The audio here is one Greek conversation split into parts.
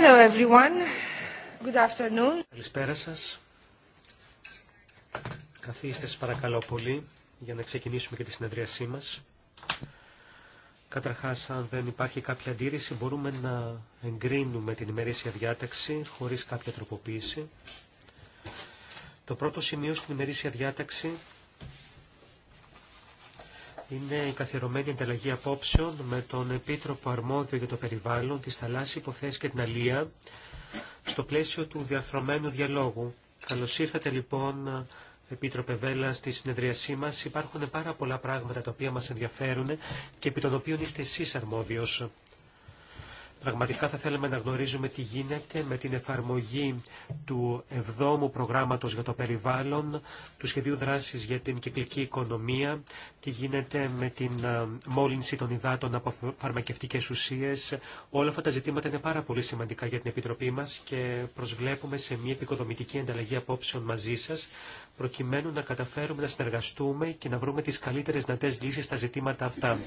Hello everyone. Good afternoon. Καλησπέρα σας. Καθίστε σας παρακαλώ πολύ για να ξεκινήσουμε και τη συνεδρίασή μας. Καταρχάς, αν δεν υπάρχει κάποια αντίρρηση, μπορούμε να εγκρίνουμε την ημερήσια διάταξη χωρίς κάποια τροποποίηση. Το πρώτο σημείο στην ημερήσια διάταξη είναι η καθιερωμένη ανταλλαγή απόψεων με τον Επίτροπο Αρμόδιο για το Περιβάλλον, τη Θαλάσσια Υποθέσει και την Αλία, στο πλαίσιο του διαρθρωμένου διαλόγου. Καλώ ήρθατε λοιπόν, Επίτροπε Βέλλα, στη συνεδρίασή μα. Υπάρχουν πάρα πολλά πράγματα τα οποία μα ενδιαφέρουν και επί των οποίων είστε εσεί αρμόδιο. Πραγματικά θα θέλαμε να γνωρίζουμε τι γίνεται με την εφαρμογή του εβδόμου προγράμματο προγράμματος για το περιβάλλον, του σχεδίου δράσης για την κυκλική οικονομία, τι γίνεται με την ε, μόλυνση των υδάτων από φαρμακευτικές ουσίες. Όλα αυτά τα ζητήματα είναι πάρα πολύ σημαντικά για την Επιτροπή μας και προσβλέπουμε σε μια επικοδομητική ανταλλαγή απόψεων μαζί σας προκειμένου να καταφέρουμε να συνεργαστούμε και να βρούμε τις καλύτερες δυνατές λύσεις στα ζητήματα αυτά.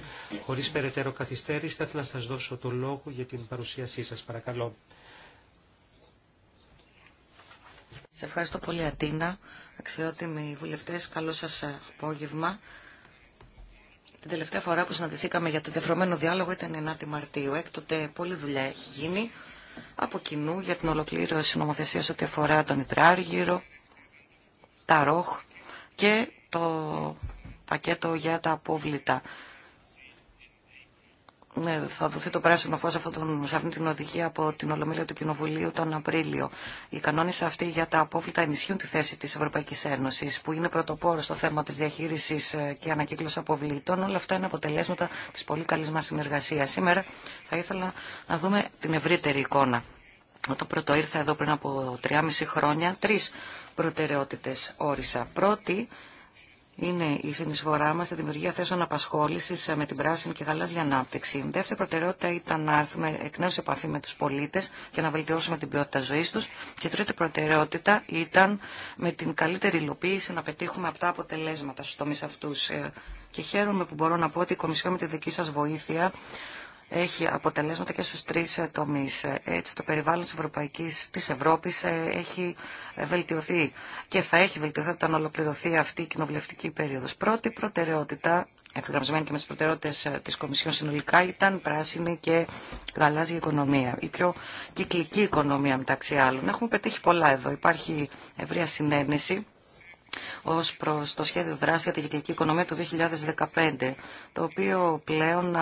Χωρίς περαιτέρω καθυστέρηση θα ήθελα να σας δώσω το λόγο για την παρουσίασή σας. Παρακαλώ. Σε ευχαριστώ πολύ Αντίνα. Αξιότιμοι βουλευτές, καλό σας απόγευμα. Την τελευταία φορά που συναντηθήκαμε για το διαφρομένο διάλογο ήταν 9η Μαρτίου. Έκτοτε πολλή δουλειά έχει γίνει από κοινού για την ολοκλήρωση νομοθεσία ό,τι αφορά τον Ιτράργυρο, τα ροχ και το πακέτο για τα απόβλητα. Ναι, θα δοθεί το πράσινο φως σε αυτή την οδηγία από την Ολομέλεια του Κοινοβουλίου τον Απρίλιο. Οι κανόνες αυτοί για τα απόβλητα ενισχύουν τη θέση της Ευρωπαϊκής Ένωσης, που είναι πρωτοπόρο στο θέμα της διαχείρισης ε, και ανακύκλωσης αποβλήτων. Όλα αυτά είναι αποτελέσματα της πολύ καλής μας συνεργασίας. Σήμερα θα ήθελα να δούμε την ευρύτερη εικόνα όταν πρώτο ήρθα εδώ πριν από 3,5 χρόνια, τρεις προτεραιότητες όρισα. Πρώτη είναι η συνεισφορά μας στη δημιουργία θέσεων απασχόλησης με την πράσινη και γαλάζια ανάπτυξη. δεύτερη προτεραιότητα ήταν να έρθουμε εκ νέου σε επαφή με τους πολίτες και να βελτιώσουμε την ποιότητα ζωής τους. Και τρίτη προτεραιότητα ήταν με την καλύτερη υλοποίηση να πετύχουμε αυτά αποτελέσματα στους τομείς αυτούς. Ε, και χαίρομαι που μπορώ να πω ότι η Κομισιόν με τη δική σας βοήθεια έχει αποτελέσματα και στους τρεις ε, τομείς. Ε, έτσι το περιβάλλον της, Ευρωπαϊκής, της Ευρώπης ε, έχει βελτιωθεί και θα έχει βελτιωθεί όταν ολοκληρωθεί αυτή η κοινοβουλευτική περίοδος. Πρώτη προτεραιότητα, ευθυγραμμισμένη και με τις προτεραιότητες της Κομισιόν συνολικά, ήταν πράσινη και γαλάζια οικονομία. Η πιο κυκλική οικονομία μεταξύ άλλων. Έχουμε πετύχει πολλά εδώ. Υπάρχει ευρεία συνένεση ως προς το σχέδιο δράση για τη κυκλική οικονομία του 2015, το οποίο πλέον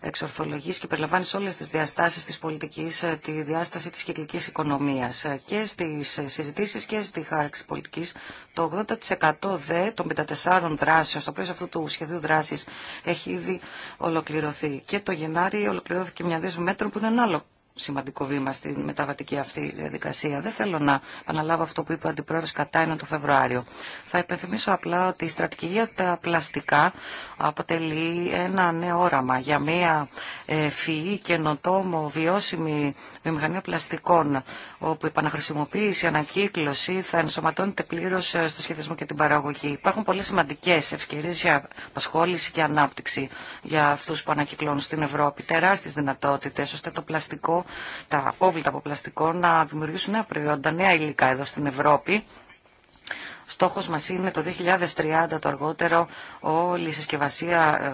εξορθολογεί και περιλαμβάνει σε όλες τις διαστάσεις της πολιτικής ε, τη διάσταση της κυκλικής οικονομίας. Ε, και στις ε, συζητήσεις και στη χάραξη πολιτικής, το 80% δε των 54 δράσεων, στο πλαίσιο αυτού του σχεδίου δράσης, έχει ήδη ολοκληρωθεί. Και το Γενάρη ολοκληρώθηκε μια δύο μέτρων που είναι ένα άλλο σημαντικό βήμα στη μεταβατική αυτή διαδικασία. Δεν θέλω να αναλάβω αυτό που είπε ο Αντιπρόεδρος Κατάινα το Φεβρουάριο. Θα υπενθυμίσω απλά ότι η στρατηγική για τα πλαστικά αποτελεί ένα νέο όραμα για μια ε, φυή καινοτόμο βιώσιμη βιομηχανία πλαστικών όπου η επαναχρησιμοποίηση, η ανακύκλωση θα ενσωματώνεται πλήρω ε, στο σχεδιασμό και την παραγωγή. Υπάρχουν πολλές σημαντικές ευκαιρίες για απασχόληση και ανάπτυξη για αυτούς που ανακυκλώνουν στην Ευρώπη. τεράστιε δυνατότητες ώστε το πλαστικό τα απόβλητα από πλαστικό να δημιουργήσουν νέα προϊόντα, νέα υλικά εδώ στην Ευρώπη. Στόχος μας είναι το 2030 το αργότερο όλη η συσκευασία ε,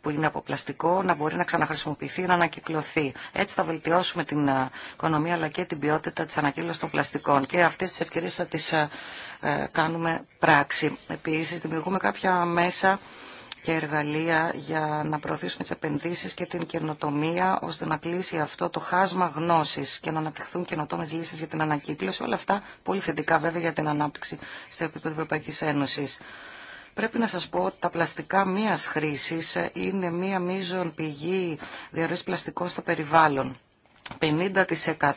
που είναι από πλαστικό να μπορεί να ξαναχρησιμοποιηθεί, να ανακυκλωθεί. Έτσι θα βελτιώσουμε την ε, οικονομία αλλά και την ποιότητα της ανακύκλωσης των πλαστικών και αυτές τις ευκαιρίες θα τις ε, κάνουμε πράξη. Επίσης δημιουργούμε κάποια μέσα και εργαλεία για να προωθήσουμε τις επενδύσεις και την καινοτομία ώστε να κλείσει αυτό το χάσμα γνώσης και να αναπτυχθούν καινοτόμες λύσεις για την ανακύκλωση. Όλα αυτά πολύ θετικά βέβαια για την ανάπτυξη σε επίπεδο Ευρωπαϊκής Ένωσης. Πρέπει να σας πω ότι τα πλαστικά μίας χρήσης είναι μία μείζον πηγή διαρροής πλαστικών στο περιβάλλον.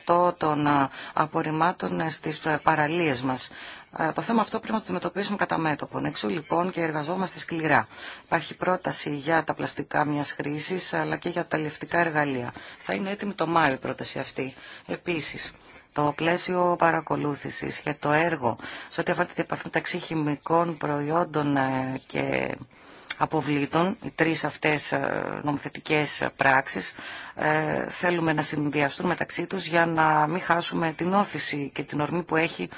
50% των ε, απορριμμάτων ε, στις ε, παραλίες μας ε, το θέμα αυτό πρέπει να το αντιμετωπίσουμε κατά μέτωπο. Εξού λοιπόν και εργαζόμαστε σκληρά. Υπάρχει πρόταση για τα πλαστικά μια χρήση αλλά και για τα λευτικά εργαλεία. Θα είναι έτοιμη το Μάιο η πρόταση αυτή. Επίση, το πλαίσιο παρακολούθηση και το έργο σε ό,τι αφορά την επαφή μεταξύ χημικών προϊόντων ε, και αποβλήτων, οι τρεις αυτές ε, νομοθετικές πράξεις, ε, θέλουμε να συνδυαστούν μεταξύ τους για να μην χάσουμε την όθηση και την ορμή που έχει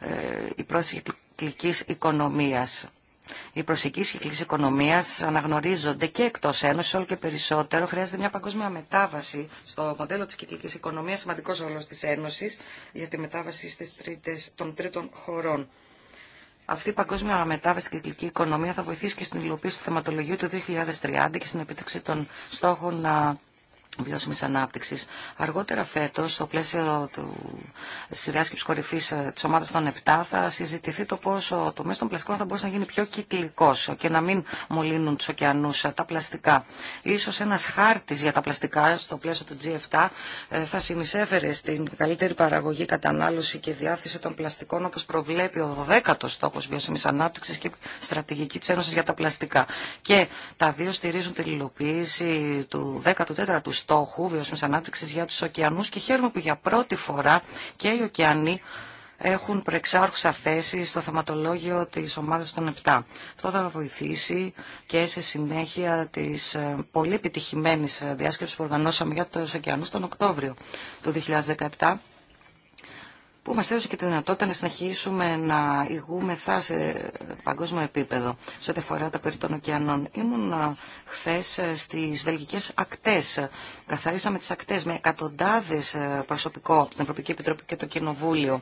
ε, η πρόσεχη κυκλικής οικονομίας. Οι προσεγγίσει κυκλική οικονομία αναγνωρίζονται και εκτό Ένωση, όλο και περισσότερο. Χρειάζεται μια παγκόσμια μετάβαση στο μοντέλο τη κυκλική οικονομία, σημαντικό ρόλο τη Ένωση για τη μετάβαση τρίτες των τρίτων χωρών. Αυτή η παγκόσμια μετάβαση στην κυκλική οικονομία θα βοηθήσει και στην υλοποίηση του θεματολογίου του 2030 και στην επίτευξη των στόχων βιώσιμη ανάπτυξη. Αργότερα φέτο, στο πλαίσιο του διάσκεψη κορυφή ε, τη ομάδα των 7, θα συζητηθεί το πόσο το μέσο των πλαστικών θα μπορούσε να γίνει πιο κυκλικό και να μην μολύνουν του ωκεανού ε, τα πλαστικά. σω ένα χάρτη για τα πλαστικά στο πλαίσιο του G7 ε, θα συνεισέφερε στην καλύτερη παραγωγή, κατανάλωση και διάθεση των πλαστικών, όπω προβλέπει ο 12ο στόχο βιώσιμη ανάπτυξη και στρατηγική τη Ένωση για τα πλαστικά. Και τα δύο στηρίζουν την υλοποίηση του 14ου στόχου βιώσιμης ανάπτυξης για τους ωκεανούς και χαίρομαι που για πρώτη φορά και οι ωκεανοί έχουν προεξάρχουσα θέση στο θεματολόγιο της ομάδας των 7. Αυτό θα βοηθήσει και σε συνέχεια της ε, πολύ επιτυχημένης ε, διάσκεψης που οργανώσαμε για τους ωκεανούς τον Οκτώβριο του 2017 που μας έδωσε και τη δυνατότητα να συνεχίσουμε να ηγούμεθα σε παγκόσμιο επίπεδο σε ό,τι αφορά τα περί των ωκεανών. Ήμουν χθες ε, στις βελγικές ακτές. Καθαρίσαμε τις ακτές με εκατοντάδες ε, προσωπικό από την Ευρωπαϊκή Επιτροπή και το Κοινοβούλιο.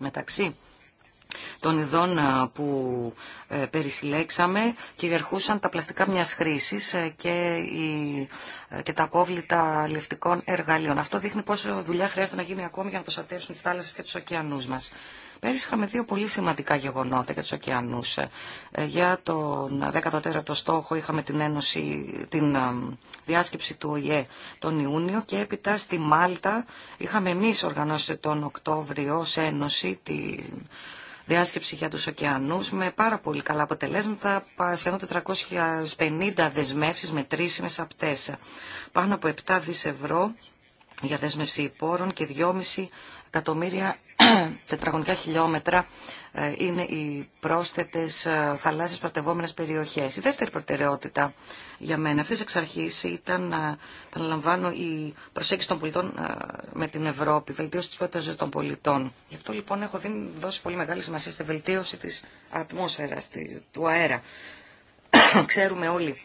Μεταξύ των ειδών που ε, περισυλλέξαμε κυριαρχούσαν τα πλαστικά μιας χρήσης ε, και, ε, και τα απόβλητα λευτικών εργαλείων. Αυτό δείχνει πόσο δουλειά χρειάζεται να γίνει ακόμη για να προστατεύσουν τις θάλασσες και τους ωκεανούς μας. Πέρυσι είχαμε δύο πολύ σημαντικά γεγονότα για τους ωκεανούς. Για τον 14ο στόχο είχαμε την, ένωση, την διάσκεψη του ΟΗΕ τον Ιούνιο και έπειτα στη Μάλτα είχαμε εμείς οργανώσει τον Οκτώβριο ως Ένωση την διάσκεψη για τους ωκεανούς με πάρα πολύ καλά αποτελέσματα, σχεδόν 450 δεσμεύσεις με τρίσιμες τέσσερα. Πάνω από 7 δις ευρώ για δέσμευση υπόρων και 2,5 εκατομμύρια τετραγωνικά χιλιόμετρα ε, είναι οι πρόσθετες ε, θαλάσσιες πρωτευόμενες περιοχές. Η δεύτερη προτεραιότητα για μένα αυτής εξ αρχής ήταν να ε, αναλαμβάνω η προσέγγιση των πολιτών με την Ευρώπη, βελτίωση της ποιότητας των πολιτών. Γι' αυτό λοιπόν έχω δώσει πολύ μεγάλη σημασία στη βελτίωση της ατμόσφαιρας, του αέρα. Ξέρουμε όλοι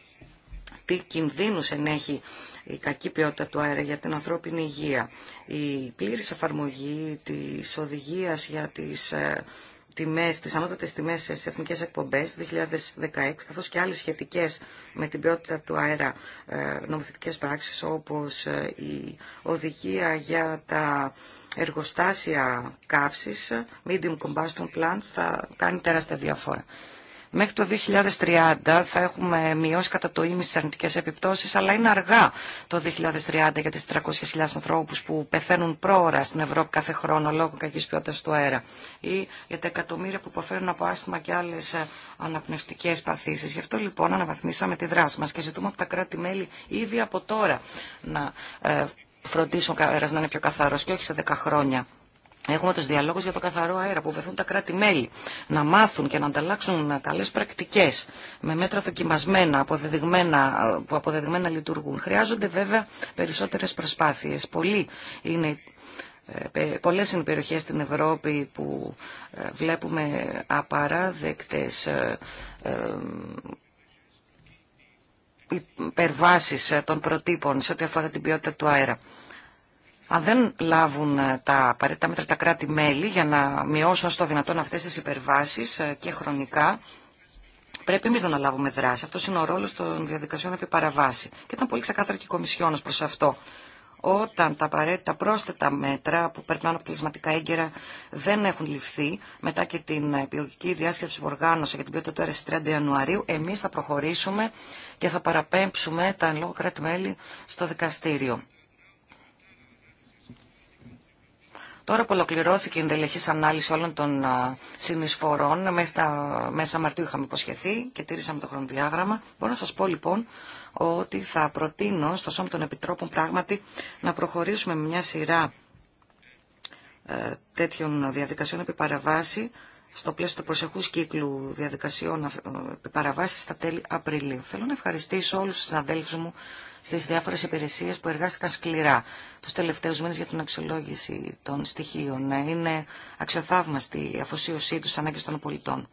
τι κινδύνους ενέχει η κακή ποιότητα του αέρα για την ανθρώπινη υγεία, η πλήρης εφαρμογή της οδηγίας για τις ε, τιμές, τις ανώτατες τιμές στις εθνικές εκπομπές 2016, καθώς και άλλες σχετικές με την ποιότητα του αέρα ε, νομοθετικές πράξεις, όπως ε, η οδηγία για τα εργοστάσια καύσης, medium combustion plants, θα κάνει τεράστια διαφορά. Μέχρι το 2030 θα έχουμε μειώσει κατά το ίμιση τι αρνητικέ επιπτώσεις, αλλά είναι αργά το 2030 για τις 300.000 ανθρώπους που πεθαίνουν πρόωρα στην Ευρώπη κάθε χρόνο λόγω κακής ποιότητα του αέρα ή για τα εκατομμύρια που υποφέρουν από άσθημα και άλλες ε, αναπνευστικές παθήσεις. Γι' αυτό λοιπόν αναβαθμίσαμε τη δράση μα και ζητούμε από τα κράτη-μέλη ήδη από τώρα να ε, φροντίσουν ο να είναι πιο καθαρός και όχι σε 10 χρόνια. Έχουμε τους διαλόγους για το καθαρό αέρα που βεθούν τα κράτη-μέλη να μάθουν και να ανταλλάξουν καλές πρακτικές με μέτρα δοκιμασμένα αποδεδειγμένα, που αποδεδειγμένα λειτουργούν. Χρειάζονται βέβαια περισσότερες προσπάθειες. Πολλοί είναι ε, Πολλές είναι περιοχές στην Ευρώπη που ε, βλέπουμε απαράδεκτες ε, υπερβάσεις των προτύπων σε ό,τι αφορά την ποιότητα του αέρα αν δεν λάβουν ε, τα απαραίτητα μέτρα τα κράτη-μέλη για να μειώσουν στο δυνατόν αυτές τις υπερβάσεις ε, και χρονικά, πρέπει εμεί να αναλάβουμε δράση. Αυτό είναι ο ρόλο των διαδικασιών επί παραβάση. Και ήταν πολύ ξεκάθαρη και η Κομισιόν προ αυτό. Όταν τα απαραίτητα πρόσθετα μέτρα που περνάνε αποτελεσματικά έγκαιρα δεν έχουν ληφθεί, μετά και την επιλογική διάσκεψη που οργάνωσε για την ποιότητα του αίρεση 30 Ιανουαρίου, εμεί θα προχωρήσουμε και θα παραπέμψουμε τα εν λόγω κράτη-μέλη στο δικαστήριο. Τώρα που ολοκληρώθηκε η ενδελεχή ανάλυση όλων των συνεισφορών, μέσα Μαρτίου είχαμε υποσχεθεί και τήρησαμε το χρονοδιάγραμμα. Μπορώ να σα πω λοιπόν ότι θα προτείνω στο Σώμα των Επιτρόπων πράγματι να προχωρήσουμε μια σειρά ε, τέτοιων διαδικασιών επί παραβάση στο πλαίσιο του προσεχούς κύκλου διαδικασιών ε, επί παραβάση στα τέλη Απριλίου. Θέλω να ευχαριστήσω όλους τους συναδέλφους μου Στι διάφορε υπηρεσίε που εργάστηκαν σκληρά Του τελευταίους μήνες για την αξιολόγηση των στοιχείων. Ναι, είναι αξιοθαύμαστη η αφοσίωσή τους ανάγκες των πολιτών.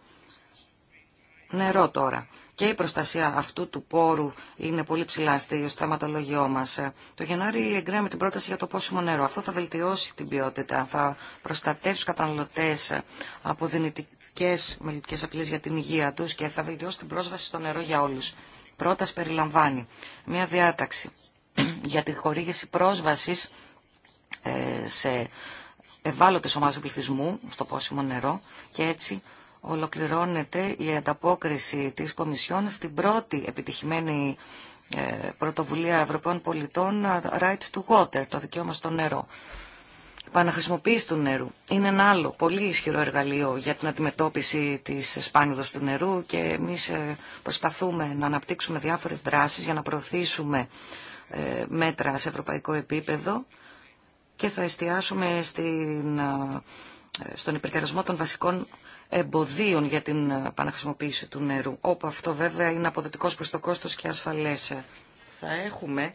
Νερό τώρα. Και η προστασία αυτού του πόρου είναι πολύ ψηλά στο θεματολογιό μα. Το Γενάρη εγκρέαμε την πρόταση για το πόσιμο νερό. Αυτό θα βελτιώσει την ποιότητα, θα προστατεύσει του καταναλωτέ από δυνητικέ μελλοντικέ απειλέ για την υγεία του και θα βελτιώσει την πρόσβαση στο νερό για όλου πρόταση περιλαμβάνει μια διάταξη για τη χορήγηση πρόσβασης ε, σε ευάλωτες ομάδες πληθυσμού στο πόσιμο νερό και έτσι ολοκληρώνεται η ανταπόκριση της Κομισιόν στην πρώτη επιτυχημένη ε, πρωτοβουλία Ευρωπαίων πολιτών Right to Water, το δικαίωμα στο νερό παναχρησιμοποίηση του νερού είναι ένα άλλο πολύ ισχυρό εργαλείο για την αντιμετώπιση της σπάνιδος του νερού και εμείς ε, προσπαθούμε να αναπτύξουμε διάφορες δράσεις για να προωθήσουμε ε, μέτρα σε ευρωπαϊκό επίπεδο και θα εστιάσουμε στην, ε, στον υπερκαρισμό των βασικών εμποδίων για την επαναχρησιμοποίηση του νερού, όπου αυτό βέβαια είναι αποδοτικός προς το κόστος και ασφαλές. Θα έχουμε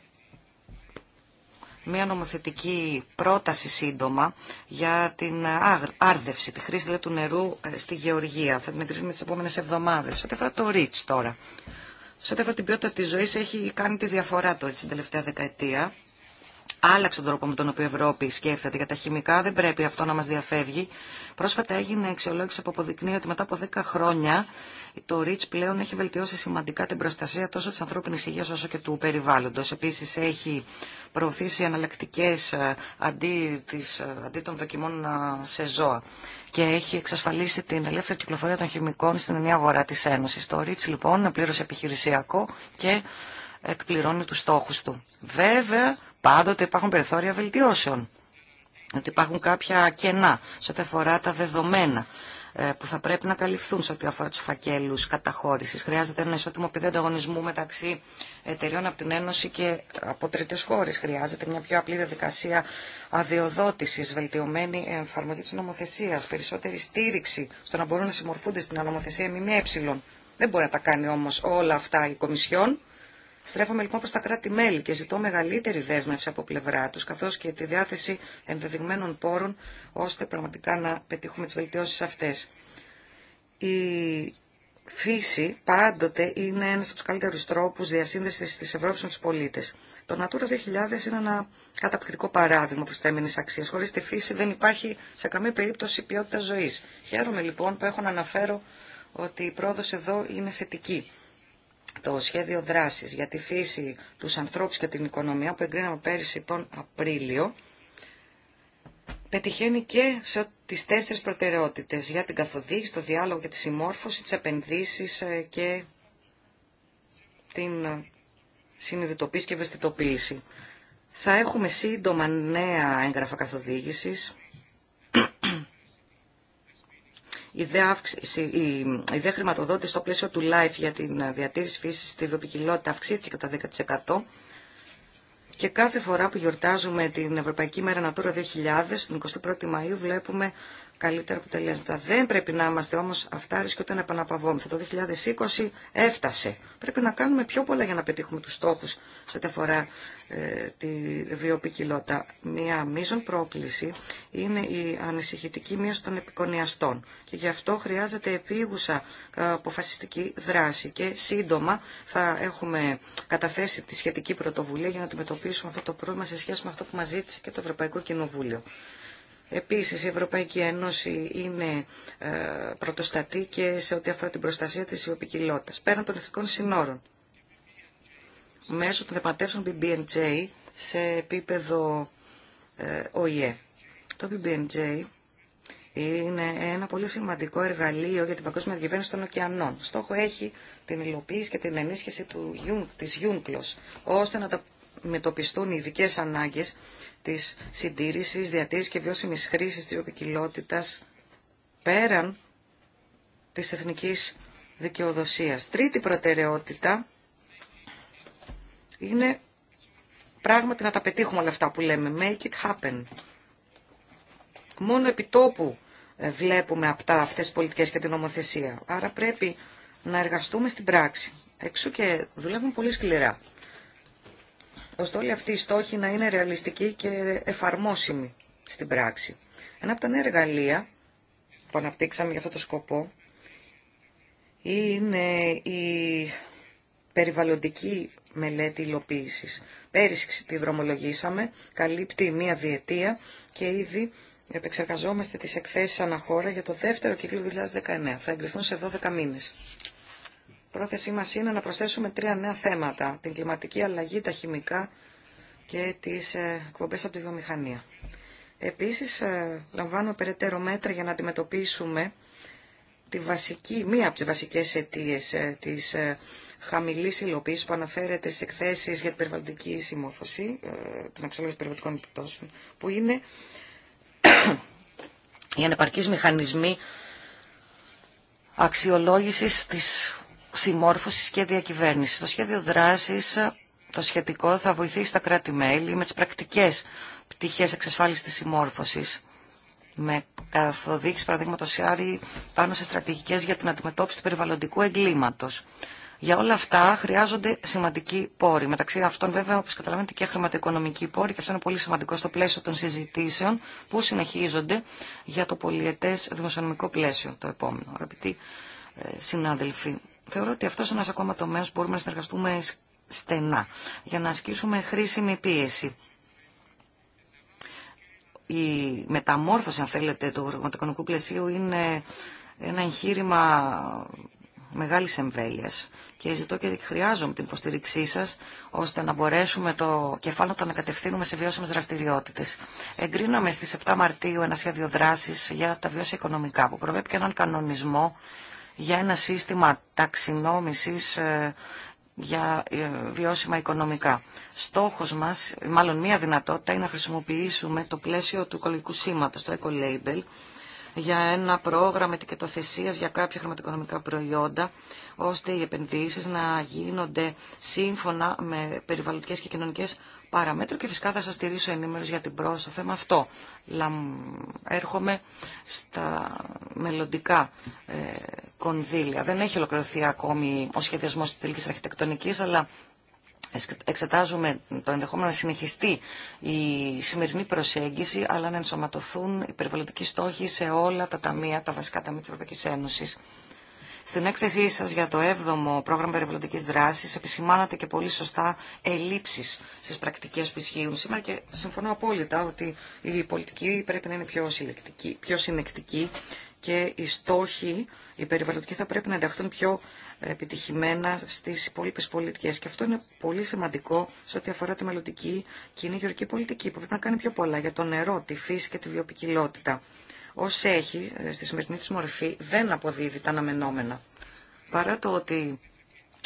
μια νομοθετική πρόταση σύντομα για την άρδευση, τη χρήση δηλαδή του νερού ε, στη γεωργία. Θα την εγκρίνουμε τις επόμενες εβδομάδες. Ό,τι αφορά το REACH τώρα. Σε ό,τι αφορά την ποιότητα της ζωής έχει κάνει τη διαφορά τώρα την τελευταία δεκαετία άλλαξε τον τρόπο με τον οποίο η Ευρώπη σκέφτεται για τα χημικά. Δεν πρέπει αυτό να μα διαφεύγει. Πρόσφατα έγινε αξιολόγηση που αποδεικνύει ότι μετά από 10 χρόνια το REACH πλέον έχει βελτιώσει σημαντικά την προστασία τόσο τη ανθρώπινη υγεία όσο και του περιβάλλοντο. Επίση, έχει προωθήσει εναλλακτικέ ε, αντί, ε, αντί των δοκιμών ε, σε ζώα και έχει εξασφαλίσει την ελεύθερη κυκλοφορία των χημικών στην ενιαία αγορά της Ένωσης. Το REACH λοιπόν πλήρωσε επιχειρησιακό και εκπληρώνει τους στόχους του. Βέβαια, πάντοτε υπάρχουν περιθώρια βελτιώσεων. Ότι υπάρχουν κάποια κενά σε ό,τι αφορά τα δεδομένα ε, που θα πρέπει να καλυφθούν σε ό,τι αφορά του φακέλου καταχώρηση. Χρειάζεται ένα ισότιμο πεδίο ανταγωνισμού μεταξύ εταιριών από την Ένωση και από τρίτε χώρε. Χρειάζεται μια πιο απλή διαδικασία αδειοδότηση, βελτιωμένη εφαρμογή τη νομοθεσία, περισσότερη στήριξη στο να μπορούν να συμμορφούνται στην νομοθεσία ΜΜΕ. Δεν μπορεί να τα κάνει όμω όλα αυτά η Κομισιόν. Στρέφομαι λοιπόν προς τα κράτη-μέλη και ζητώ μεγαλύτερη δέσμευση από πλευρά του, καθώ και τη διάθεση ενδεδειγμένων πόρων, ώστε πραγματικά να πετύχουμε τις βελτιώσεις αυτέ. Η φύση πάντοτε είναι ένα από του καλύτερου τρόπου διασύνδεση τη Ευρώπη με του πολίτε. Το Natura 2000 είναι ένα καταπληκτικό παράδειγμα τα προσθέμενη αξία. Χωρί τη φύση δεν υπάρχει σε καμία περίπτωση ποιότητα ζωή. Χαίρομαι λοιπόν που έχω να αναφέρω ότι η πρόοδο εδώ είναι θετική το σχέδιο δράσης για τη φύση, τους ανθρώπους και την οικονομία που εγκρίναμε πέρυσι τον Απρίλιο, πετυχαίνει και σε τις τέσσερις προτεραιότητες για την καθοδήγηση, το διάλογο και τη συμμόρφωση, τις επενδύσεις ε, και την ε, συνειδητοποίηση και ευαισθητοποίηση. Θα έχουμε σύντομα νέα έγγραφα καθοδήγησης η ιδέα χρηματοδότηση στο πλαίσιο του LIFE για την διατήρηση φύσης στη βιοπικιλότητα αυξήθηκε κατά 10% και κάθε φορά που γιορτάζουμε την Ευρωπαϊκή Μέρα Natura 2000, την 21η Μαΐου, βλέπουμε καλύτερα αποτελέσματα. Δεν πρέπει να είμαστε όμως αυτάρες και όταν επαναπαυόμεθα. Το 2020 έφτασε. Πρέπει να κάνουμε πιο πολλά για να πετύχουμε τους στόχους σε ό,τι αφορά ε, τη βιοπικιλότητα. Μία μείζον πρόκληση είναι η ανησυχητική μείωση των επικονιαστών. Και γι' αυτό χρειάζεται επίγουσα ε, αποφασιστική δράση. Και σύντομα θα έχουμε καταθέσει τη σχετική πρωτοβουλία για να αντιμετωπίσουμε αυτό το πρόβλημα σε σχέση με αυτό που μας ζήτησε και το Ευρωπαϊκό Κοινοβούλιο. Επίσης, η Ευρωπαϊκή Ένωση είναι ε, πρωτοστατή και σε ό,τι αφορά την προστασία της ιοπικιλότητας, πέραν των εθνικών συνόρων. Μέσω των δεπατεύσεων BBNJ σε επίπεδο ε, ΟΗΕ. Το BBNJ είναι ένα πολύ σημαντικό εργαλείο για την παγκόσμια διακυβέρνηση των ωκεανών. Στόχο έχει την υλοποίηση και την ενίσχυση του, της UNCLOS, ώστε να τα αντιμετωπιστούν οι ειδικέ ανάγκες της συντήρηση, διατήρησης και βιώσιμη χρήση τη οπικιλότητας πέραν της εθνικής δικαιοδοσία. Τρίτη προτεραιότητα είναι πράγματι να τα πετύχουμε όλα αυτά που λέμε. Make it happen. Μόνο επιτόπου ε, βλέπουμε αυτά, αυτές τις πολιτικές και την νομοθεσία. Άρα πρέπει να εργαστούμε στην πράξη. Εξού και δουλεύουμε πολύ σκληρά ώστε όλοι αυτοί οι στόχοι να είναι ρεαλιστικοί και εφαρμόσιμοι στην πράξη. Ένα από τα νέα εργαλεία που αναπτύξαμε για αυτό το σκοπό είναι η περιβαλλοντική μελέτη υλοποίηση. Πέρυσι τη δρομολογήσαμε, καλύπτει μία διετία και ήδη επεξεργαζόμαστε τις εκθέσεις αναχώρα για το δεύτερο κύκλο 2019. Θα εγκριθούν σε 12 μήνες πρόθεσή μας είναι να προσθέσουμε τρία νέα θέματα. Την κλιματική αλλαγή, τα χημικά και τις ε, εκπομπές από τη βιομηχανία. Επίσης, ε, λαμβάνουμε περαιτέρω μέτρα για να αντιμετωπίσουμε τη βασική, μία από τις βασικές αιτίες ε, της χαμηλής υλοποίηση που αναφέρεται στι εκθέσεις για την περιβαλλοντική συμμόρφωση, την αξιολόγηση περιβαλλοντικών επιπτώσεων, που είναι οι ανεπαρκείς μηχανισμοί αξιολόγηση της Συμμόρφωση και διακυβέρνηση. Το σχέδιο δράση, το σχετικό θα βοηθήσει τα κράτη-μέλη με τι πρακτικέ πτυχέ εξασφάλιση τη συμμόρφωση με καθοδήγηση παραδείγματο χάρη πάνω σε στρατηγικέ για την αντιμετώπιση του περιβαλλοντικού εγκλήματο. Για όλα αυτά χρειάζονται σημαντικοί πόροι. Μεταξύ αυτών, βέβαια, όπω καταλαβαίνετε, και χρηματοοικονομικοί πόροι, και αυτό είναι πολύ σημαντικό στο πλαίσιο των συζητήσεων που συνεχίζονται για το πολιετέ δημοσιονομικό πλαίσιο το επόμενο. Αγαπητοί ε, συνάδελφοι, Θεωρώ ότι αυτό είναι ένα ακόμα τομέα που μπορούμε να συνεργαστούμε στενά για να ασκήσουμε χρήσιμη πίεση. Η μεταμόρφωση, αν θέλετε, του χρηματοοικονομικού πλαισίου είναι ένα εγχείρημα μεγάλη εμβέλεια. και ζητώ και χρειάζομαι την υποστήριξή σα ώστε να μπορέσουμε το κεφάλαιο να το ανακατευθύνουμε σε βιώσιμε δραστηριότητε. Εγκρίναμε στι 7 Μαρτίου ένα σχέδιο δράση για τα βιώσιμα οικονομικά που προβλέπει και έναν κανονισμό για ένα σύστημα ταξινόμησης ε, για ε, βιώσιμα οικονομικά. Στόχος μας, μάλλον μία δυνατότητα, είναι να χρησιμοποιήσουμε το πλαίσιο του οικολογικού σήματος, το Eco Label, για ένα πρόγραμμα ετικετοθεσίας για κάποια χρηματοοικονομικά προϊόντα, ώστε οι επενδύσεις να γίνονται σύμφωνα με περιβαλλοντικές και κοινωνικές Παράμετρο και φυσικά θα σας στηρίσω ενήμερος για την πρόοδο στο θέμα αυτό. Έρχομαι στα μελλοντικά ε, κονδύλια. Δεν έχει ολοκληρωθεί ακόμη ο σχεδιασμός της τελικής αρχιτεκτονικής, αλλά εξετάζουμε το ενδεχόμενο να συνεχιστεί η σημερινή προσέγγιση, αλλά να ενσωματωθούν οι περιβαλλοντικοί στόχοι σε όλα τα ταμεία, τα βασικά ταμεία της Ευρωπαϊκής Ένωσης. Στην έκθεσή σα για το 7ο πρόγραμμα περιβαλλοντική δράση, επισημάνατε και πολύ σωστά ελλείψει στις πρακτικέ που ισχύουν σήμερα και συμφωνώ απόλυτα ότι η πολιτική πρέπει να είναι πιο, πιο συνεκτική και οι στόχοι, οι περιβαλλοντικοί θα πρέπει να ενταχθούν πιο επιτυχημένα στι υπόλοιπε πολιτικέ. Και αυτό είναι πολύ σημαντικό σε ό,τι αφορά τη μελλοντική κοινή γεωργική πολιτική που πρέπει να κάνει πιο πολλά για το νερό, τη φύση και τη βιοπικιλότητα ως έχει ε, στη σημερινή της μορφή δεν αποδίδει τα αναμενόμενα. Παρά το ότι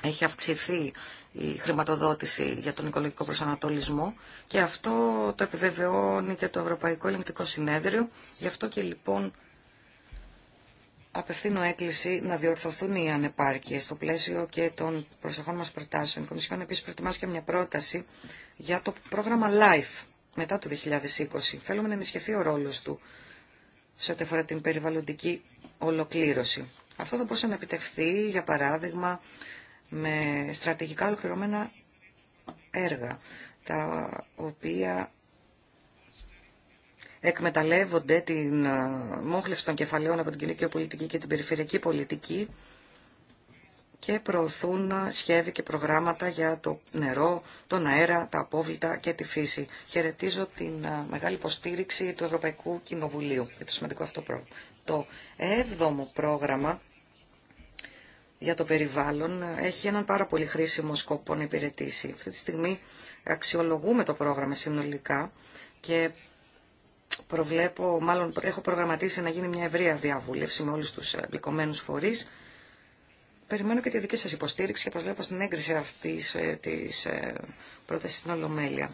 έχει αυξηθεί η χρηματοδότηση για τον οικολογικό προσανατολισμό και αυτό το επιβεβαιώνει και το Ευρωπαϊκό Ελληνικό Συνέδριο. Γι' αυτό και λοιπόν απευθύνω έκκληση να διορθωθούν οι ανεπάρκειες στο πλαίσιο και των προσεχών μας προτάσεων. Η Κομισιόν επίσης προετοιμάσει και μια πρόταση για το πρόγραμμα LIFE μετά το 2020. Θέλουμε να ενισχυθεί ο ρόλος του σε ό,τι αφορά την περιβαλλοντική ολοκλήρωση. Αυτό θα μπορούσε να επιτευχθεί, για παράδειγμα, με στρατηγικά ολοκληρωμένα έργα, τα οποία εκμεταλλεύονται την ε, μόχλευση των κεφαλαίων από την κοινωνική πολιτική και την περιφερειακή πολιτική και προωθούν σχέδια και προγράμματα για το νερό, τον αέρα, τα απόβλητα και τη φύση. Χαιρετίζω την ε, μεγάλη υποστήριξη του Ευρωπαϊκού Κοινοβουλίου για το σημαντικό αυτό πρόγραμμα. Το έβδομο πρόγραμμα για το περιβάλλον ε, έχει έναν πάρα πολύ χρήσιμο σκοπό να υπηρετήσει. Αυτή τη στιγμή αξιολογούμε το πρόγραμμα συνολικά και προβλέπω, μάλλον έχω προγραμματίσει να γίνει μια ευρεία διαβούλευση με όλους τους εμπλεκομένους φορείς Περιμένω και τη δική σας υποστήριξη και προσβλέπω στην έγκριση αυτής ε, της ε, πρότασης στην Ολομέλεια.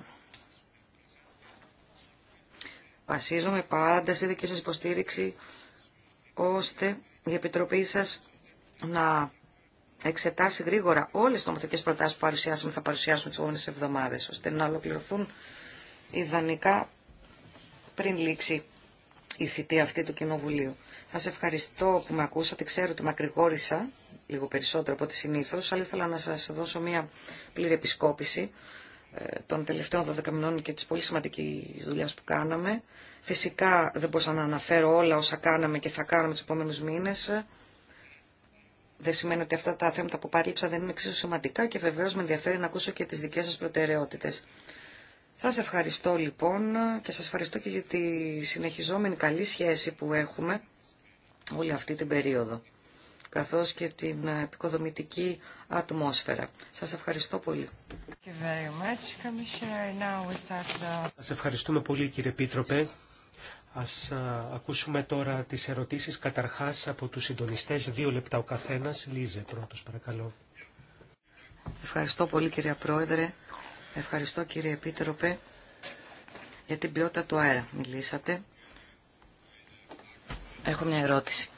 Βασίζομαι πάντα στη δική σας υποστήριξη ώστε η Επιτροπή σας να εξετάσει γρήγορα όλες τις νομοθετικές προτάσεις που παρουσιάσαμε θα παρουσιάσουμε τις επόμενες εβδομάδες ώστε να ολοκληρωθούν ιδανικά πριν λήξει η θητεία αυτή του Κοινοβουλίου. Σας ευχαριστώ που με ακούσατε. Ξέρω ότι μακρηγόρησα λίγο περισσότερο από ό,τι συνήθω, αλλά ήθελα να σα δώσω μια πλήρη επισκόπηση ε, των τελευταίων 12 μηνών και τη πολύ σημαντική δουλειά που κάναμε. Φυσικά δεν μπορούσα να αναφέρω όλα όσα κάναμε και θα κάναμε του επόμενου μήνε. Δεν σημαίνει ότι αυτά τα θέματα που παρήψα δεν είναι εξίσου σημαντικά και βεβαίω με ενδιαφέρει να ακούσω και τι δικέ σα προτεραιότητε. Σα ευχαριστώ λοιπόν και σα ευχαριστώ και για τη συνεχιζόμενη καλή σχέση που έχουμε όλη αυτή την περίοδο καθώς και την ε, επικοδομητική ατμόσφαιρα. Σας ευχαριστώ πολύ. Σας ευχαριστούμε πολύ κύριε Πίτροπε. Ας ε, ακούσουμε τώρα τις ερωτήσεις καταρχάς από τους συντονιστές. Δύο λεπτά ο καθένας. Λίζε πρώτος παρακαλώ. Ευχαριστώ πολύ κύριε Πρόεδρε. Ευχαριστώ κύριε Επίτροπε για την ποιότητα του αέρα. Μιλήσατε. Έχω μια ερώτηση.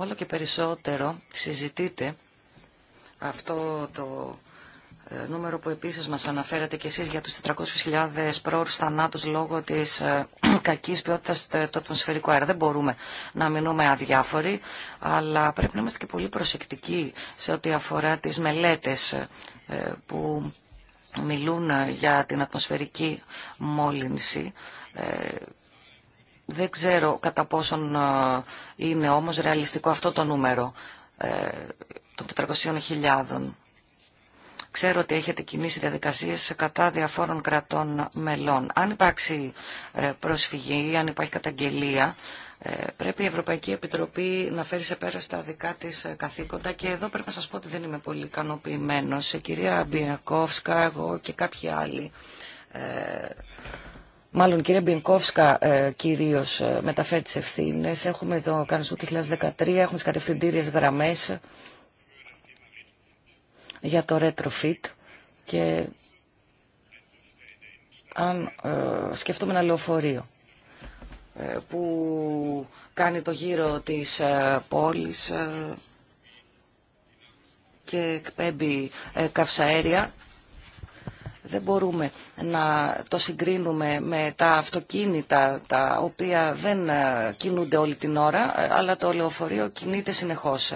όλο και περισσότερο συζητείται αυτό το ε, νούμερο που επίσης μας αναφέρατε και εσείς για τους 400.000 πρόωρους θανάτους λόγω της ε, κακής ποιότητας του ατμοσφαιρικού αέρα. Δεν μπορούμε να μείνουμε αδιάφοροι, αλλά πρέπει να είμαστε και πολύ προσεκτικοί σε ό,τι αφορά τις μελέτες ε, που μιλούν για την ατμοσφαιρική μόλυνση δεν ξέρω κατά πόσον ε, είναι όμως ρεαλιστικό αυτό το νούμερο ε, των 400.000. Ξέρω ότι έχετε κινήσει διαδικασίες κατά διαφόρων κρατών μελών. Αν υπάρξει ε, προσφυγή ή αν υπάρχει καταγγελία, πρέπει η Ευρωπαϊκή Επιτροπή να φέρει σε πέρα στα δικά της καθήκοντα και εδώ πρέπει να σας πω ότι δεν είμαι πολύ ικανοποιημένος. Σε κυρία Μπιακόφσκα, εγώ και κάποιοι άλλοι Μάλλον, κυρία Μπιενκόφσκα, ε, κυρίω ε, μεταφέρει τι ευθύνε. Έχουμε εδώ του 2013, έχουμε τι κατευθυντήριε γραμμέ για το retrofit και αν ε, σκεφτούμε ένα λεωφορείο ε, που κάνει το γύρο της ε, πόλης και εκπέμπει καυσαέρια δεν μπορούμε να το συγκρίνουμε με τα αυτοκίνητα τα οποία δεν ε, κινούνται όλη την ώρα, ε, αλλά το λεωφορείο κινείται συνεχώς.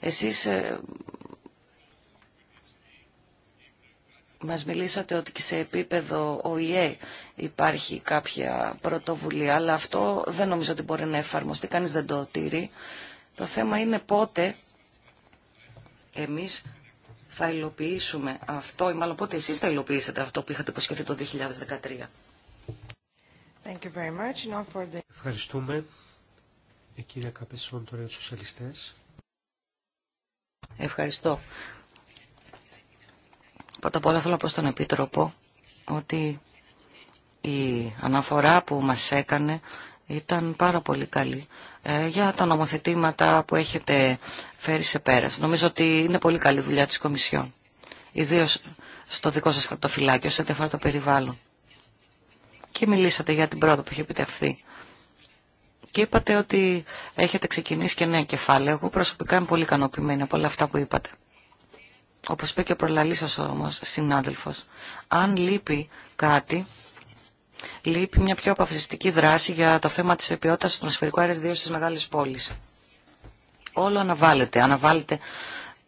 Εσείς ε, μας μιλήσατε ότι σε επίπεδο ΟΗΕ υπάρχει κάποια πρωτοβουλία, αλλά αυτό δεν νομίζω ότι μπορεί να εφαρμοστεί, κανείς δεν το τήρει. Το θέμα είναι πότε εμείς θα υλοποιήσουμε αυτό ή μάλλον πότε εσείς θα υλοποιήσετε αυτό που είχατε υποσχεθεί το 2013. Ευχαριστούμε. Η κυρία Καπέσσον τώρα για σοσιαλιστές. Ευχαριστώ. Πρώτα απ' όλα θέλω να πω στον Επίτροπο ότι η αναφορά που μας έκανε ήταν πάρα πολύ καλή ε, για τα νομοθετήματα που έχετε φέρει σε πέρας. Νομίζω ότι είναι πολύ καλή δουλειά της Κομισιόν, ιδίως στο δικό σας χαρτοφυλάκιο, σε ό,τι το περιβάλλον. Και μιλήσατε για την πρώτη που έχει επιτευχθεί. Και είπατε ότι έχετε ξεκινήσει και νέα κεφάλαια. Εγώ προσωπικά είμαι πολύ ικανοποιημένη από όλα αυτά που είπατε. Όπως είπε και ο προλαλής σας όμως, συνάδελφος, αν λείπει κάτι, λείπει μια πιο αποφασιστική δράση για το θέμα της ποιότητας του ατμοσφαιρικού αέρα ιδίως στις μεγάλες πόλεις. Όλο αναβάλλεται, αναβάλλεται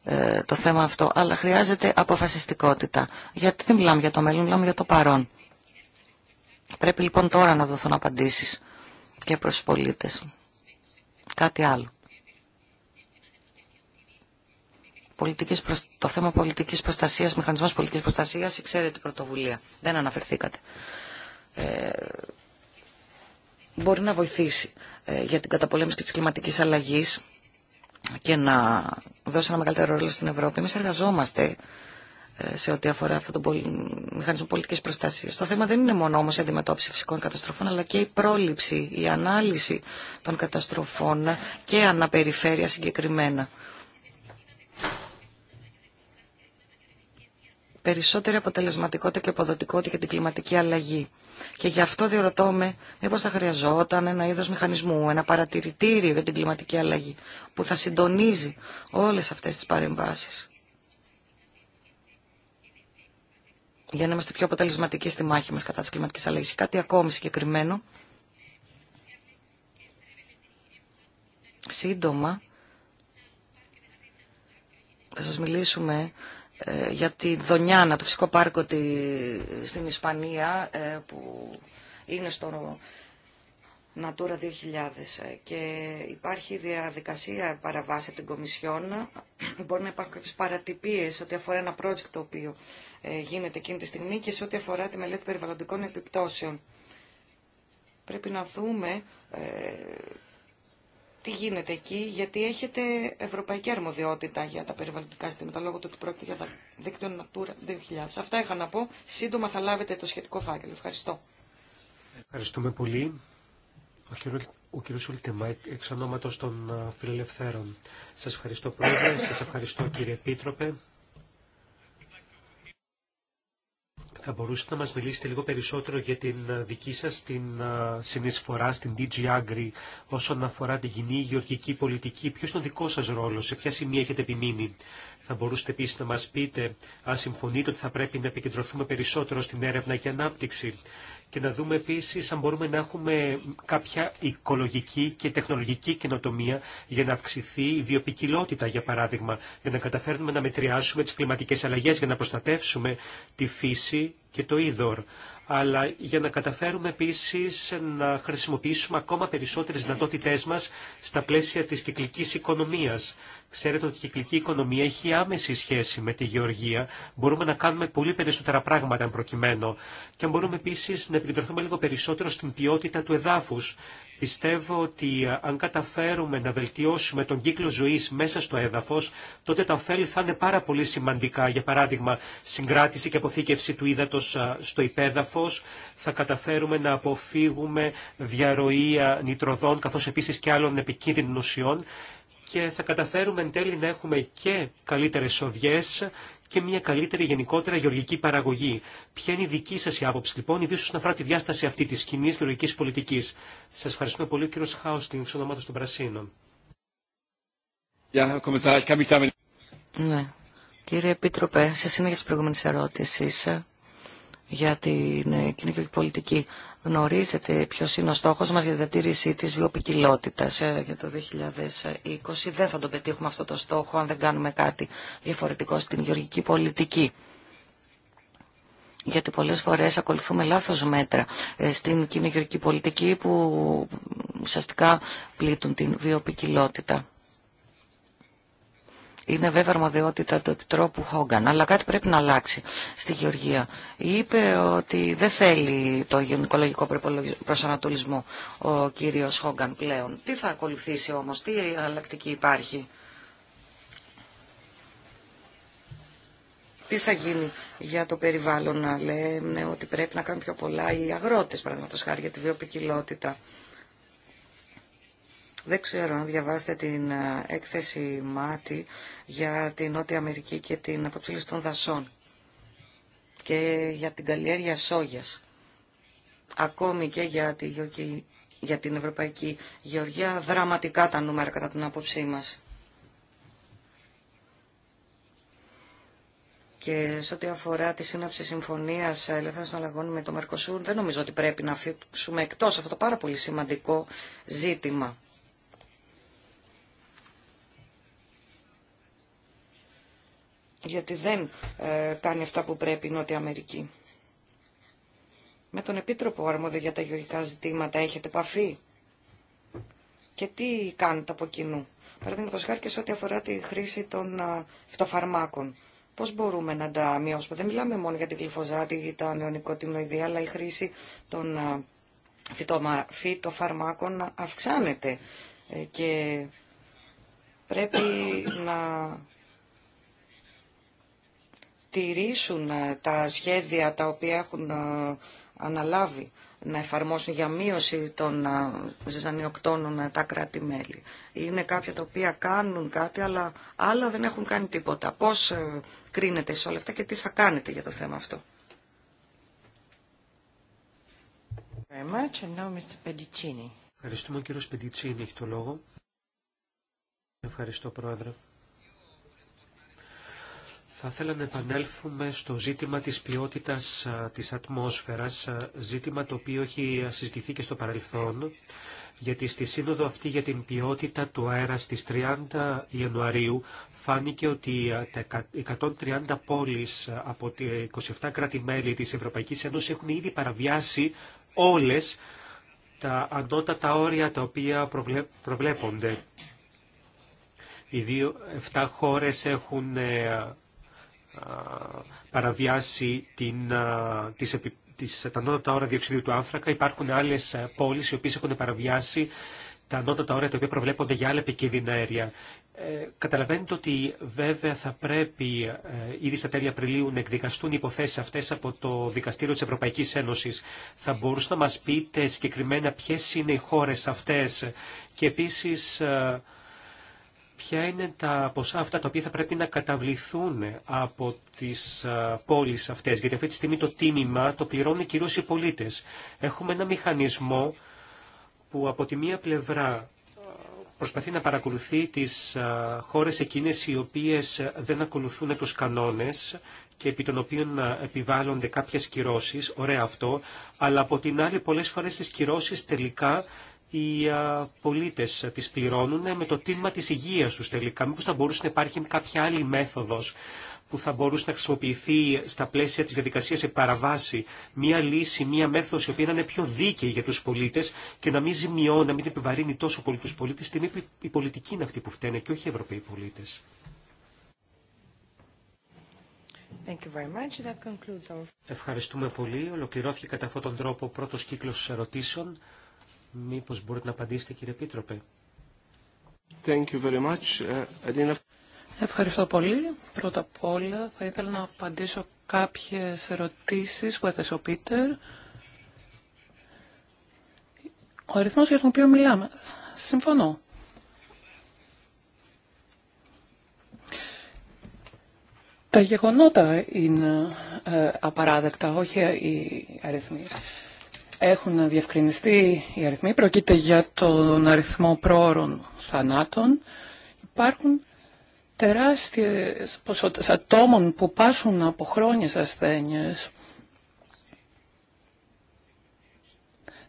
ε, το θέμα αυτό, αλλά χρειάζεται αποφασιστικότητα. Γιατί δεν μιλάμε για το μέλλον, μιλάμε για το παρόν. Πρέπει λοιπόν τώρα να δοθούν απαντήσεις και προς τους πολίτες. Κάτι άλλο. Πολιτικής προσ... Το θέμα πολιτικής προστασίας, μηχανισμός πολιτικής προστασίας, ξέρετε πρωτοβουλία. Δεν αναφερθήκατε. Ε, μπορεί να βοηθήσει ε, για την καταπολέμηση και της κλιματικής αλλαγής και να δώσει ένα μεγαλύτερο ρόλο στην Ευρώπη. Εμείς εργαζόμαστε ε, σε ό,τι αφορά αυτό το μηχανισμό πολιτικής προστασίας. Το θέμα δεν είναι μόνο όμως η αντιμετώπιση φυσικών καταστροφών, αλλά και η πρόληψη, η ανάλυση των καταστροφών και αναπεριφέρεια συγκεκριμένα περισσότερη αποτελεσματικότητα και αποδοτικότητα για την κλιματική αλλαγή. Και γι' αυτό διερωτώ με μήπως θα χρειαζόταν ένα είδο μηχανισμού, ένα παρατηρητήριο για την κλιματική αλλαγή που θα συντονίζει όλες αυτές τις παρεμβάσεις. Για να είμαστε πιο αποτελεσματικοί στη μάχη μας κατά της κλιματικής αλλαγής. Κάτι ακόμη συγκεκριμένο. Σύντομα θα σας μιλήσουμε ε, για τη Δονιάνα, το φυσικό πάρκο στην Ισπανία ε, που είναι στο Natura 2000 ε, και υπάρχει διαδικασία παραβάση από την Κομισιόν. Μπορεί να υπάρχουν κάποιες παρατυπίες ό,τι αφορά ένα project το οποίο γίνεται εκείνη τη στιγμή και σε ό,τι αφορά τη μελέτη περιβαλλοντικών επιπτώσεων. Πρέπει να δούμε τι γίνεται εκεί, γιατί έχετε ευρωπαϊκή αρμοδιότητα για τα περιβαλλοντικά ζητήματα, λόγω του ότι πρόκειται για τα δίκτυα Natura 2000. Αυτά είχα να πω. Σύντομα θα λάβετε το σχετικό φάκελο. Ευχαριστώ. Ευχαριστούμε πολύ. Ο κύριο ο κύριος εξ ονόματος των φιλελευθέρων. Σας ευχαριστώ πρόεδρε, σας ευχαριστώ κύριε Επίτροπε. Θα μπορούσατε να μας μιλήσετε λίγο περισσότερο για την ε, δική σας την ε, συνεισφορά στην DG Agri όσον αφορά την κοινή γεωργική πολιτική. Ποιος είναι ο δικός σας ρόλος, σε ποια σημεία έχετε επιμείνει. Θα μπορούσατε επίσης να μας πείτε αν συμφωνείτε ότι θα πρέπει να επικεντρωθούμε περισσότερο στην έρευνα και ανάπτυξη και να δούμε επίση αν μπορούμε να έχουμε κάποια οικολογική και τεχνολογική καινοτομία για να αυξηθεί η βιοπικιλότητα, για παράδειγμα, για να καταφέρνουμε να μετριάσουμε τις κλιματικές αλλαγές, για να προστατεύσουμε τη φύση και το είδωρ αλλά για να καταφέρουμε επίσης να χρησιμοποιήσουμε ακόμα περισσότερες δυνατότητές μας στα πλαίσια της κυκλικής οικονομίας. Ξέρετε ότι η κυκλική οικονομία έχει άμεση σχέση με τη γεωργία. Μπορούμε να κάνουμε πολύ περισσότερα πράγματα αν προκειμένου. Και μπορούμε επίση να επικεντρωθούμε λίγο περισσότερο στην ποιότητα του εδάφου. Πιστεύω ότι ε, αν καταφέρουμε να βελτιώσουμε τον κύκλο ζωής μέσα στο έδαφος, τότε τα ωφέλη θα είναι πάρα πολύ σημαντικά. Για παράδειγμα, συγκράτηση και αποθήκευση του ύδατος ε, στο υπέδαφος, θα καταφέρουμε να αποφύγουμε διαρροή ε, νητροδών καθώς επίσης και άλλων επικίνδυνων ουσιών και θα καταφέρουμε εν τέλει να έχουμε και καλύτερες σοδιές και μια καλύτερη γενικότερα γεωργική παραγωγή. Ποια είναι η δική σας η άποψη λοιπόν, ιδίως όσον αφορά τη διάσταση αυτή της κοινή γεωργικής πολιτικής. Σας ευχαριστούμε πολύ κύριο Χάουστινγκ, ονομάτων των Πρασίνων. Ναι. Κύριε Επίτροπε, σε σύνοχη τη προηγούμενη ερώτηση για την ε, κοινωνική πολιτική, Γνωρίζετε ποιο είναι ο στόχος μας για τη διατήρησή της βιοπικιλότητας ε, για το 2020. Δεν θα τον πετύχουμε αυτό το στόχο αν δεν κάνουμε κάτι διαφορετικό στην γεωργική πολιτική γιατί πολλές φορές ακολουθούμε λάθος μέτρα ε, στην κοινωνική πολιτική που ουσιαστικά πλήττουν την βιοπικιλότητα. Είναι βέβαια αρμοδιότητα του Επιτρόπου Χόγκαν, αλλά κάτι πρέπει να αλλάξει στη Γεωργία. Είπε ότι δεν θέλει το γενικολογικό προσανατολισμό ο κύριος Χόγκαν πλέον. Τι θα ακολουθήσει όμως, τι αλλακτική υπάρχει. Τι θα γίνει για το περιβάλλον να λέμε ότι πρέπει να κάνουν πιο πολλά οι αγρότες, παραδείγματος χάρη, για τη βιοπικιλότητα. Δεν ξέρω αν διαβάσετε την ε, έκθεση μάτι για την Νότια Αμερική και την αποψήλωση των δασών και για την καλλιέργεια σόγιας. Ακόμη και για, τη για την Ευρωπαϊκή Γεωργία δραματικά τα νούμερα κατά την άποψή μας. Και σε ό,τι αφορά τη σύναψη συμφωνίας ελεύθερων συναλλαγών με το Μαρκοσούρ, δεν νομίζω ότι πρέπει να αφήσουμε εκτός αυτό το πάρα πολύ σημαντικό ζήτημα. γιατί δεν ε, κάνει αυτά που πρέπει η Νότια Αμερική. Με τον Επίτροπο Αρμόδιο για τα Γεωργικά Ζητήματα έχετε επαφή και τι κάνετε από κοινού. Παραδείγματο χάρη και σε ό,τι αφορά τη χρήση των ε, φυτοφαρμάκων. Πώ μπορούμε να τα μειώσουμε. Δεν μιλάμε μόνο για την κλειφοζάτη, η τα νεονικοτιμνοειδη αλλα η χρηση των ε, φυτοφαρμάκων αυξάνεται και πρέπει να τηρήσουν ε, τα σχέδια τα οποία έχουν ε, αναλάβει να εφαρμόσουν για μείωση των ε, ζεζανιοκτώνων τα κράτη-μέλη. Είναι κάποια τα οποία κάνουν κάτι, αλλά άλλα δεν έχουν κάνει τίποτα. Πώς κρίνετε σε όλα αυτά και τι θα κάνετε για το θέμα αυτό. Ευχαριστούμε κύριο Σπεντιτσίνη, έχει το λόγο. Ευχαριστώ πρόεδρε. Θα ήθελα να επανέλθουμε στο ζήτημα της ποιότητας της ατμόσφαιρας, ζήτημα το οποίο έχει συζητηθεί και στο παρελθόν, γιατί στη σύνοδο αυτή για την ποιότητα του αέρα στις 30 Ιανουαρίου φάνηκε ότι τα 130 πόλεις από τα 27 κράτη-μέλη της Ευρωπαϊκής Ένωσης έχουν ήδη παραβιάσει όλες τα ανώτατα όρια τα οποία προβλέπονται. Οι δύο, 7 χώρες έχουν ε, παραβιάσει την, τις, επι, τις, τα νότατα ώρα διοξιδίου του άνθρακα. Υπάρχουν άλλες πόλεις οι οποίες έχουν παραβιάσει τα νότατα ώρα τα οποία προβλέπονται για άλλα επικίνδυνα αέρια. Ε, καταλαβαίνετε ότι βέβαια θα πρέπει ε, ήδη στα τέλη Απριλίου να εκδικαστούν οι υποθέσει αυτέ από το Δικαστήριο τη Ευρωπαϊκή Ένωση. Θα μπορούσατε να μα πείτε συγκεκριμένα ποιε είναι οι χώρε αυτέ και επίση. ε, ποια είναι τα ποσά αυτά τα οποία θα πρέπει να καταβληθούν από τις πόλεις αυτές. Γιατί αυτή τη στιγμή το τίμημα το πληρώνουν κυρίως οι πολίτες. Έχουμε ένα μηχανισμό που από τη μία πλευρά προσπαθεί να παρακολουθεί τις χώρες εκείνες οι οποίες δεν ακολουθούν τους κανόνες και επί των οποίων επιβάλλονται κάποιες κυρώσεις, ωραία αυτό, αλλά από την άλλη πολλές φορές τις κυρώσεις τελικά οι πολίτες τις πληρώνουν με το τίμημα της υγείας τους τελικά. Μήπως θα μπορούσε να υπάρχει κάποια άλλη μέθοδος που θα μπορούσε να χρησιμοποιηθεί στα πλαίσια της διαδικασίας σε παραβάση μια λύση, μια μέθοδος η οποία να είναι πιο δίκαιη για τους πολίτες και να μην ζημιώνει, να μην επιβαρύνει τόσο πολύ τους πολίτες, την η πολιτική είναι αυτή που φταίνε και όχι οι Ευρωπαίοι πολίτες. Thank you very much. That concludes our... Ευχαριστούμε πολύ. Ολοκληρώθηκε κατά αυτόν τον τρόπο ο πρώτος κύκλος ερωτήσεων. Μήπως μπορείτε να απαντήσετε κύριε Επίτροπε. Thank you very much. Uh, Ευχαριστώ πολύ. Πρώτα απ' όλα θα ήθελα να απαντήσω κάποιες ερωτήσεις που έθεσε ο Πίτερ. Ο αριθμός για τον οποίο μιλάμε. Συμφωνώ. Τα γεγονότα είναι ε, απαράδεκτα, όχι οι αριθμοί έχουν διευκρινιστεί οι αριθμοί. Προκείται για τον αριθμό πρόωρων θανάτων. Υπάρχουν τεράστιες ποσότητες ατόμων που πάσουν από χρόνιες ασθένειες.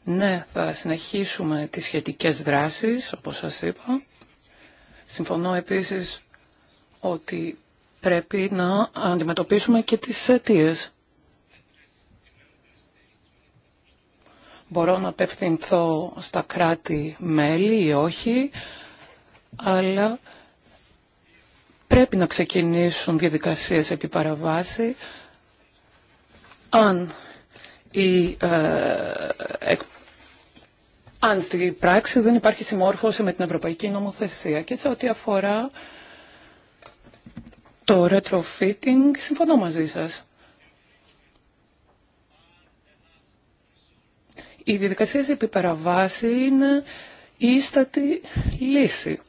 Ναι, θα συνεχίσουμε τις σχετικές δράσεις, όπως σας είπα. Συμφωνώ επίσης ότι πρέπει να αντιμετωπίσουμε και τις αιτίες Μπορώ να απευθυνθώ στα κράτη-μέλη ή όχι, αλλά πρέπει να ξεκινήσουν διαδικασίες επί παραβάση αν, η, ε, αν στην πράξη δεν υπάρχει συμμόρφωση με την Ευρωπαϊκή Νομοθεσία και σε ό,τι αφορά το retrofitting συμφωνώ μαζί σας. οι διαδικασίες επί παραβάση είναι ίστατη λύση.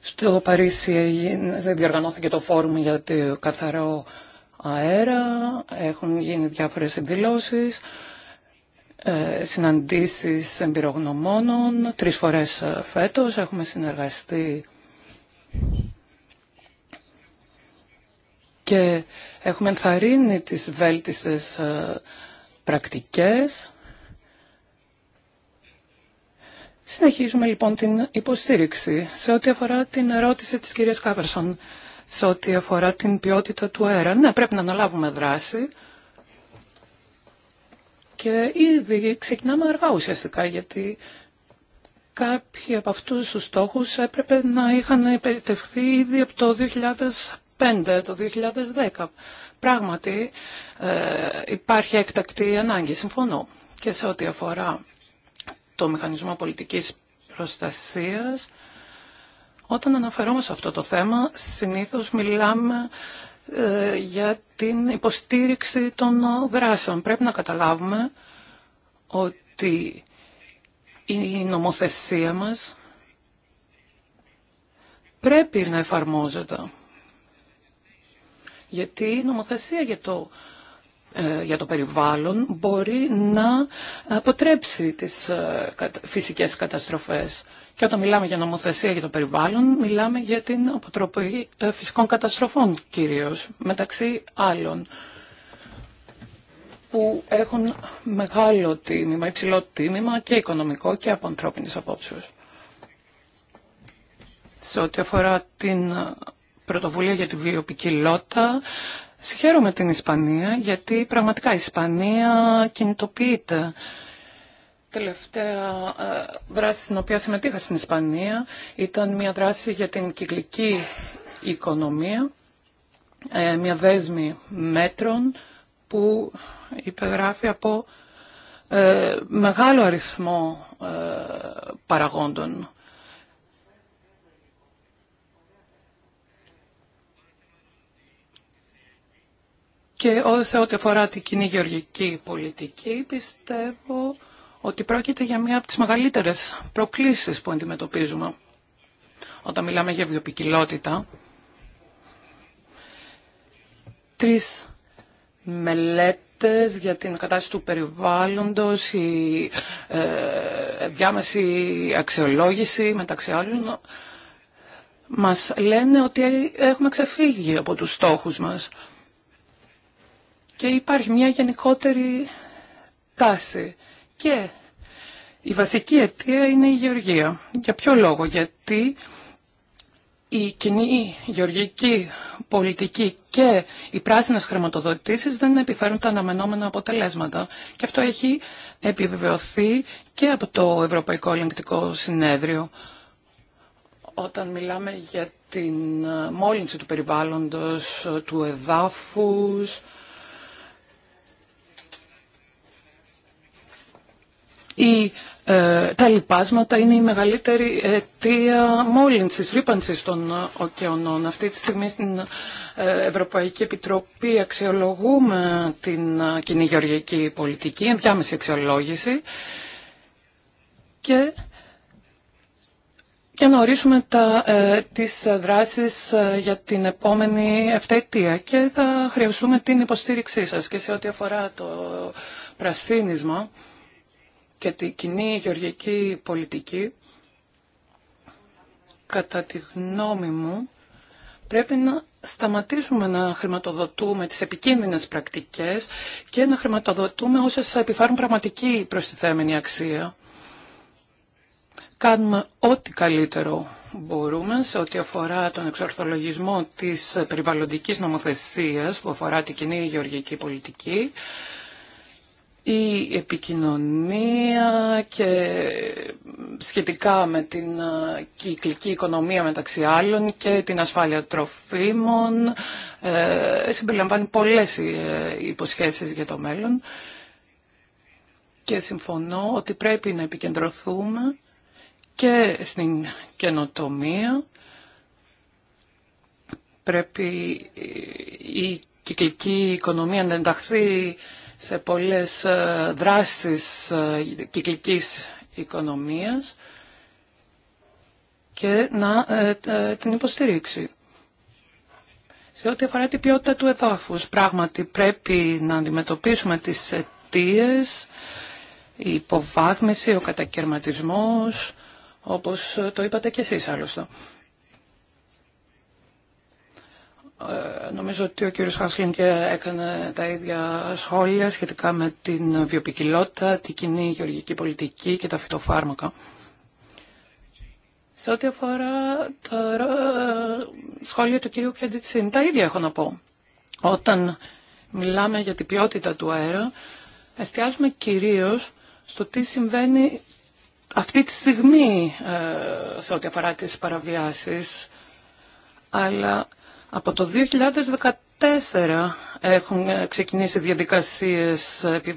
Στο Παρίσι διοργανώθηκε το φόρουμ για το καθαρό αέρα, έχουν γίνει διάφορες εκδηλώσεις, ε, συναντήσεις εμπειρογνωμόνων, τρεις φορές ε, φέτος έχουμε συνεργαστεί και έχουμε ενθαρρύνει τις βέλτιστες ε, πρακτικές. Συνεχίζουμε λοιπόν την υποστήριξη σε ό,τι αφορά την ερώτηση της κυρίας Κάπερσον, σε ό,τι αφορά την ποιότητα του αέρα. Ναι, πρέπει να αναλάβουμε δράση και ήδη ξεκινάμε αργά ουσιαστικά γιατί κάποιοι από αυτούς τους στόχους έπρεπε να είχαν επιτευχθεί ήδη από το το 2010. Πράγματι ε, υπάρχει έκτακτη ανάγκη, συμφωνώ. Και σε ό,τι αφορά το μηχανισμό πολιτικής προστασίας, όταν αναφερόμαστε σε αυτό το θέμα, συνήθως μιλάμε ε, για την υποστήριξη των δράσεων. Πρέπει να καταλάβουμε ότι η νομοθεσία μας πρέπει να εφαρμόζεται γιατί η νομοθεσία για το, ε, για το περιβάλλον μπορεί να αποτρέψει τις ε, φυσικές καταστροφές. Και όταν μιλάμε για νομοθεσία για το περιβάλλον, μιλάμε για την αποτροπή ε, φυσικών καταστροφών κυρίως, μεταξύ άλλων που έχουν μεγάλο τίμημα, υψηλό τίμημα και οικονομικό και από ανθρώπινης απόψεως. Σε ό,τι αφορά την πρωτοβουλία για τη βιοπικιλότητα. Συγχαίρομαι την Ισπανία γιατί πραγματικά η Ισπανία κινητοποιείται. Τελευταία ε, δράση στην οποία συμμετείχα στην Ισπανία ήταν μια δράση για την κυκλική οικονομία, ε, μια δέσμη μέτρων που υπεγράφει από ε, μεγάλο αριθμό παραγόντων. Και σε ό,τι αφορά την κοινή γεωργική πολιτική, πιστεύω ότι πρόκειται για μία από τις μεγαλύτερες προκλήσεις που αντιμετωπίζουμε. Όταν μιλάμε για βιοπικιλότητα, τρεις μελέτες για την κατάσταση του περιβάλλοντος, η ε, διάμεση αξιολόγηση μεταξύ άλλων, μας λένε ότι έχουμε ξεφύγει από τους στόχους μας και υπάρχει μια γενικότερη τάση. Και η βασική αιτία είναι η γεωργία. Για ποιο λόγο, γιατί η κοινή γεωργική πολιτική και οι πράσινες χρηματοδοτήσεις δεν επιφέρουν τα αναμενόμενα αποτελέσματα. Και αυτό έχει επιβεβαιωθεί και από το Ευρωπαϊκό Ελληνικτικό Συνέδριο. Όταν μιλάμε για την μόλυνση του περιβάλλοντος, του εδάφους, η, ε, τα λοιπάσματα είναι η μεγαλύτερη αιτία μόλυνσης, ρήπανσης των ε, ωκεανών. Αυτή τη στιγμή στην ε, Ευρωπαϊκή Επιτροπή αξιολογούμε την κοινή πολιτική, ενδιάμεση αξιολόγηση και και να ορίσουμε τα, ε, τις δράσεις για την επόμενη ευταετία και θα χρειαστούμε την υποστήριξή σας και σε ό,τι αφορά το πρασίνισμα και την κοινή γεωργική πολιτική, κατά τη γνώμη μου, πρέπει να σταματήσουμε να χρηματοδοτούμε τις επικίνδυνες πρακτικές και να χρηματοδοτούμε όσες επιφέρουν πραγματική προστιθέμενη αξία. Κάνουμε ό,τι καλύτερο μπορούμε σε ό,τι αφορά τον εξορθολογισμό της περιβαλλοντικής νομοθεσίας που αφορά την κοινή γεωργική πολιτική η επικοινωνία και σχετικά με την ε, κυκλική οικονομία μεταξύ άλλων και την ασφάλεια τροφίμων ε, συμπεριλαμβάνει πολλές ε, υποσχέσεις για το μέλλον και συμφωνώ ότι πρέπει να επικεντρωθούμε και στην καινοτομία πρέπει ε, η κυκλική οικονομία να ενταχθεί σε πολλές ε, δράσεις ε, κυκλικής οικονομίας και να ε, την υποστηρίξει. Σε ό,τι αφορά την ποιότητα του εδάφους, πράγματι πρέπει να αντιμετωπίσουμε τις αιτίε, η υποβάθμιση, ο κατακαιρματισμός, όπως το είπατε κι εσείς άλλωστε. Ε, νομίζω ότι ο κύριος Χάσλιν και έκανε τα ίδια σχόλια σχετικά με την βιοπικιλότητα, την κοινή γεωργική πολιτική και τα φυτοφάρμακα. Σε ό,τι αφορά τα ε, σχόλια του κυρίου Πιαντιτσίν, τα ίδια έχω να πω. Όταν μιλάμε για την ποιότητα του αέρα, εστιάζουμε κυρίως στο τι συμβαίνει αυτή τη στιγμή ε, σε ό,τι αφορά τις παραβιάσεις, αλλά από το 2014 έχουν ξεκινήσει διαδικασίες επί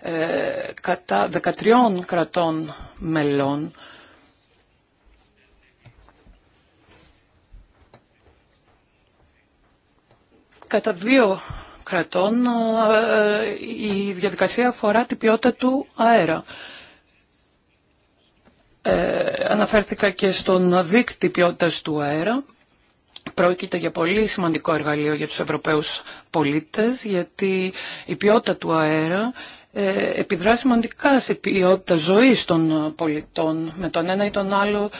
ε, κατά 13 κρατών μελών. Κατά δύο κρατών ε, η διαδικασία αφορά την ποιότητα του αέρα. Ε, αναφέρθηκα και στον δίκτυ ποιότητας του αέρα. Πρόκειται για πολύ σημαντικό εργαλείο για τους Ευρωπαίους πολίτες, γιατί η ποιότητα του αέρα ε, επιδρά σημαντικά σε ποιότητα ζωής των πολιτών. Με τον ένα ή τον άλλο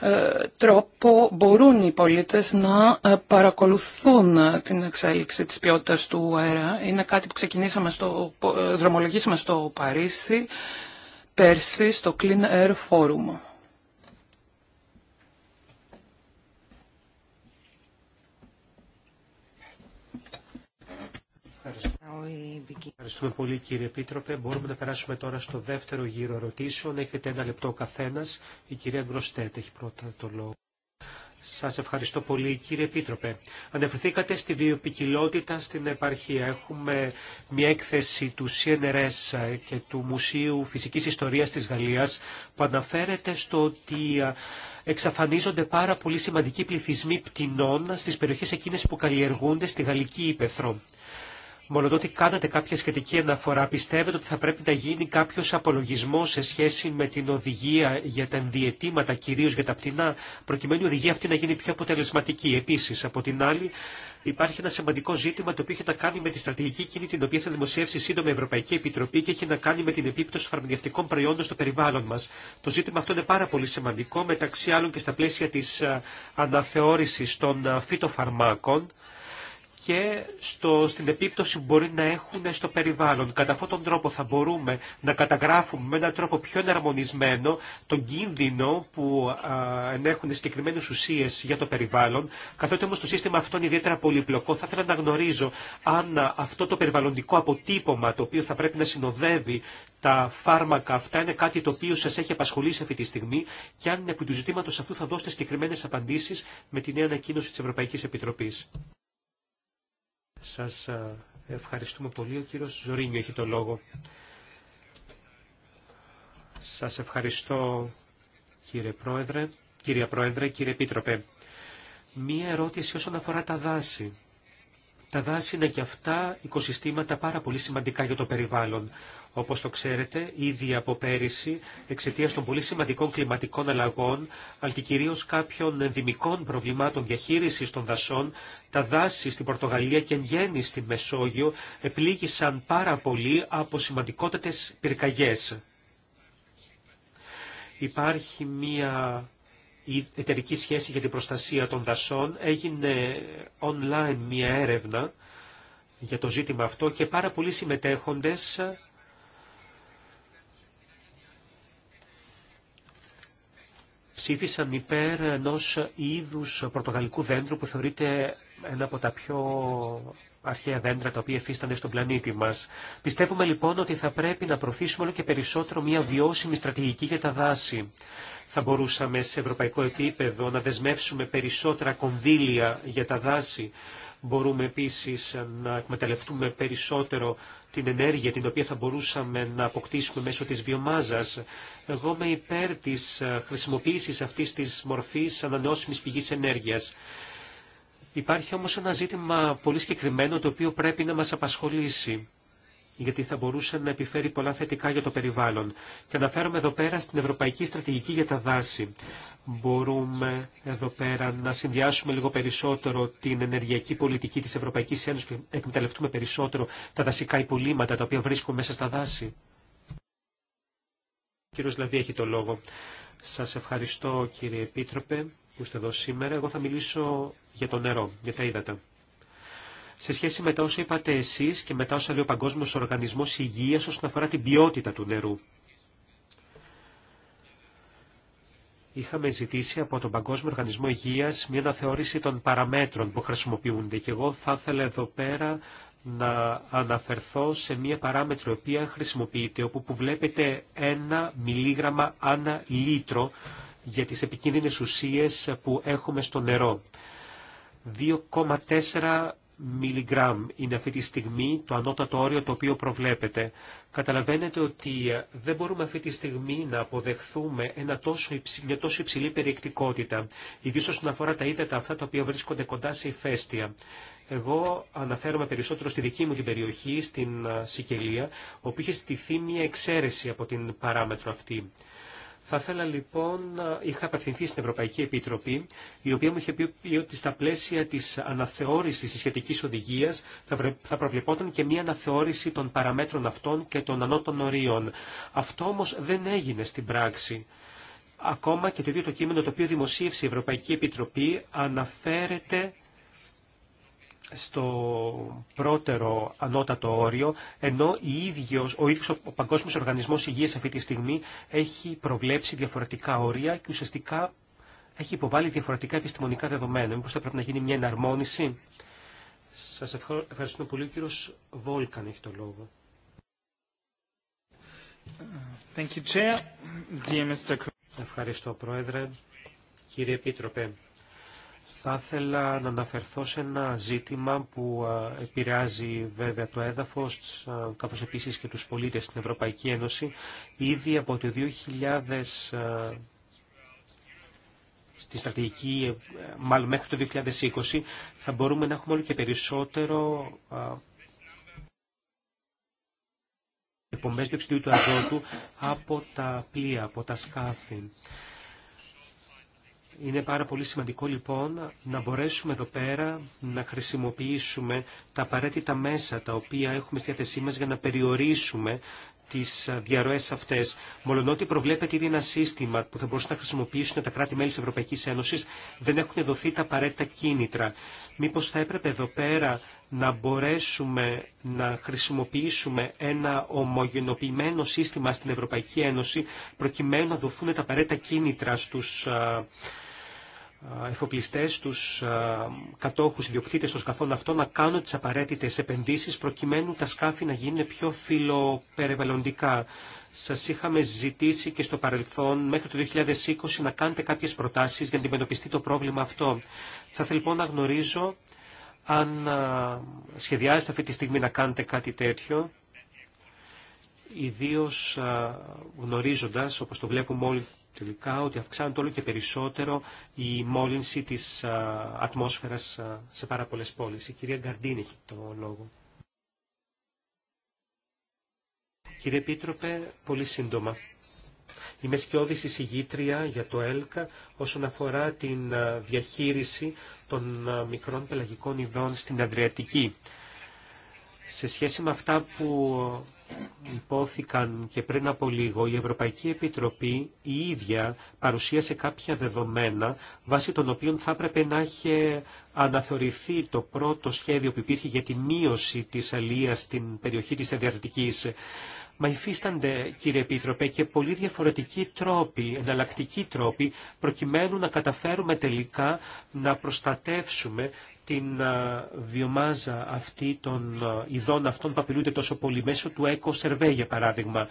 ε, τρόπο μπορούν οι πολίτες να ε, παρακολουθούν την εξέλιξη της ποιότητας του αέρα. Είναι κάτι που ξεκινήσαμε στο, δρομολογήσαμε στο Παρίσι πέρσι στο Clean Air Forum. Ευχαριστούμε πολύ κύριε Επίτροπε. Μπορούμε να περάσουμε τώρα στο δεύτερο γύρο ερωτήσεων. Έχετε ένα λεπτό ο καθένας. Η κυρία Γκροστέτ έχει πρώτα το λόγο. Σας ευχαριστώ πολύ κύριε Επίτροπε. Ανεφερθήκατε στη βιοπικιλότητα στην επαρχία. Έχουμε μια έκθεση του CNRS και του Μουσείου Φυσικής Ιστορίας της Γαλλίας που αναφέρεται στο ότι εξαφανίζονται πάρα πολύ σημαντικοί πληθυσμοί πτηνών στις περιοχές εκείνες που καλλιεργούνται στη Γαλλική Ήπεθρο μόνο τότε κάνατε κάποια σχετική αναφορά, πιστεύετε ότι θα πρέπει να γίνει κάποιο απολογισμό σε σχέση με την οδηγία για τα ενδιαιτήματα, κυρίω για τα πτηνά, προκειμένου η οδηγία αυτή να γίνει πιο αποτελεσματική. Επίση, από την άλλη, υπάρχει ένα σημαντικό ζήτημα το οποίο έχει να κάνει με τη στρατηγική εκείνη την οποία θα δημοσιεύσει σύντομα η Ευρωπαϊκή Επιτροπή και έχει να κάνει με την επίπτωση φαρμακευτικών προϊόντων στο περιβάλλον μα. Το ζήτημα αυτό είναι πάρα πολύ σημαντικό, μεταξύ άλλων και στα πλαίσια τη ε, αναθεώρηση των ε, φυτοφαρμάκων και στο, στην επίπτωση που μπορεί να έχουν στο περιβάλλον. Κατά αυτόν τον τρόπο θα μπορούμε να καταγράφουμε με έναν τρόπο πιο εναρμονισμένο τον κίνδυνο που α, ενέχουν συγκεκριμένε ουσίε για το περιβάλλον. Καθότι όμω το σύστημα αυτό είναι ιδιαίτερα πολυπλοκό, θα ήθελα να γνωρίζω αν αυτό το περιβαλλοντικό αποτύπωμα το οποίο θα πρέπει να συνοδεύει τα φάρμακα αυτά είναι κάτι το οποίο σα έχει απασχολήσει αυτή τη στιγμή και αν επί του ζητήματο αυτού θα δώσετε συγκεκριμένε απαντήσει με τη νέα ανακοίνωση τη Ευρωπαϊκή Επιτροπή. Σας ε, ευχαριστούμε πολύ. Ο κύριος Ζωρίνιο έχει το λόγο. Σας ευχαριστώ κύριε Πρόεδρε, κύριε Πρόεδρε, κύριε Επίτροπε. Μία ερώτηση όσον αφορά τα δάση. Τα δάση είναι και αυτά οικοσυστήματα πάρα πολύ σημαντικά για το περιβάλλον. Όπω το ξέρετε, ήδη από πέρυσι, εξαιτία των πολύ σημαντικών κλιματικών αλλαγών, αλλά και κυρίω κάποιων ενδημικών προβλημάτων διαχείριση των δασών, τα δάση στην Πορτογαλία και εν γέννη στη Μεσόγειο επλήγησαν πάρα πολύ από σημαντικότατε πυρκαγιέ. Υπάρχει μία η εταιρική σχέση για την προστασία των δασών. Έγινε online μία έρευνα για το ζήτημα αυτό και πάρα πολλοί συμμετέχοντες ψήφισαν υπέρ ενό είδου πορτογαλικού δέντρου που θεωρείται ένα από τα πιο αρχαία δέντρα τα οποία εφίστανται στον πλανήτη μα. Πιστεύουμε λοιπόν ότι θα πρέπει να προωθήσουμε όλο και περισσότερο μια βιώσιμη στρατηγική για τα δάση. Θα μπορούσαμε σε ευρωπαϊκό επίπεδο να δεσμεύσουμε περισσότερα κονδύλια για τα δάση. Μπορούμε επίσης να εκμεταλλευτούμε περισσότερο την ενέργεια την οποία θα μπορούσαμε να αποκτήσουμε μέσω της βιομάζας. Εγώ είμαι υπέρ της χρησιμοποίησης αυτής της μορφής ανανεώσιμης πηγής ενέργειας. Υπάρχει όμως ένα ζήτημα πολύ συγκεκριμένο το οποίο πρέπει να μας απασχολήσει γιατί θα μπορούσε να επιφέρει πολλά θετικά για το περιβάλλον. Και αναφέρομαι εδώ πέρα στην Ευρωπαϊκή Στρατηγική για τα Δάση. Μπορούμε εδώ πέρα να συνδυάσουμε λίγο περισσότερο την ενεργειακή πολιτική της Ευρωπαϊκής Ένωσης και εκμεταλλευτούμε περισσότερο τα δασικά υπολείμματα τα οποία βρίσκουν μέσα στα δάση. Ο κύριος Λαβή έχει το λόγο. Σας ευχαριστώ κύριε Επίτροπε που είστε εδώ σήμερα. Εγώ θα μιλήσω για το νερό, για τα ύδατα σε σχέση με τα όσα είπατε εσείς και με τα όσα λέει ο Παγκόσμιος Οργανισμός Υγείας όσον αφορά την ποιότητα του νερού. Είχαμε ζητήσει από τον Παγκόσμιο Οργανισμό Υγείας μια αναθεώρηση των παραμέτρων που χρησιμοποιούνται και εγώ θα ήθελα εδώ πέρα να αναφερθώ σε μία παράμετρο η οποία χρησιμοποιείται, όπου που βλέπετε ένα μιλίγραμμα ανά λίτρο για τις επικίνδυνες ουσίες που έχουμε στο νερό. 2,4 μιλιγκράμμ είναι αυτή τη στιγμή το ανώτατο όριο το οποίο προβλέπεται. Καταλαβαίνετε ότι ε, δεν μπορούμε αυτή τη στιγμή να αποδεχθούμε ένα τόσο μια τόσο υψηλή περιεκτικότητα, ιδίως όσον αφορά τα ύδατα αυτά τα οποία βρίσκονται κοντά σε ηφαίστεια. Εγώ αναφέρομαι περισσότερο στη δική μου την περιοχή, στην ε, Σικελία, όπου είχε στηθεί μια εξαίρεση από την παράμετρο αυτή. Θα ήθελα λοιπόν, είχα απευθυνθεί στην Ευρωπαϊκή Επιτροπή, η οποία μου είχε πει ότι στα πλαίσια τη αναθεώρηση τη σχετική οδηγία θα προβλεπόταν και μία αναθεώρηση των παραμέτρων αυτών και των ανώτων ορίων. Αυτό όμω δεν έγινε στην πράξη. Ακόμα και το ίδιο το κείμενο το οποίο δημοσίευσε η Ευρωπαϊκή Επιτροπή αναφέρεται στο πρώτερο ανώτατο όριο, ενώ ο ίδιος, ο ίδιος ο Παγκόσμιος Οργανισμός Υγείας αυτή τη στιγμή έχει προβλέψει διαφορετικά όρια και ουσιαστικά έχει υποβάλει διαφορετικά επιστημονικά δεδομένα. Μήπως θα πρέπει να γίνει μια εναρμόνιση. Σας ευχαριστούμε πολύ. Ο κύριος Βόλκαν έχει το λόγο. Thank you, Chair. Ευχαριστώ, Πρόεδρε. Κύριε Επίτροπε, θα ήθελα να αναφερθώ σε ένα ζήτημα που επηρεάζει βέβαια το έδαφος, καθώς επίσης και τους πολίτες στην Ευρωπαϊκή Ένωση. Ήδη από το 2000 στη στρατηγική, ε, μάλλον μέχρι το 2020, θα μπορούμε να έχουμε όλο και περισσότερο εκπομπές διοξιδίου του αζότου από τα πλοία, από τα σκάφη. Είναι πάρα πολύ σημαντικό λοιπόν να μπορέσουμε εδώ πέρα να χρησιμοποιήσουμε τα απαραίτητα μέσα τα οποία έχουμε στη θέση μας για να περιορίσουμε τις διαρροές αυτές. Μολονότι προβλέπεται ήδη ένα σύστημα που θα μπορούσαν να χρησιμοποιήσουν τα κράτη-μέλη της Ευρωπαϊκής Ένωσης, δεν έχουν δοθεί τα απαραίτητα κίνητρα. Μήπως θα έπρεπε εδώ πέρα να μπορέσουμε να χρησιμοποιήσουμε ένα ομογενοποιημένο σύστημα στην Ευρωπαϊκή Ένωση, προκειμένου να δοθούν τα απαραίτητα κίνητρα στους εφοπλιστές, τους κατόχους ιδιοκτήτες των σκαφών αυτών να κάνουν τις απαραίτητες επενδύσεις προκειμένου τα σκάφη να γίνουν πιο φιλοπεριβαλλοντικά. Σας είχαμε ζητήσει και στο παρελθόν μέχρι το 2020 να κάνετε κάποιες προτάσεις για να αντιμετωπιστεί το πρόβλημα αυτό. Θα θέλω λοιπόν να γνωρίζω αν σχεδιάζετε αυτή τη στιγμή να κάνετε κάτι τέτοιο ιδίως γνωρίζοντας, όπως το βλέπουμε όλοι τελικά ότι αυξάνεται όλο και περισσότερο η μόλυνση της ατμόσφαιρας σε πάρα πολλές πόλεις. Η κυρία Γκαρντίν έχει το λόγο. Κύριε Επίτροπε, πολύ σύντομα. Είμαι σκιώδης εισηγήτρια για το ΕΛΚΑ όσον αφορά την διαχείριση των μικρών πελαγικών ειδών στην Αδριατική. Σε σχέση με αυτά που υπόθηκαν και πριν από λίγο, η Ευρωπαϊκή Επιτροπή η ίδια παρουσίασε κάποια δεδομένα βάσει των οποίων θα έπρεπε να είχε αναθεωρηθεί το πρώτο σχέδιο που υπήρχε για τη μείωση της αλίας στην περιοχή της Εδιαρτικής. Μα υφίστανται, κύριε Επίτροπε, και πολύ διαφορετικοί τρόποι, εναλλακτικοί τρόποι, προκειμένου να καταφέρουμε τελικά να προστατεύσουμε την ε, βιομάζα αυτή των ε, ειδών αυτών που απειλούνται τόσο πολύ μέσω του Eco Survey για παράδειγμα.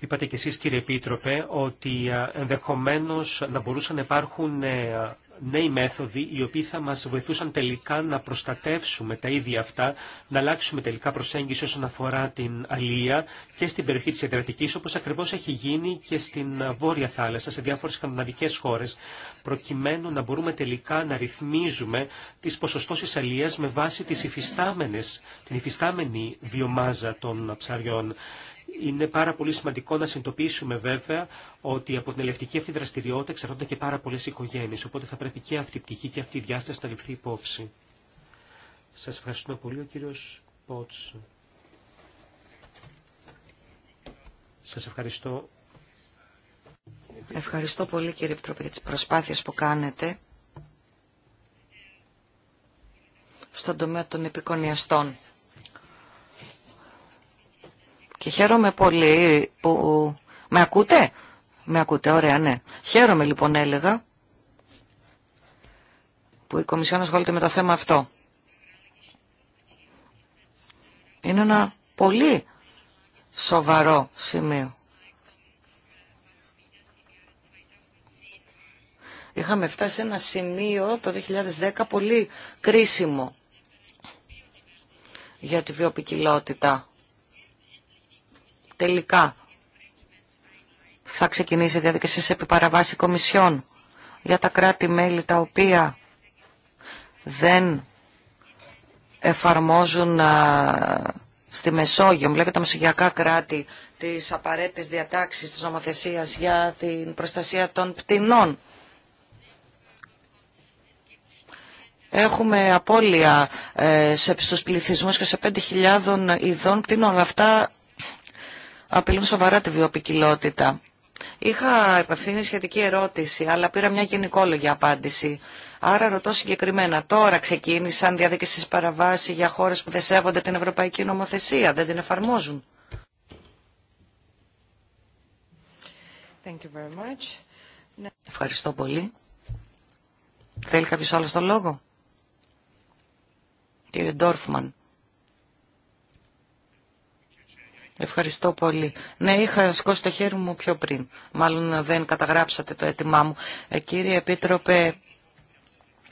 Είπατε κι εσείς κύριε Επίτροπε ότι ε, ενδεχομένως να μπορούσαν να υπάρχουν νέοι μέθοδοι οι οποίοι θα μας βοηθούσαν τελικά να προστατεύσουμε τα ίδια αυτά, να αλλάξουμε τελικά προσέγγιση όσον αφορά την αλία και στην περιοχή της Ιδρατικής, όπως ακριβώς έχει γίνει και στην Βόρεια Θάλασσα, σε διάφορες σκανδιναβικές χώρες, προκειμένου να μπορούμε τελικά να ρυθμίζουμε τις ποσοστώσεις αλίας με βάση τις την υφιστάμενη βιομάζα των ψαριών. Είναι πάρα πολύ σημαντικό να συνειδητοποιήσουμε βέβαια ότι από την ελευτική αυτή δραστηριότητα εξαρτώνται και πάρα πολλέ οικογένειε. Οπότε θα πρέπει και αυτή η πτυχή και αυτή η διάσταση να ληφθεί υπόψη. Σα ευχαριστούμε πολύ, ο κύριο Σας Σα ευχαριστώ. Ευχαριστώ πολύ κύριε Επιτροπή για τις προσπάθειες που κάνετε στον τομέα των επικονιαστών. Και χαίρομαι πολύ που... Με ακούτε? Με ακούτε, ωραία, ναι. Χαίρομαι λοιπόν έλεγα που η Κομισιόν ασχολείται με το θέμα αυτό. Είναι ένα πολύ σοβαρό σημείο. Είχαμε φτάσει σε ένα σημείο το 2010 πολύ κρίσιμο για τη βιοπικιλότητα τελικά θα ξεκινήσει η διαδικασία σε επιπαραβάση κομισιών για τα κράτη-μέλη τα οποία δεν εφαρμόζουν στη Μεσόγειο, μιλάω για τα μεσογειακά κράτη, τις απαραίτητες διατάξεις της νομοθεσίας για την προστασία των πτηνών. Έχουμε απώλεια ε, σε, στους και σε 5.000 ειδών πτηνών. Αυτά απειλούν σοβαρά τη βιοπικιλότητα. Είχα επευθύνει σχετική ερώτηση, αλλά πήρα μια γενικόλογη απάντηση. Άρα ρωτώ συγκεκριμένα, τώρα ξεκίνησαν διαδικασίε παραβάση για χώρες που δεν σέβονται την ευρωπαϊκή νομοθεσία, δεν την εφαρμόζουν. Ευχαριστώ πολύ. Θέλει κάποιος άλλος τον λόγο. Κύριε Ντόρφμαν. Ευχαριστώ πολύ. Ναι, είχα σηκώσει το χέρι μου πιο πριν. Μάλλον δεν καταγράψατε το αίτημά μου. Ε, κύριε Επίτροπε,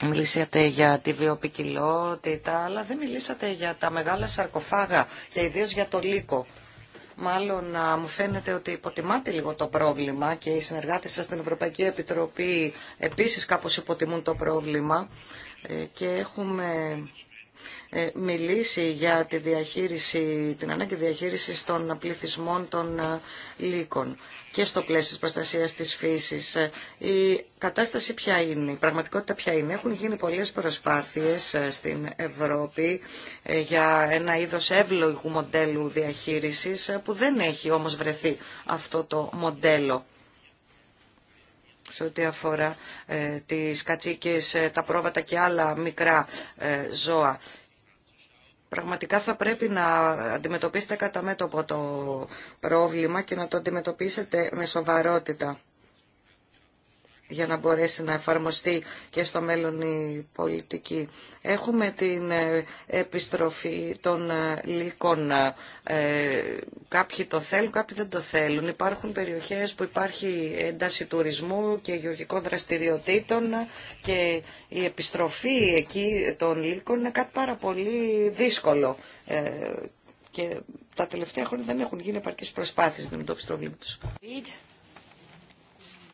Μιλήσατε για τη βιοπικιλότητα, αλλά δεν μιλήσατε για τα μεγάλα σαρκοφάγα και ιδίως για το λύκο. Μάλλον α, μου φαίνεται ότι υποτιμάτε λίγο το πρόβλημα και οι συνεργάτες σας στην Ευρωπαϊκή Επιτροπή επίσης κάπως υποτιμούν το πρόβλημα ε, και έχουμε ε, μιλήσει για τη διαχείριση, την ανάγκη διαχείρισης των πληθυσμών των ε, λύκων και στο πλαίσιο της προστασίας της φύσης. Ε, η κατάσταση ποια είναι, η πραγματικότητα ποια είναι. Έχουν γίνει πολλές προσπάθειες στην Ευρώπη για ένα είδος εύλογου μοντέλου διαχείρισης που δεν έχει όμως βρεθεί αυτό το μοντέλο σε ό,τι αφορά ε, τις κατσίκες, ε, τα πρόβατα και άλλα μικρά ε, ζώα. Πραγματικά θα πρέπει να αντιμετωπίσετε κατά μέτωπο το πρόβλημα και να το αντιμετωπίσετε με σοβαρότητα για να μπορέσει να εφαρμοστεί και στο μέλλον η πολιτική. Έχουμε την ε, επιστροφή των ε, λύκων. Ε, κάποιοι το θέλουν, κάποιοι δεν το θέλουν. Υπάρχουν περιοχές που υπάρχει ένταση τουρισμού και γεωργικών δραστηριοτήτων και η επιστροφή εκεί των λύκων είναι κάτι πάρα πολύ δύσκολο. Και τα τελευταία χρόνια δεν έχουν γίνει επαρκείς προσπάθειες να μην το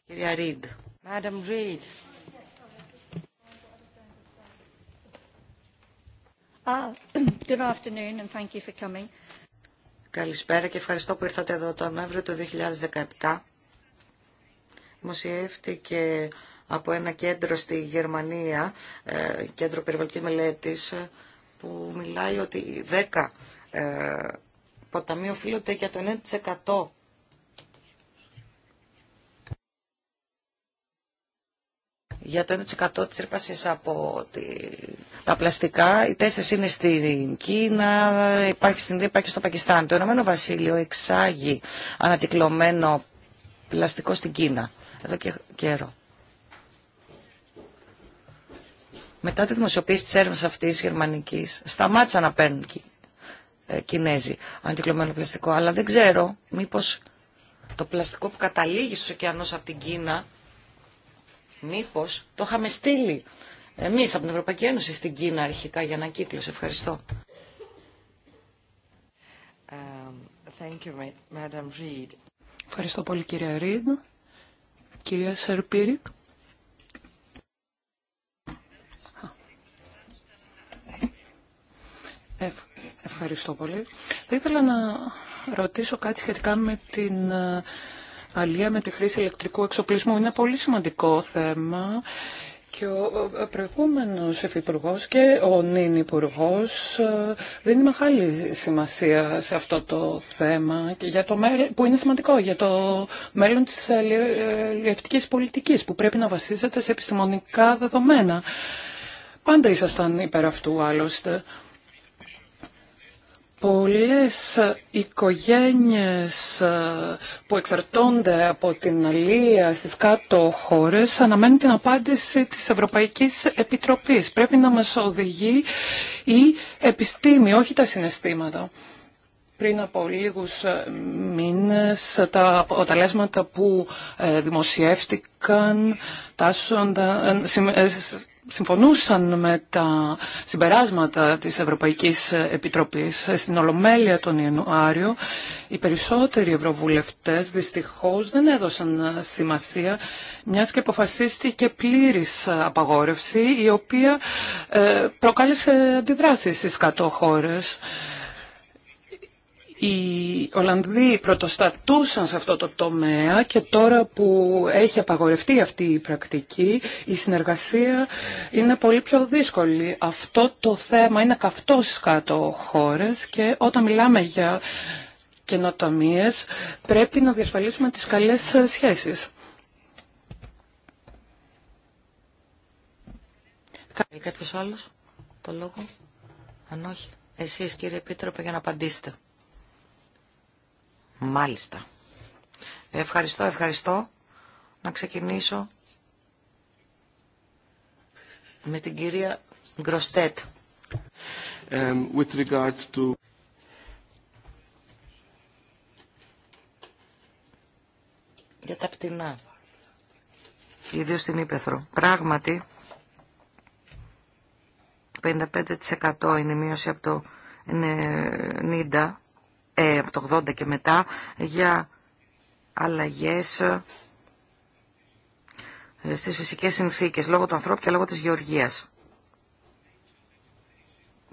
Κυρία Ρίντ. Madam Reid. Ah, good afternoon and thank you for coming. Καλησπέρα και ευχαριστώ που ήρθατε εδώ τον Νοέμβριο του 2017. Δημοσιεύτηκε από ένα κέντρο στη Γερμανία, ε, κέντρο περιβαλλοντικής μελέτης, ε, που μιλάει ότι 10 ε, ποταμοί οφείλονται για το για το 1% της ρήπασης από τα πλαστικά. Οι τέσσερις είναι στην Κίνα, υπάρχει στην Ινδία, υπάρχει στο Πακιστάν. Το Ηνωμένο Βασίλειο εξάγει ανατικλωμένο πλαστικό στην Κίνα εδώ και καιρό. Μετά τη δημοσιοποίηση της έρευνας αυτής γερμανικής, σταμάτησαν να παίρνουν ε, Κινέζοι ανακυκλωμένο πλαστικό. Αλλά δεν ξέρω μήπως το πλαστικό που καταλήγει στους ωκεανούς από την Κίνα Μήπως το είχαμε στείλει εμείς από την Ευρωπαϊκή Ένωση στην Κίνα αρχικά για ανακύκλωση. Ευχαριστώ. Um, ευχαριστώ πολύ κυρία Ρίδ. Κυρία Σερπίρικ. Ευχαριστώ πολύ. Θα ήθελα να ρωτήσω κάτι σχετικά με την ε, αλία με τη χρήση ηλεκτρικού εξοπλισμού. Είναι πολύ σημαντικό θέμα και ο προηγούμενος υφυπουργό και ο νυν υπουργό ε, δίνει μεγάλη σημασία σε αυτό το θέμα και για το μέλλον, που είναι σημαντικό για το μέλλον της ε, αλληλευτικής πολιτικής που πρέπει να βασίζεται σε επιστημονικά δεδομένα. Πάντα ήσασταν υπέρ αυτού άλλωστε πολλές οικογένειες ε, που εξαρτώνται από την αλία στις κάτω χώρες αναμένουν την απάντηση της Ευρωπαϊκής Επιτροπής. Πρέπει να μας οδηγεί η επιστήμη, όχι τα συναισθήματα. Πριν από λίγους ε, μήνες τα αποτελέσματα που ε, δημοσιεύτηκαν τάσσονταν, συμφωνούσαν με τα συμπεράσματα της Ευρωπαϊκής Επιτροπής. Στην Ολομέλεια τον Ιανουάριο οι περισσότεροι ευρωβουλευτές δυστυχώς δεν έδωσαν σημασία μιας και αποφασίστηκε πλήρης απαγόρευση η οποία ε, προκάλεσε αντιδράσεις στις κάτω χώρες οι Ολλανδοί πρωτοστατούσαν σε αυτό το τομέα και τώρα που έχει απαγορευτεί αυτή η πρακτική, η συνεργασία είναι πολύ πιο δύσκολη. Αυτό το θέμα είναι καυτό στις κάτω χώρες και όταν μιλάμε για καινοτομίες πρέπει να διασφαλίσουμε τις καλές σχέσεις. Κάποιος άλλος το λόγο, αν όχι. Εσείς κύριε Επίτροπε για να απαντήσετε. Μάλιστα. Ευχαριστώ, ευχαριστώ. Να ξεκινήσω με την κυρία Γκροστέτ. With regards to... Για τα πτηνά. Ιδίω στην Ήπεθρο. Πράγματι, 55% είναι μείωση από το 90% ε, από το 80 και μετά για αλλαγές ε, στις φυσικές συνθήκες λόγω του ανθρώπου και λόγω της γεωργίας.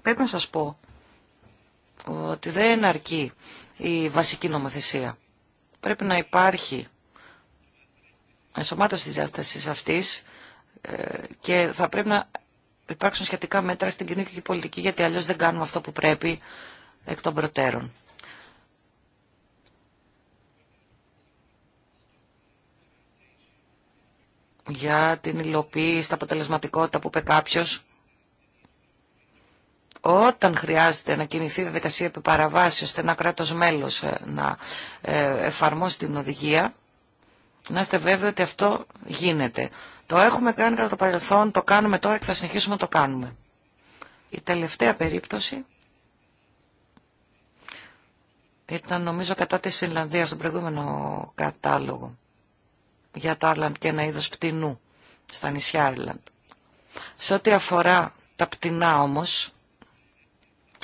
Πρέπει να σας πω ότι δεν αρκεί η βασική νομοθεσία. Πρέπει να υπάρχει ενσωμάτωση της διάστασης αυτής ε, και θα πρέπει να υπάρξουν σχετικά μέτρα στην κοινωνική πολιτική γιατί αλλιώς δεν κάνουμε αυτό που πρέπει εκ των προτέρων. για την υλοποίηση, τα αποτελεσματικότητα που είπε κάποιο. Όταν χρειάζεται να κινηθεί η διαδικασία επί παραβάση ώστε ένα κράτο μέλος ε, να ε, εφαρμόσει την οδηγία, να είστε βέβαιοι ότι αυτό γίνεται. Το έχουμε κάνει κατά το παρελθόν, το κάνουμε τώρα και θα συνεχίσουμε να το κάνουμε. Η τελευταία περίπτωση ήταν νομίζω κατά της Φινλανδίας, στον προηγούμενο κατάλογο για το Άρλαντ και ένα είδος πτηνού στα νησιά Άρλαντ. Σε ό,τι αφορά τα πτηνά όμως,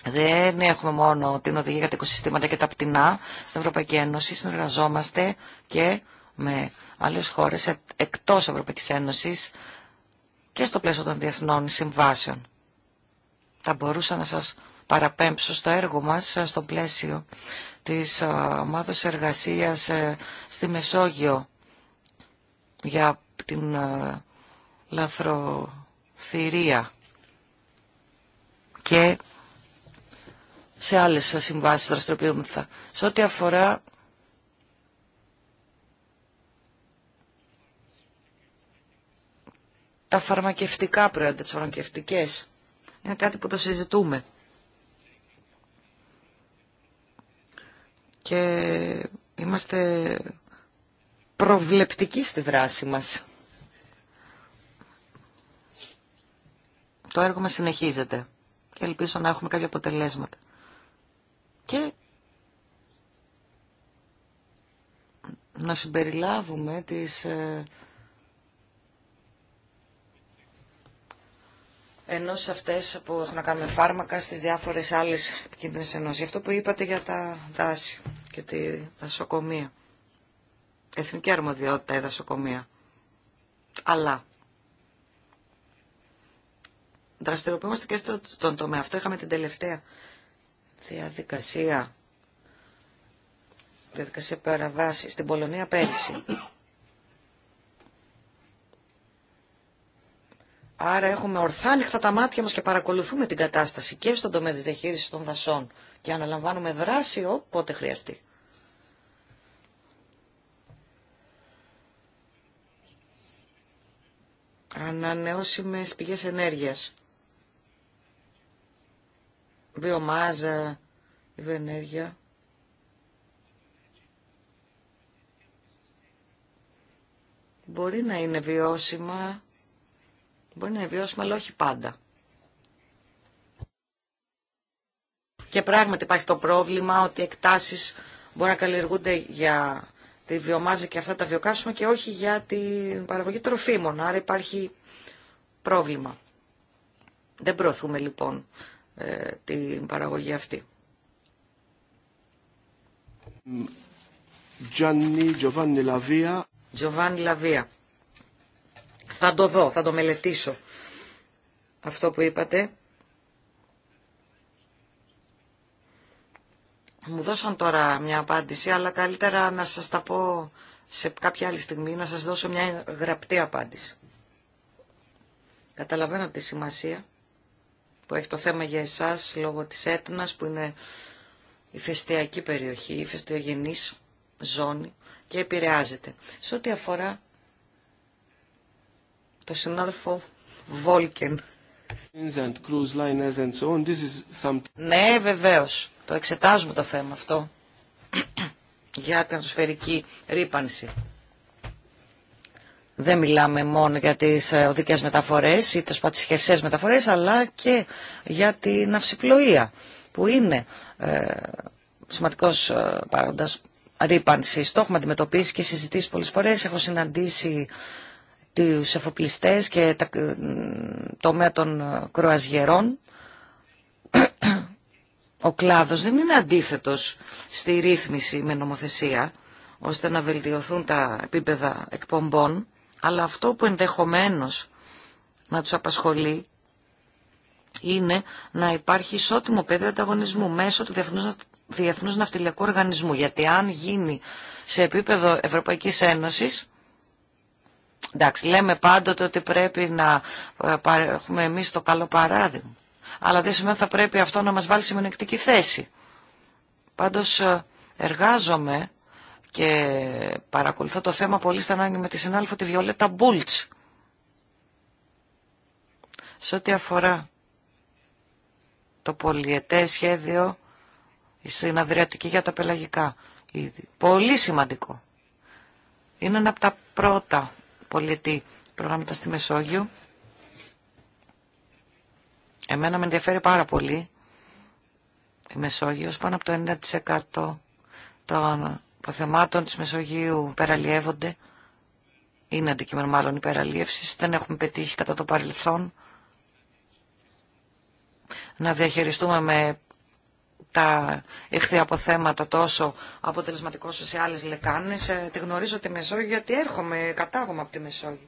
δεν έχουμε μόνο την οδηγία για τα οικοσυστήματα και τα πτηνά. Στην Ευρωπαϊκή Ένωση συνεργαζόμαστε και με άλλες χώρες εκτός Ευρωπαϊκής Ένωσης και στο πλαίσιο των διεθνών συμβάσεων. Θα μπορούσα να σας παραπέμψω στο έργο μας στο πλαίσιο της ε, ομάδας εργασίας ε, στη Μεσόγειο για την ε, λαθροθυρία και σε άλλες συμβάσεις δραστηριοποιούμεθα. Σε ό,τι αφορά τα φαρμακευτικά προϊόντα, τις φαρμακευτικές, είναι κάτι που το συζητούμε. Και είμαστε προβλεπτικοί στη δράση μας. Το έργο μας συνεχίζεται και ελπίζω να έχουμε κάποια αποτελέσματα. Και να συμπεριλάβουμε τις ε, ενώσεις αυτές που έχουν να κάνουν φάρμακα στις διάφορες άλλες επικίνδυνες ενώσεις. Αυτό που είπατε για τα δάση και τη δασοκομεία εθνική αρμοδιότητα η δασοκομεία. Αλλά δραστηριοποιούμαστε και στον τομέα αυτό. Είχαμε την τελευταία διαδικασία, διαδικασία παραβάση στην Πολωνία πέρυσι. Άρα έχουμε ορθά ανοιχτά τα μάτια μας και παρακολουθούμε την κατάσταση και στον τομέα της διαχείρισης των δασών και αναλαμβάνουμε δράση όποτε χρειαστεί. ανανεώσιμες πηγές ενέργειας. Βιομάζα, βιοενέργεια. Μπορεί να είναι βιώσιμα, μπορεί να είναι βιώσιμα, αλλά όχι πάντα. Και πράγματι υπάρχει το πρόβλημα ότι εκτάσεις μπορεί να καλλιεργούνται για τη βιομάζα και αυτά τα βιοκάψιμα και όχι για την παραγωγή τροφίμων. Άρα υπάρχει πρόβλημα. Δεν προωθούμε λοιπόν ε, την παραγωγή αυτή. Gianni, Λαβία Λαβία. Θα το δω, θα το μελετήσω. Αυτό που είπατε. Μου δώσαν τώρα μια απάντηση, αλλά καλύτερα να σας τα πω σε κάποια άλλη στιγμή, να σας δώσω μια γραπτή απάντηση. Καταλαβαίνω τη σημασία που έχει το θέμα για εσάς λόγω της Έτνας που είναι η φεστιακή περιοχή, η φεστιογενής ζώνη και επηρεάζεται. Σε ό,τι αφορά το συνάδελφο Βόλκεν ναι, βεβαίως. Το εξετάζουμε το θέμα αυτό για την ατμοσφαιρική ρήπανση. Δεν μιλάμε μόνο για τις ε, οδικές μεταφορές ή τις χερσές μεταφορές, αλλά και για την αυσιπλοεία, που είναι ε, σημαντικός ε, παράγοντας ρήπανση. Το έχουμε αντιμετωπίσει και συζητήσει πολλές φορές. Έχω συναντήσει τους εφοπλιστές και τα ε, τομέα των ε, κροαζιερών. Ο κλάδος δεν είναι αντίθετος στη ρύθμιση με νομοθεσία, ώστε να βελτιωθούν τα επίπεδα εκπομπών, αλλά αυτό που ενδεχομένως να τους απασχολεί είναι να υπάρχει ισότιμο πεδίο ανταγωνισμού μέσω του Διεθνούς, Διεθνούς Ναυτιλιακού Οργανισμού. Γιατί αν γίνει σε επίπεδο Ευρωπαϊκής Ένωσης, Εντάξει, λέμε πάντοτε ότι πρέπει να ε, έχουμε εμείς το καλό παράδειγμα. Αλλά δεν σημαίνει ότι θα πρέπει αυτό να μας βάλει σε μειονεκτική θέση. Πάντως ε, εργάζομαι και παρακολουθώ το θέμα πολύ στενά με τη συνάλφο τη Βιολέτα Μπούλτς. Σε ό,τι αφορά το πολιετέ σχέδιο στην Αδριατική για τα πελαγικά. Πολύ σημαντικό. Είναι ένα από τα πρώτα πολιτή προγράμματα στη Μεσόγειο. Εμένα με ενδιαφέρει πάρα πολύ η Μεσόγειος. Πάνω από το 90% των προθεμάτων της Μεσογείου υπεραλλιεύονται. Είναι αντικείμενο μάλλον υπεραλίευσης. Δεν έχουμε πετύχει κατά το παρελθόν να διαχειριστούμε με τα εχθή αποθέματα τόσο αποτελεσματικό σε άλλες λεκάνες. Ε, τη γνωρίζω τη Μεσόγειο γιατί έρχομαι, κατάγομαι από τη Μεσόγειο.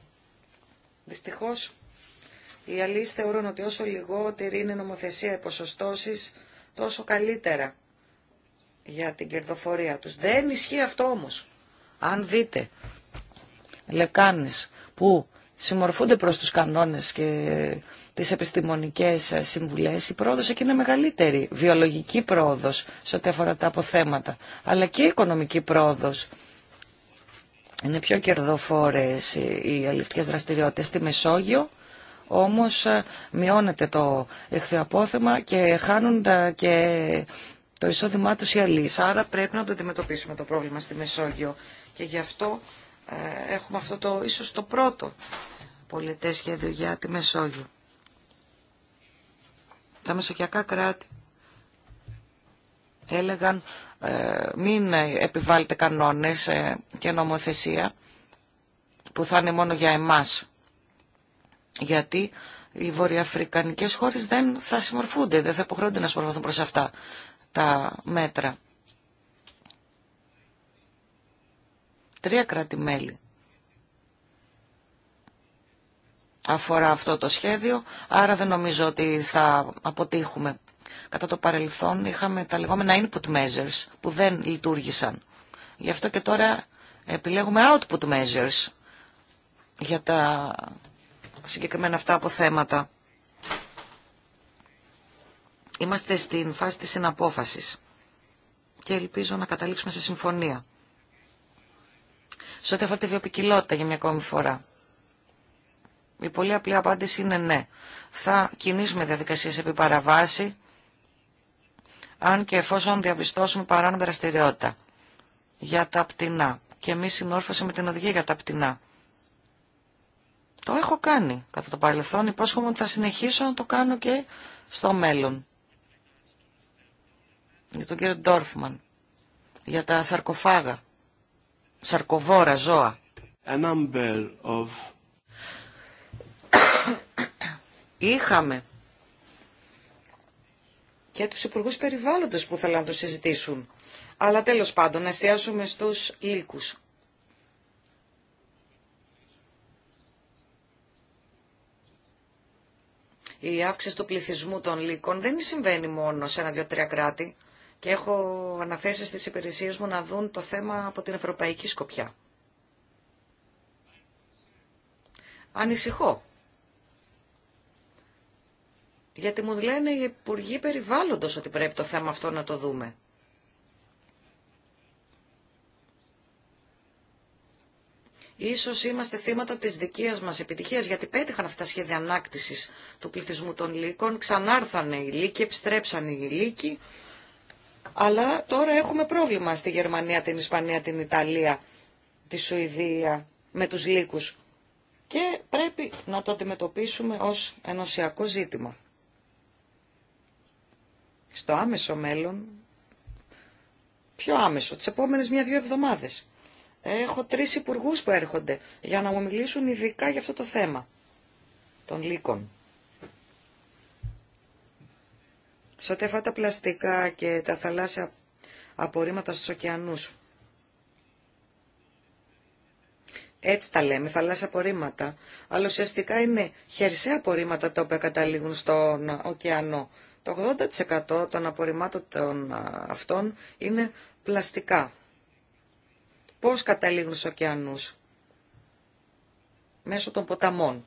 Δυστυχώς οι αλείς θεωρούν ότι όσο λιγότερη είναι νομοθεσία οι τόσο καλύτερα για την κερδοφορία τους. Δεν ισχύει αυτό όμως. Αν δείτε λεκάνες που συμμορφούνται προς τους κανόνες και τι επιστημονικές ε, συμβουλές, η πρόοδο εκεί είναι μεγαλύτερη. Βιολογική πρόοδος σε ό,τι αφορά τα αποθέματα, αλλά και οικονομική πρόοδος. Είναι πιο κερδοφόρες οι αληφτικέ δραστηριότητες στη Μεσόγειο, όμως ε, μειώνεται το εχθεαπόθεμα και χάνουν και το εισόδημά του οι αλλοί. Άρα πρέπει να το αντιμετωπίσουμε το πρόβλημα στη Μεσόγειο. Και γι' αυτό ε, έχουμε αυτό το ίσως το πρώτο πολιτέ σχέδιο για τη Μεσόγειο. Τα μεσογειακά κράτη έλεγαν ε, μην επιβάλλετε κανόνες ε, και νομοθεσία που θα είναι μόνο για εμάς. Γιατί οι βορειοαφρικανικές χώρες δεν θα συμμορφούνται, δεν θα υποχρεώνται να συμμορφωθούν προς αυτά τα μέτρα. Τρία κράτη-μέλη αφορά αυτό το σχέδιο, άρα δεν νομίζω ότι θα αποτύχουμε. Κατά το παρελθόν είχαμε τα λεγόμενα input measures που δεν λειτουργήσαν. Γι' αυτό και τώρα επιλέγουμε output measures για τα συγκεκριμένα αυτά αποθέματα. Είμαστε στην φάση της συναπόφασης και ελπίζω να καταλήξουμε σε συμφωνία. Σε ό,τι αφορά τη βιοπικιλότητα για μια ακόμη φορά. Η πολύ απλή απάντηση είναι ναι. Θα κινήσουμε διαδικασίες επί παραβάση, αν και εφόσον διαπιστώσουμε παράνομη δραστηριότητα για τα πτηνά. Και εμεί συνόρφωση με την οδηγία για τα πτηνά. Το έχω κάνει κατά το παρελθόν. Υπόσχομαι ότι θα συνεχίσω να το κάνω και στο μέλλον. Για τον κύριο Ντόρφμαν. Για τα σαρκοφάγα. Σαρκοβόρα ζώα. Είχαμε και τους υπουργούς περιβάλλοντος που θέλαν να το συζητήσουν. Αλλά τέλος πάντων, να εστιάσουμε στους λύκους. η αύξηση του πληθυσμού των λύκων δεν συμβαίνει μόνο σε ένα, δύο, τρία κράτη. Και έχω αναθέσει στις υπηρεσίες μου να δουν το θέμα από την ευρωπαϊκή σκοπιά. Ανησυχώ γιατί μου λένε οι υπουργοί περιβάλλοντος ότι πρέπει το θέμα αυτό να το δούμε. Ίσως είμαστε θύματα της δικίας μας επιτυχίας, γιατί πέτυχαν αυτά τα σχέδια ανάκτησης του πληθυσμού των λύκων, ξανάρθανε οι λύκοι, επιστρέψαν οι λύκοι, αλλά τώρα έχουμε πρόβλημα στη Γερμανία, την Ισπανία, την Ιταλία, τη Σουηδία, με τους λύκους. Και πρέπει να το αντιμετωπίσουμε ως ενωσιακό ζήτημα στο άμεσο μέλλον, πιο άμεσο, τις επόμενες μια-δύο εβδομάδες. Έχω τρεις υπουργού που έρχονται για να μου μιλήσουν ειδικά για αυτό το θέμα των λύκων. Σε ό,τι αφορά τα πλαστικά και τα θαλάσσια απορρίμματα στους ωκεανούς. Έτσι τα λέμε, θαλάσσια απορρίμματα. Αλλά ουσιαστικά είναι χερσαία απορρίμματα τα οποία καταλήγουν στον ωκεανό. Το 80% των απορριμμάτων αυτών είναι πλαστικά. Πώς καταλήγουν στους ωκεανούς. Μέσω των ποταμών.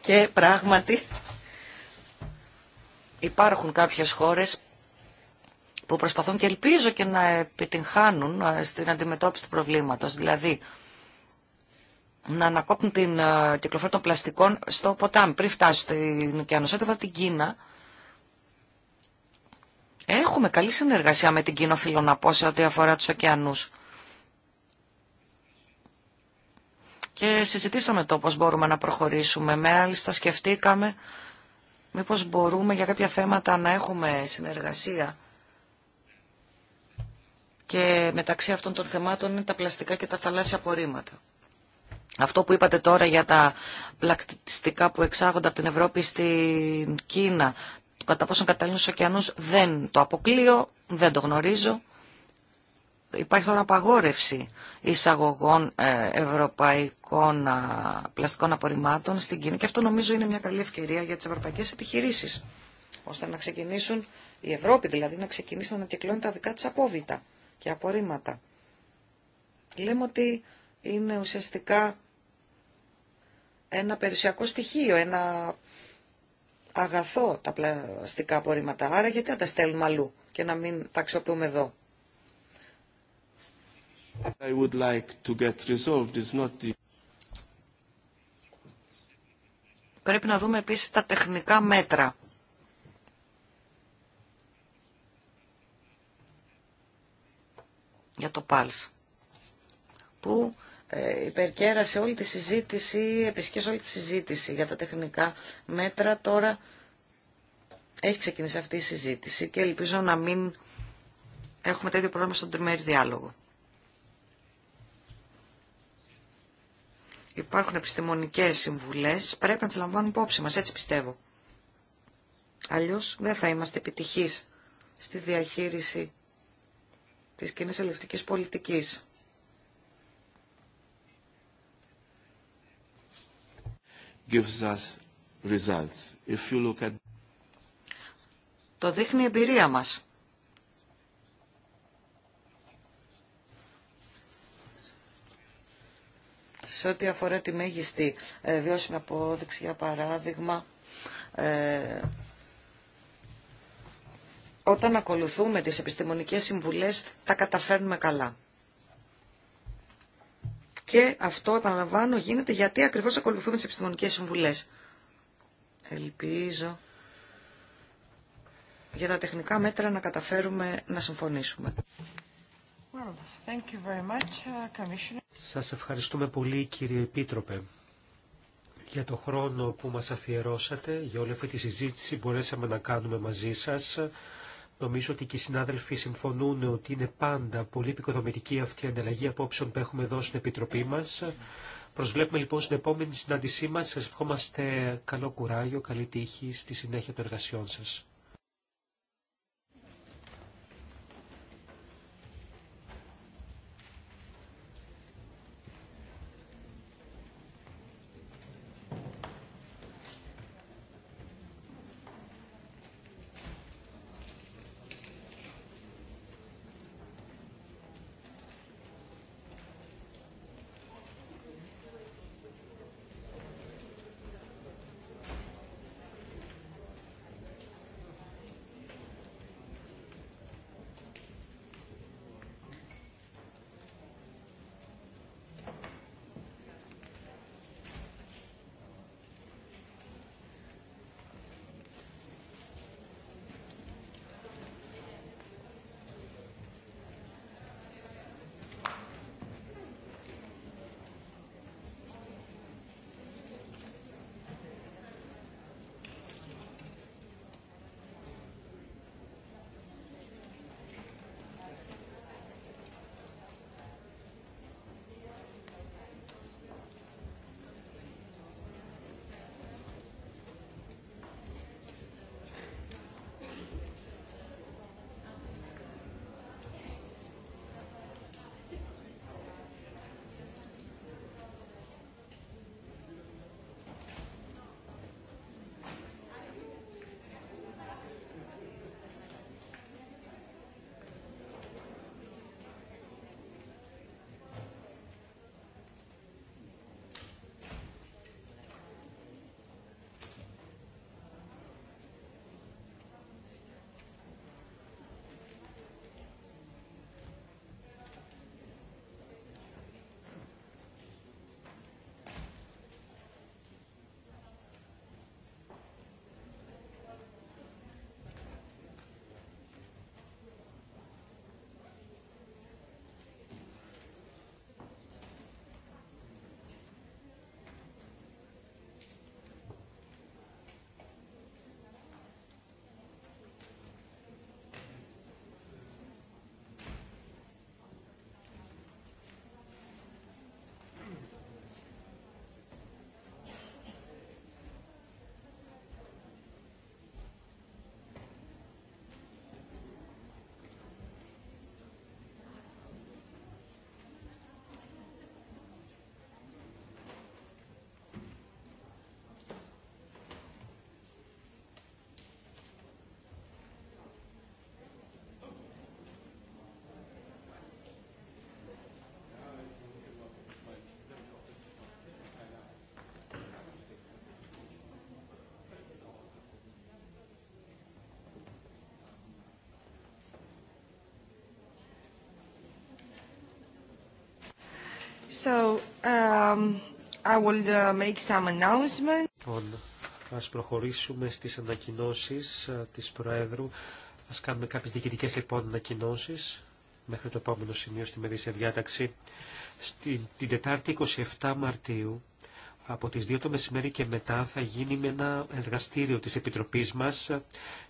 Και πράγματι υπάρχουν κάποιες χώρες που προσπαθούν και ελπίζω και να επιτυγχάνουν στην αντιμετώπιση του προβλήματος. Δηλαδή, να ανακόπτουν την ε, κυκλοφορία των πλαστικών στο ποτάμι. Πριν φτάσει στην ωκεανό, σε την Κίνα, έχουμε καλή συνεργασία με την Κίνα, οφείλω να πω, σε ό,τι αφορά τους ωκεανούς. Και συζητήσαμε το πώς μπορούμε να προχωρήσουμε. Με Μάλιστα σκεφτήκαμε μήπως μπορούμε για κάποια θέματα να έχουμε συνεργασία. Και μεταξύ αυτών των θεμάτων είναι τα πλαστικά και τα θαλάσσια απορρίμματα. Αυτό που είπατε τώρα για τα πλακτιστικά που εξάγονται από την Ευρώπη στην Κίνα, κατά πόσον καταλήγουν στους ωκεανούς, δεν το αποκλείω, δεν το γνωρίζω. Υπάρχει τώρα απαγόρευση εισαγωγών ε, ευρωπαϊκών πλαστικών απορριμμάτων στην Κίνα και αυτό νομίζω είναι μια καλή ευκαιρία για τις ευρωπαϊκές επιχειρήσεις, ώστε να ξεκινήσουν, η Ευρώπη δηλαδή, να ξεκινήσει να ανακυκλώνει τα δικά της απόβητα και απορρίμματα. Λέμε ότι είναι ουσιαστικά ένα περιουσιακό στοιχείο, ένα αγαθό τα πλαστικά απορρίμματα. Άρα γιατί να τα στέλνουμε αλλού και να μην τα αξιοποιούμε εδώ. I would like to get resolved. not the... Πρέπει να δούμε επίσης τα τεχνικά μέτρα. Για το ΠΑΛΣ. Που ε, υπερκέρασε όλη τη συζήτηση, επισκέψε όλη τη συζήτηση για τα τεχνικά μέτρα. Τώρα έχει ξεκινήσει αυτή η συζήτηση και ελπίζω να μην έχουμε τέτοιο πρόβλημα στον τριμέρι διάλογο. Υπάρχουν επιστημονικές συμβουλές, πρέπει να τις λαμβάνουν υπόψη μας, έτσι πιστεύω. Αλλιώς δεν θα είμαστε επιτυχείς στη διαχείριση της κοινής ελευτικής πολιτικής. gives us results. If you look at... Το δείχνει η εμπειρία μας. Σε ό,τι αφορά τη μέγιστη ε, βιώσιμη απόδειξη, για παράδειγμα, ε, όταν ακολουθούμε τις επιστημονικές συμβουλές, τα καταφέρνουμε καλά. Και αυτό, επαναλαμβάνω, γίνεται γιατί ακριβώς ακολουθούμε τις επιστημονικές συμβουλές. Ελπίζω για τα τεχνικά μέτρα να καταφέρουμε να συμφωνήσουμε. Σα uh, Σας ευχαριστούμε πολύ κύριε Επίτροπε για το χρόνο που μας αφιερώσατε, για όλη αυτή τη συζήτηση μπορέσαμε να κάνουμε μαζί σας. Νομίζω ότι και οι συνάδελφοι συμφωνούν ότι είναι πάντα πολύ επικοδομητική αυτή η ανταλλαγή απόψεων που έχουμε εδώ στην Επιτροπή μας. Προσβλέπουμε λοιπόν στην επόμενη συνάντησή μα Σας ευχόμαστε καλό κουράγιο, καλή τύχη στη συνέχεια των εργασιών σας. Um, uh, λοιπόν, ας προχωρήσουμε στις ανακοινώσεις ε, της Προέδρου. Ας κάνουμε κάποιες διοικητικές λοιπόν ανακοινώσεις μέχρι το επόμενο σημείο στη μερίσια διάταξη. Στην, την Τετάρτη 27 Μαρτίου από τις 2 το μεσημέρι και μετά θα γίνει με ένα εργαστήριο της Επιτροπής μας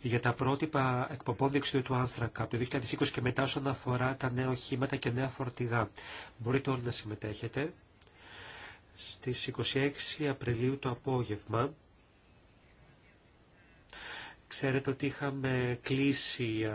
για τα πρότυπα εκπομπών διεξιδίου του άνθρακα από το 2020 και μετά όσον αφορά τα νέα οχήματα και νέα φορτηγά. Μπορείτε όλοι να συμμετέχετε στις 26 Απριλίου το απόγευμα. Ξέρετε ότι είχαμε κλείσει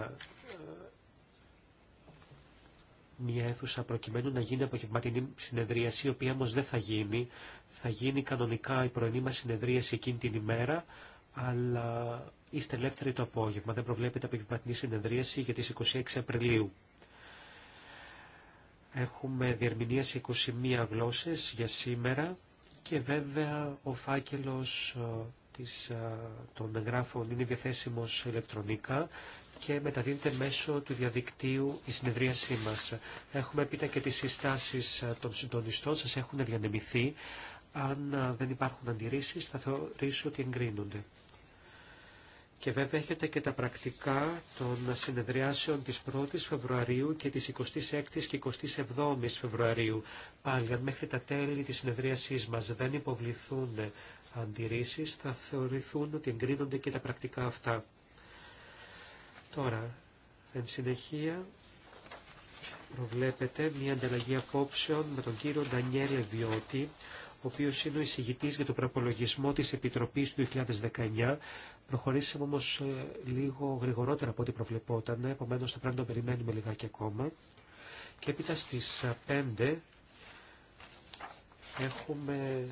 μια αίθουσα προκειμένου να γίνει απογευματινή συνεδρίαση, η οποία όμω δεν θα γίνει. Θα γίνει κανονικά η πρωινή μα συνεδρίαση εκείνη την ημέρα, αλλά είστε ελεύθεροι το απόγευμα. Δεν προβλέπεται απογευματινή συνεδρίαση για τις 26 Απριλίου. Έχουμε διερμηνία σε 21 γλώσσες για σήμερα και βέβαια ο φάκελος ε, ε, των εγγράφων είναι διαθέσιμο ηλεκτρονικά και μεταδίδεται μέσω του διαδικτύου η συνεδρίασή μας. Έχουμε πείτε και τις συστάσεις ε, των συντονιστών, σας έχουν διανεμηθεί. Αν ε, δεν υπάρχουν αντιρρήσεις θα θεωρήσω ότι εγκρίνονται. Και βέβαια έχετε και τα πρακτικά των συνεδριάσεων της 1ης Φεβρουαρίου και της 26ης και 27ης Φεβρουαρίου. Πάλι αν μέχρι τα τέλη της συνεδρίασής μας δεν υποβληθούν αντιρρήσεις θα θεωρηθούν ότι εγκρίνονται και τα πρακτικά αυτά. Τώρα, εν συνεχεία, προβλέπεται μια ανταλλαγή απόψεων με τον κύριο Ντανιέλ Βιώτη, ο οποίος είναι ο εισηγητής για τον προπολογισμό της Επιτροπής του 2019. Προχωρήσαμε όμως ε, λίγο γρηγορότερα από ό,τι προβλεπόταν, επομένως θα πρέπει να το περιμένουμε λιγάκι ακόμα. Και έπειτα στις 5 ε, έχουμε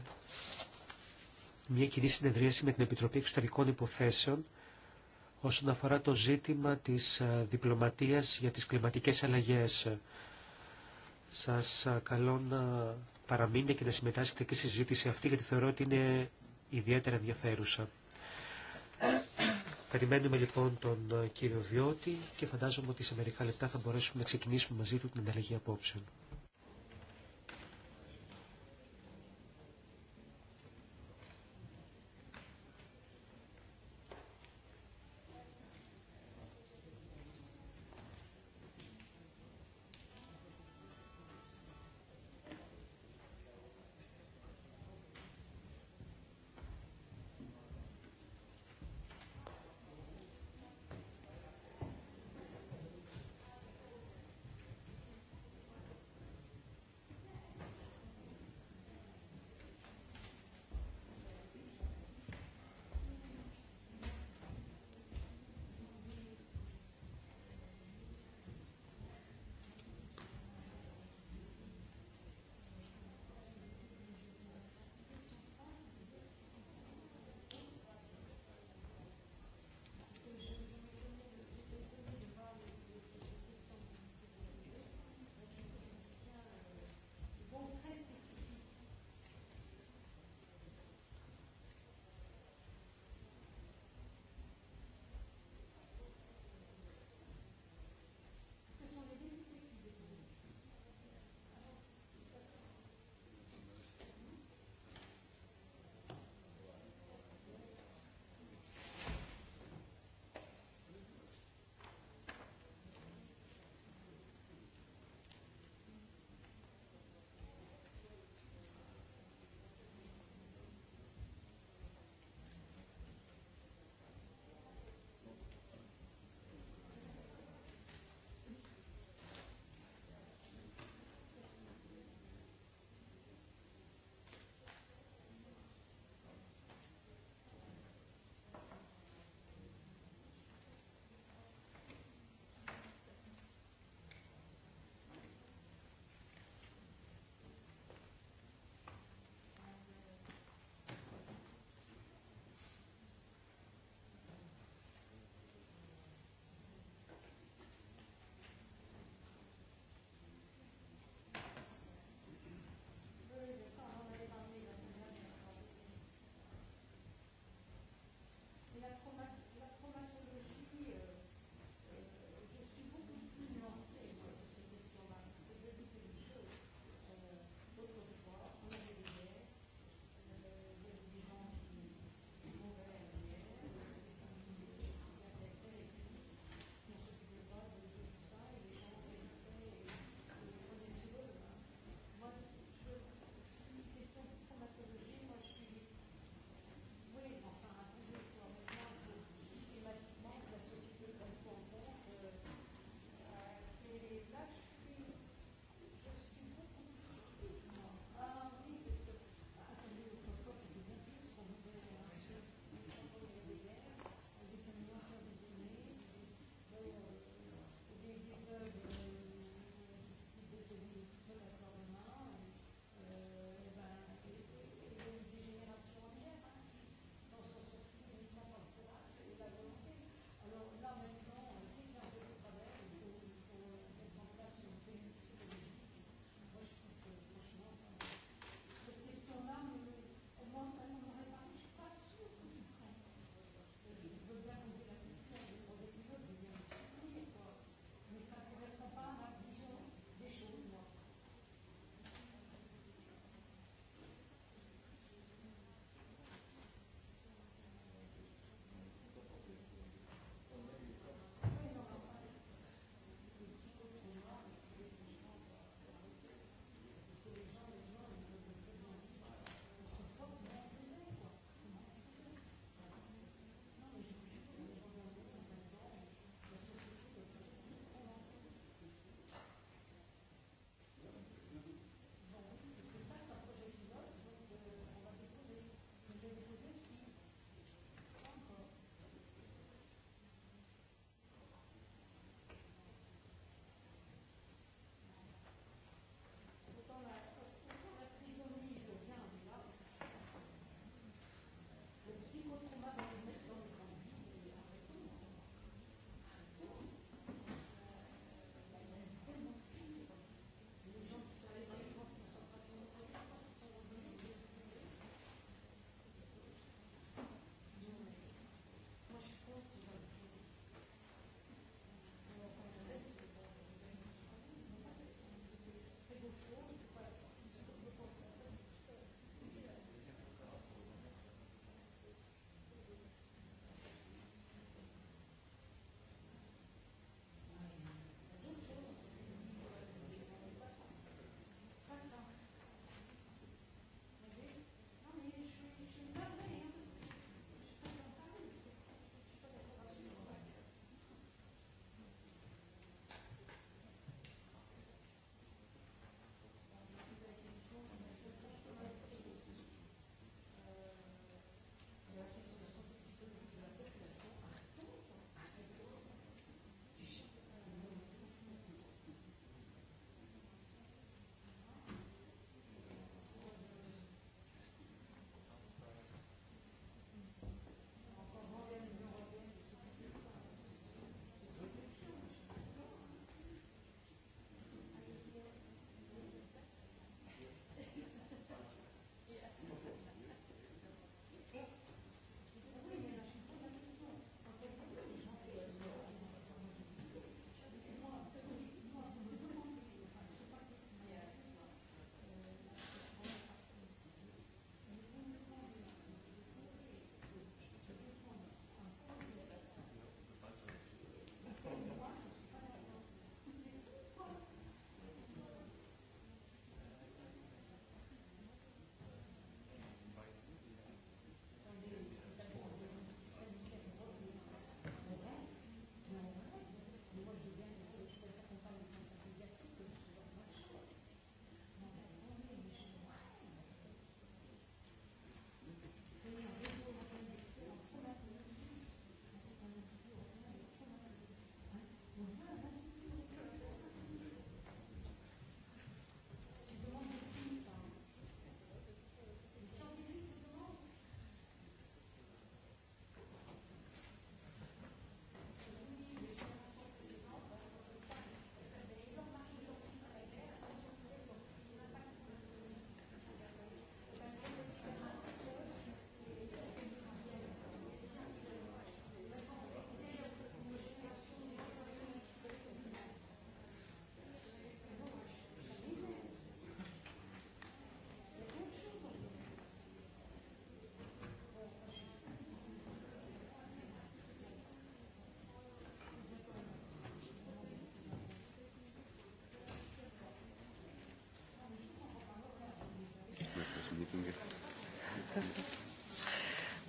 μια κοινή συνεδρίαση με την Επιτροπή Εξωτερικών Υποθέσεων όσον αφορά το ζήτημα της ε, διπλωματίας για τις κλιματικές αλλαγές. Σας ε, καλώ να παραμείνετε και να συμμετάσχετε και στη συζήτηση αυτή, γιατί θεωρώ ότι είναι ιδιαίτερα ενδιαφέρουσα. Περιμένουμε λοιπόν τον ε, κύριο Βιώτη και φαντάζομαι ότι σε μερικά λεπτά θα μπορέσουμε να ξεκινήσουμε μαζί του την ανταλλαγή απόψεων.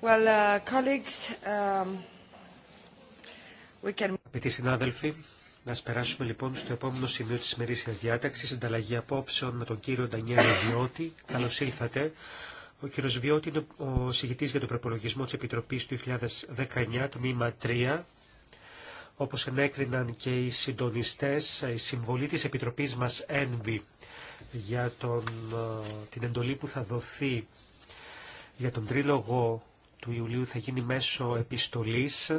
Well, uh, um, Αγαπητοί συνάδελφοι, να περάσουμε λοιπόν στο επόμενο σημείο της ημερήσιας διάταξης, συνταλλαγή απόψεων με τον κύριο Ντανιέλ Βιώτη. Καλώ ήλθατε. Ο κύριος Βιώτη είναι ο συγητής για τον προπολογισμό της Επιτροπής του 2019, τμήμα 3, όπως ενέκριναν και οι συντονιστές, η συμβολή της Επιτροπής μας ΕΝΒΗ για τον, ε, την εντολή που θα δοθεί για τον τρίλογο του Ιουλίου θα γίνει μέσω επιστολής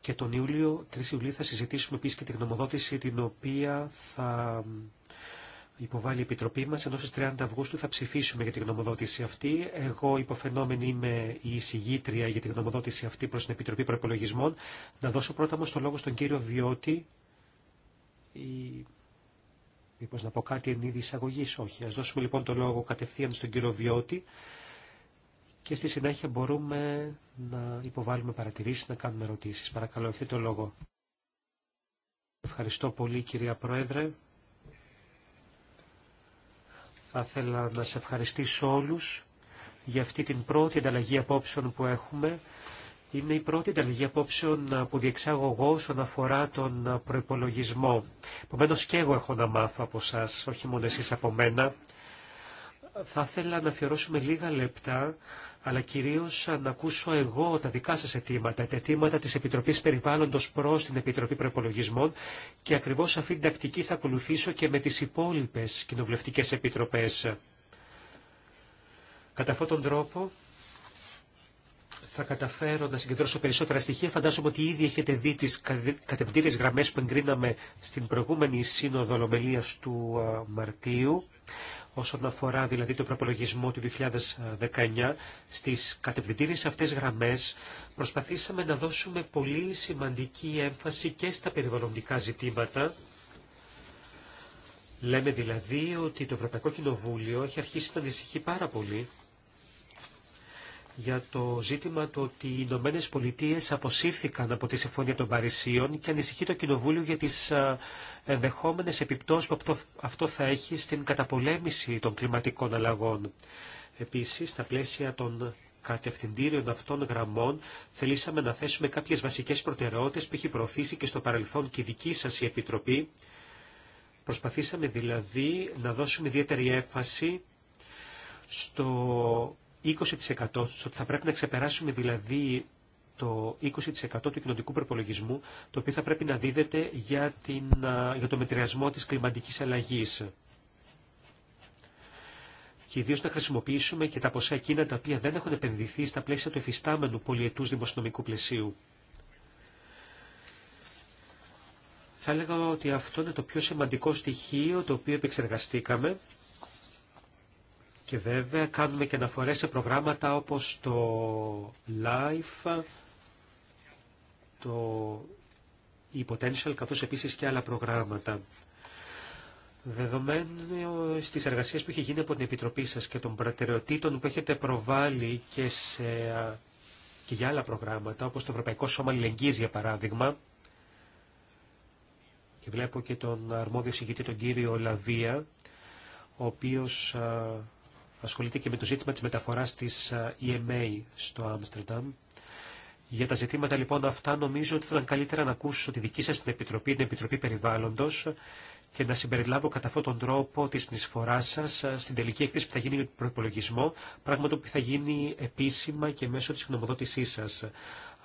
και τον Ιούλιο, 3 Ιουλίου θα συζητήσουμε επίσης και την γνωμοδότηση την οποία θα υποβάλει η Επιτροπή μας, ενώ στις 30 Αυγούστου θα ψηφίσουμε για την γνωμοδότηση αυτή. Εγώ υποφαινόμενη είμαι η εισηγήτρια για την γνωμοδότηση αυτή προς την Επιτροπή Προπολογισμών. Να δώσω πρώτα όμως το λόγο στον κύριο Βιώτη, ή μήπω να πω κάτι εν είδη εισαγωγή Όχι. Ας δώσουμε λοιπόν το λόγο κατευθείαν στον κύριο Βιώτη και στη συνέχεια μπορούμε να υποβάλουμε παρατηρήσεις, να κάνουμε ερωτήσει. Παρακαλώ, έχετε το λόγο. Ευχαριστώ πολύ κυρία Πρόεδρε. Θα ήθελα να σε ευχαριστήσω όλους για αυτή την πρώτη ανταλλαγή απόψεων που έχουμε είναι η πρώτη ανταλλαγή απόψεων που διεξάγω εγώ όσον αφορά τον προπολογισμό. Επομένω και εγώ έχω να μάθω από εσά, όχι μόνο εσεί από μένα. Θα ήθελα να αφιερώσουμε λίγα λεπτά, αλλά κυρίω να ακούσω εγώ τα δικά σα αιτήματα, τα αιτήματα τη Επιτροπή Περιβάλλοντο προ την Επιτροπή Προπολογισμών και ακριβώ αυτή την τακτική θα ακολουθήσω και με τι υπόλοιπε κοινοβουλευτικέ επιτροπέ. Κατά αυτόν τον τρόπο θα καταφέρω να συγκεντρώσω περισσότερα στοιχεία. Φαντάζομαι ότι ήδη έχετε δει τις κατευθυντήριες γραμμές που εγκρίναμε στην προηγούμενη σύνοδο Ολομελίας του Μαρτίου όσον αφορά δηλαδή το προπολογισμό του 2019, στις κατευθυντήριες αυτές γραμμές προσπαθήσαμε να δώσουμε πολύ σημαντική έμφαση και στα περιβαλλοντικά ζητήματα. Λέμε δηλαδή ότι το Ευρωπαϊκό Κοινοβούλιο έχει αρχίσει να ανησυχεί πάρα πολύ για το ζήτημα το ότι οι Ηνωμένε Πολιτείε αποσύρθηκαν από τη Συμφωνία των Παρισίων και ανησυχεί το Κοινοβούλιο για τις ε, ενδεχόμενες επιπτώσεις που αυτό θα έχει στην καταπολέμηση των κλιματικών αλλαγών. Επίσης, στα πλαίσια των κατευθυντήριων αυτών γραμμών θελήσαμε να θέσουμε κάποιες βασικές προτεραιότητες που έχει προωθήσει και στο παρελθόν και η δική σας η Επιτροπή. Προσπαθήσαμε δηλαδή να δώσουμε ιδιαίτερη έμφαση στο 20% ότι θα πρέπει να ξεπεράσουμε δηλαδή το 20% του κοινωνικού προπολογισμού, το οποίο θα πρέπει να δίδεται για, την, για το μετριασμό της κλιματικής αλλαγής. Και ιδίω να χρησιμοποιήσουμε και τα ποσά εκείνα τα οποία δεν έχουν επενδυθεί στα πλαίσια του εφιστάμενου πολιετούς δημοσιονομικού πλαισίου. Θα έλεγα ότι αυτό είναι το πιο σημαντικό στοιχείο το οποίο επεξεργαστήκαμε και βέβαια κάνουμε και αναφορές σε προγράμματα όπως το LIFE, το e-potential, καθώς επίσης και άλλα προγράμματα. Δεδομένου στις εργασίες που έχει γίνει από την Επιτροπή σας και των προτεραιοτήτων που έχετε προβάλει και, σε, και για άλλα προγράμματα, όπως το Ευρωπαϊκό Σώμα Λεγγύης για παράδειγμα, και βλέπω και τον αρμόδιο συγκητή τον κύριο Λαβία, ο οποίος ασχολείται και με το ζήτημα της μεταφοράς της EMA στο Άμστερνταμ. Για τα ζητήματα λοιπόν αυτά νομίζω ότι θα ήταν καλύτερα να ακούσω τη δική σας την Επιτροπή, την Επιτροπή Περιβάλλοντος και να συμπεριλάβω κατά αυτόν τον τρόπο τη συνεισφορά σα στην τελική έκθεση που θα γίνει με τον προπολογισμό, πράγμα το οποίο θα γίνει επίσημα και μέσω τη γνωμοδότησή σα.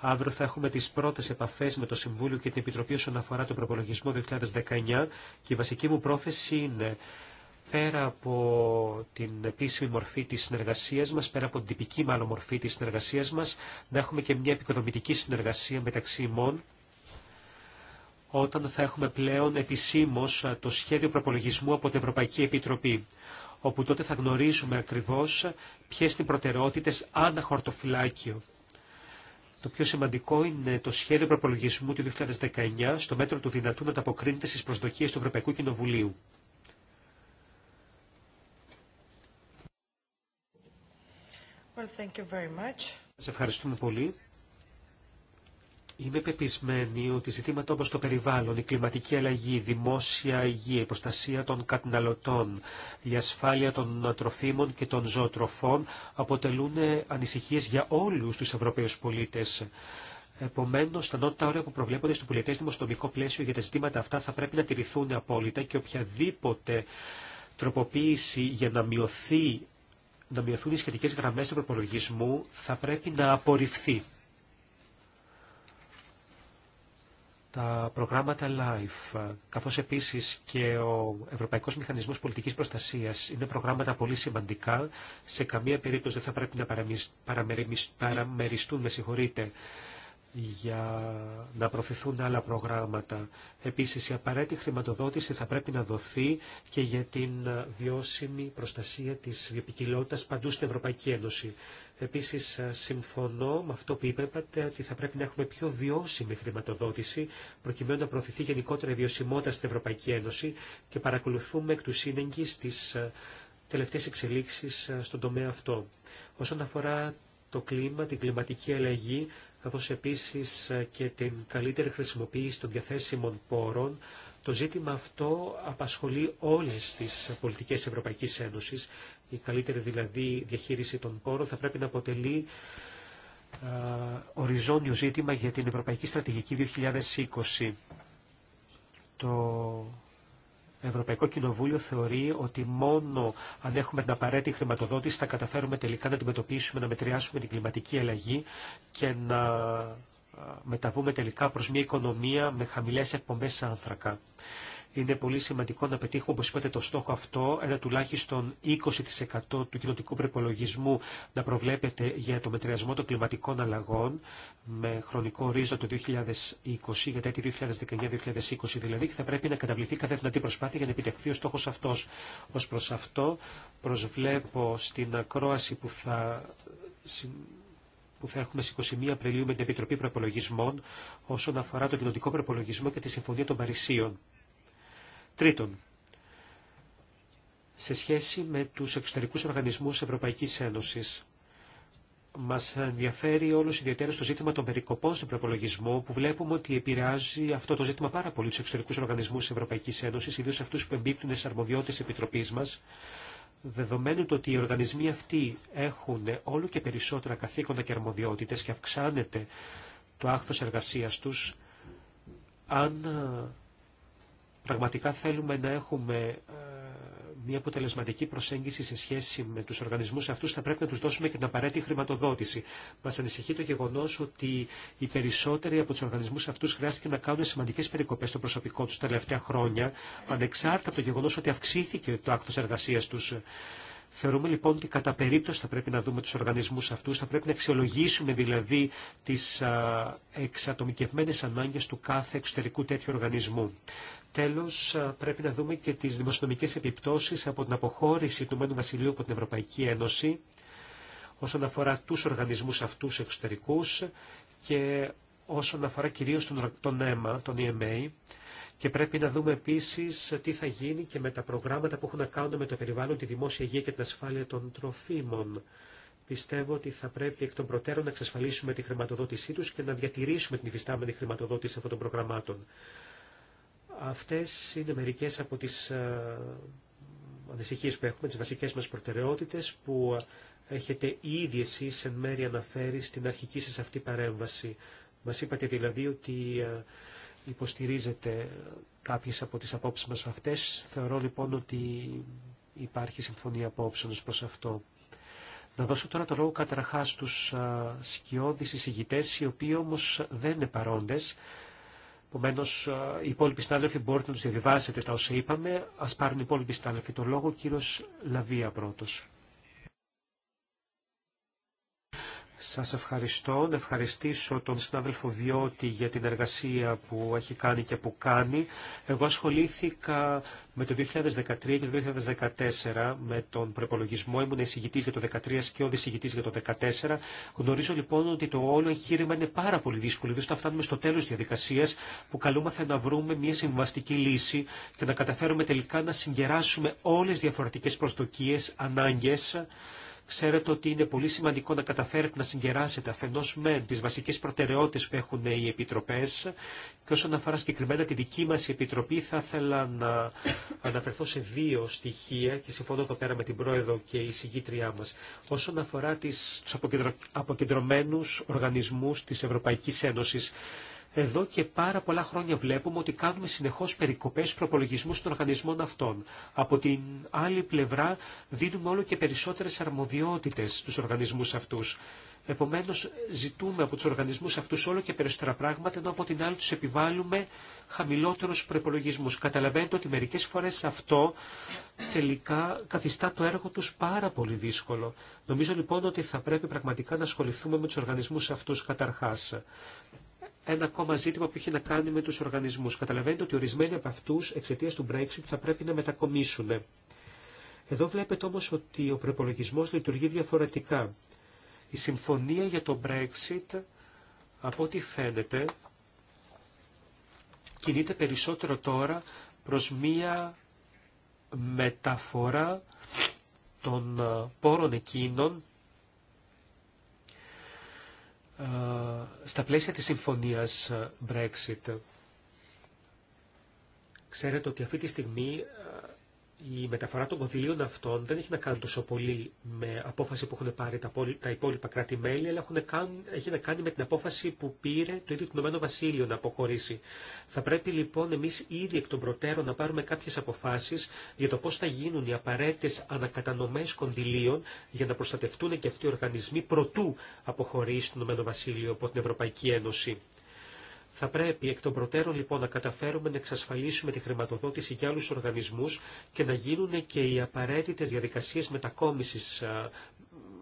Αύριο θα έχουμε τι πρώτε επαφέ με το Συμβούλιο και την Επιτροπή όσον αφορά τον προπολογισμό 2019 και η βασική μου πρόθεση είναι πέρα από την επίσημη μορφή της συνεργασίας μας, πέρα από την τυπική μάλλον μορφή της συνεργασίας μας, να έχουμε και μια επικοδομητική συνεργασία μεταξύ ημών, όταν θα έχουμε πλέον επισήμως το σχέδιο προπολογισμού από την Ευρωπαϊκή Επιτροπή, όπου τότε θα γνωρίζουμε ακριβώς ποιες είναι οι προτεραιότητες ανά χορτοφυλάκιο. Το πιο σημαντικό είναι το σχέδιο προπολογισμού του 2019 στο μέτρο του δυνατού να τα αποκρίνεται στις προσδοκίες του Ευρωπαϊκού Κοινοβουλίου. Σας ευχαριστούμε πολύ. Είμαι πεπισμένη ότι ζητήματα όπως το περιβάλλον, η κλιματική αλλαγή, η δημόσια υγεία, η προστασία των καταναλωτών, η ασφάλεια των τροφίμων και των ζωοτροφών αποτελούν ανησυχίες για όλους τους Ευρωπαίους πολίτες. Επομένω, τα νότα όρια που προβλέπονται στο πολιτέ δημοσιονομικό πλαίσιο για τα ζητήματα αυτά θα πρέπει να τηρηθούν απόλυτα και οποιαδήποτε τροποποίηση για να μειωθεί να μειωθούν οι σχετικές γραμμές του προπολογισμού θα πρέπει να απορριφθεί. τα προγράμματα LIFE, καθώς επίσης και ο Ευρωπαϊκός Μηχανισμός Πολιτικής Προστασίας είναι προγράμματα πολύ σημαντικά. Σε καμία περίπτωση δεν θα πρέπει να παραμεριστούν, με συγχωρείτε, για να προωθηθούν άλλα προγράμματα. Επίσης, η απαραίτητη χρηματοδότηση θα πρέπει να δοθεί και για την βιώσιμη προστασία της βιοπικιλότητας παντού στην Ευρωπαϊκή Ένωση. Επίσης, συμφωνώ με αυτό που είπατε ότι θα πρέπει να έχουμε πιο βιώσιμη χρηματοδότηση προκειμένου να προωθηθεί γενικότερα η βιωσιμότητα στην Ευρωπαϊκή Ένωση και παρακολουθούμε εκ του σύνεγγυς τις ε, τελευταίες εξελίξεις ε, στον τομέα αυτό. Όσον αφορά το κλίμα, την κλιματική αλλαγή, καθώς επίσης ε, και την καλύτερη χρησιμοποίηση των διαθέσιμων πόρων. Το ζήτημα αυτό απασχολεί όλες τις πολιτικές Ευρωπαϊκής Ένωσης. Η καλύτερη δηλαδή διαχείριση των πόρων θα πρέπει να αποτελεί α, ε, οριζόνιο ζήτημα για την Ευρωπαϊκή Στρατηγική 2020. Το Ευρωπαϊκό Κοινοβούλιο θεωρεί ότι μόνο αν έχουμε την απαραίτητη χρηματοδότηση θα καταφέρουμε τελικά να αντιμετωπίσουμε, να μετριάσουμε την κλιματική αλλαγή και να μεταβούμε τελικά προς μια οικονομία με χαμηλές εκπομπές άνθρακα. Είναι πολύ σημαντικό να πετύχουμε, όπως είπατε, το στόχο αυτό, ένα τουλάχιστον 20% του κοινοτικού προπολογισμού να προβλέπεται για το μετριασμό των κλιματικών αλλαγών με χρονικό ορίζοντα το 2020, για τα έτη 2019-2020 δηλαδή, και θα πρέπει να καταβληθεί κάθε δυνατή προσπάθεια για να επιτευχθεί ο στόχος αυτός. Ως προς αυτό προσβλέπω στην ακρόαση που θα που θα έχουμε στις 21 Απριλίου με την Επιτροπή Προπολογισμών όσον αφορά το κοινωνικό προπολογισμό και τη Συμφωνία των Παρισίων. Τρίτον, σε σχέση με τους εξωτερικούς οργανισμούς Ευρωπαϊκής Ένωσης, μας ενδιαφέρει όλος ιδιαίτερα στο ζήτημα των περικοπών στον προπολογισμό, που βλέπουμε ότι επηρεάζει αυτό το ζήτημα πάρα πολύ του εξωτερικού οργανισμού τη Ευρωπαϊκή Ένωση, ιδίω αυτού που εμπίπτουν στι αρμοδιότητε επιτροπή μα, δεδομένου το ότι οι οργανισμοί αυτοί έχουν όλο και περισσότερα καθήκοντα και αρμοδιότητε και αυξάνεται το άχθο εργασία του, αν πραγματικά θέλουμε να έχουμε ε, μια αποτελεσματική προσέγγιση σε σχέση με τους οργανισμούς αυτούς. θα πρέπει να τους δώσουμε και την απαραίτητη χρηματοδότηση. Μα ανησυχεί το γεγονό ότι οι περισσότεροι από τους οργανισμούς αυτούς χρειάστηκε να κάνουν σημαντικές περικοπές στο προσωπικό τους τα τελευταία χρόνια, ανεξάρτητα από το γεγονό ότι αυξήθηκε το άκτος εργασία τους. Θεωρούμε λοιπόν ότι κατά περίπτωση θα πρέπει να δούμε τους οργανισμούς αυτούς, θα πρέπει να αξιολογήσουμε δηλαδή τις εξατομικευμένες ανάγκες του κάθε εξωτερικού τέτοιου οργανισμού. Τέλος, πρέπει να δούμε και τις δημοσιονομικές επιπτώσεις από την αποχώρηση του Μένου Βασιλείου από την Ευρωπαϊκή Ένωση όσον αφορά τους οργανισμούς αυτούς εξωτερικούς και όσον αφορά κυρίως τον, τον ΕΜΑ, τον EMA, και πρέπει να δούμε επίσης τι θα γίνει και με τα προγράμματα που έχουν να κάνουν με το περιβάλλον, τη δημόσια υγεία και την ασφάλεια των τροφίμων. Πιστεύω ότι θα πρέπει εκ των προτέρων να εξασφαλίσουμε τη χρηματοδότησή τους και να διατηρήσουμε την υφιστάμενη χρηματοδότηση αυτών των προγραμμάτων. Αυτές είναι μερικές από τις ε, ανησυχίες που έχουμε, τις βασικές μας προτεραιότητες που έχετε ήδη εσείς εν μέρει αναφέρει στην αρχική σας αυτή παρέμβαση. Μας είπατε δηλαδή ότι ε, υποστηρίζετε κάποιες από τις απόψεις μας αυτές. Θεωρώ λοιπόν ότι υπάρχει συμφωνία απόψεων προς αυτό. Να δώσω τώρα το λόγο καταρχά στους ε, σκιώδεις εισηγητές, οι οποίοι όμως δεν είναι παρόντες. Επομένω, ε, οι υπόλοιποι συνάδελφοι μπορείτε να του διαβιβάσετε τα όσα είπαμε. Α πάρουν οι υπόλοιποι συνάδελφοι το λόγο. Κύριο Λαβία πρώτο. Σας ευχαριστώ. Να ευχαριστήσω τον συνάδελφο Βιώτη για την εργασία που έχει κάνει και που κάνει. Εγώ ασχολήθηκα με το 2013 και το 2014 με τον προπολογισμό. Ήμουν εισηγητής για το 2013 και ο εισηγητής για το 2014. Γνωρίζω λοιπόν ότι το όλο εγχείρημα είναι πάρα πολύ δύσκολο. Ιδίως θα φτάνουμε στο τέλος της διαδικασίας που καλούμαστε να βρούμε μια συμβαστική λύση και να καταφέρουμε τελικά να συγκεράσουμε όλες τις διαφορετικές προσδοκίες, ανάγκες Ξέρετε ότι είναι πολύ σημαντικό να καταφέρετε να συγκεράσετε αφενό με τι βασικέ προτεραιότητε που έχουν οι επιτροπέ και όσον αφορά συγκεκριμένα τη δική μα επιτροπή, θα ήθελα να αναφερθώ σε δύο στοιχεία και συμφωνώ εδώ πέρα με την πρόεδρο και η συγκήτριά μα. Όσον αφορά του αποκεντρωμένου οργανισμού τη Ευρωπαϊκή Ένωση. Εδώ και πάρα πολλά χρόνια βλέπουμε ότι κάνουμε συνεχώς περικοπές προπολογισμού των οργανισμών αυτών. Από την άλλη πλευρά δίνουμε όλο και περισσότερες αρμοδιότητες στους οργανισμούς αυτούς. Επομένω, ζητούμε από του οργανισμού αυτού όλο και περισσότερα πράγματα, ενώ από την άλλη του επιβάλλουμε χαμηλότερου προπολογισμού. Καταλαβαίνετε ότι μερικέ φορέ αυτό τελικά καθιστά το έργο του πάρα πολύ δύσκολο. Νομίζω λοιπόν ότι θα πρέπει πραγματικά να ασχοληθούμε με του οργανισμού αυτού καταρχά ένα ακόμα ζήτημα που έχει να κάνει με τους οργανισμούς. Καταλαβαίνετε ότι ορισμένοι από αυτούς εξαιτίας του Brexit θα πρέπει να μετακομίσουν. Εδώ βλέπετε όμως ότι ο προπολογισμό λειτουργεί διαφορετικά. Η συμφωνία για το Brexit, από ό,τι φαίνεται, κινείται περισσότερο τώρα προς μία μεταφορά των ε, πόρων εκείνων ε, στα πλαίσια της συμφωνίας ε, Brexit. Ξέρετε ότι αυτή τη στιγμή ε, η μεταφορά των κονδυλίων αυτών δεν έχει να κάνει τόσο πολύ με απόφαση που έχουν πάρει τα υπόλοιπα κράτη-μέλη, αλλά έχουν έχει να κάνει με την απόφαση που πήρε το ίδιο το Ηνωμένο Βασίλειο να αποχωρήσει. Θα πρέπει λοιπόν εμεί ήδη εκ των προτέρων να πάρουμε κάποιε αποφάσει για το πώ θα γίνουν οι απαραίτητε ανακατανομέ κονδυλίων για να προστατευτούν και αυτοί οι οργανισμοί προτού αποχωρήσει το Ηνωμένο Βασίλειο από την Ευρωπαϊκή Ένωση. Θα πρέπει εκ των προτέρων λοιπόν να καταφέρουμε να εξασφαλίσουμε τη χρηματοδότηση για άλλους οργανισμούς και να γίνουν και οι απαραίτητες διαδικασίες μετακόμισης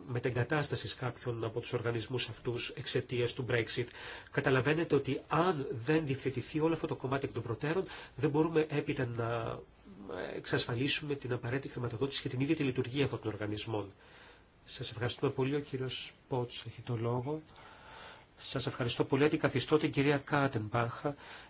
μετεγκατάστασης κάποιων από τους οργανισμούς αυτούς εξαιτίας του Brexit. Καταλαβαίνετε ότι αν δεν διευθετηθεί όλο αυτό το κομμάτι εκ των προτέρων, δεν μπορούμε έπειτα να εξασφαλίσουμε την απαραίτητη χρηματοδότηση και την ίδια τη λειτουργία αυτών των οργανισμών. Σας ευχαριστούμε πολύ. Ο κύριος Πότς έχει το λόγο. Σας ευχαριστώ πολύ. Αντικαθιστώ την κυρία Κάτεμπαχ,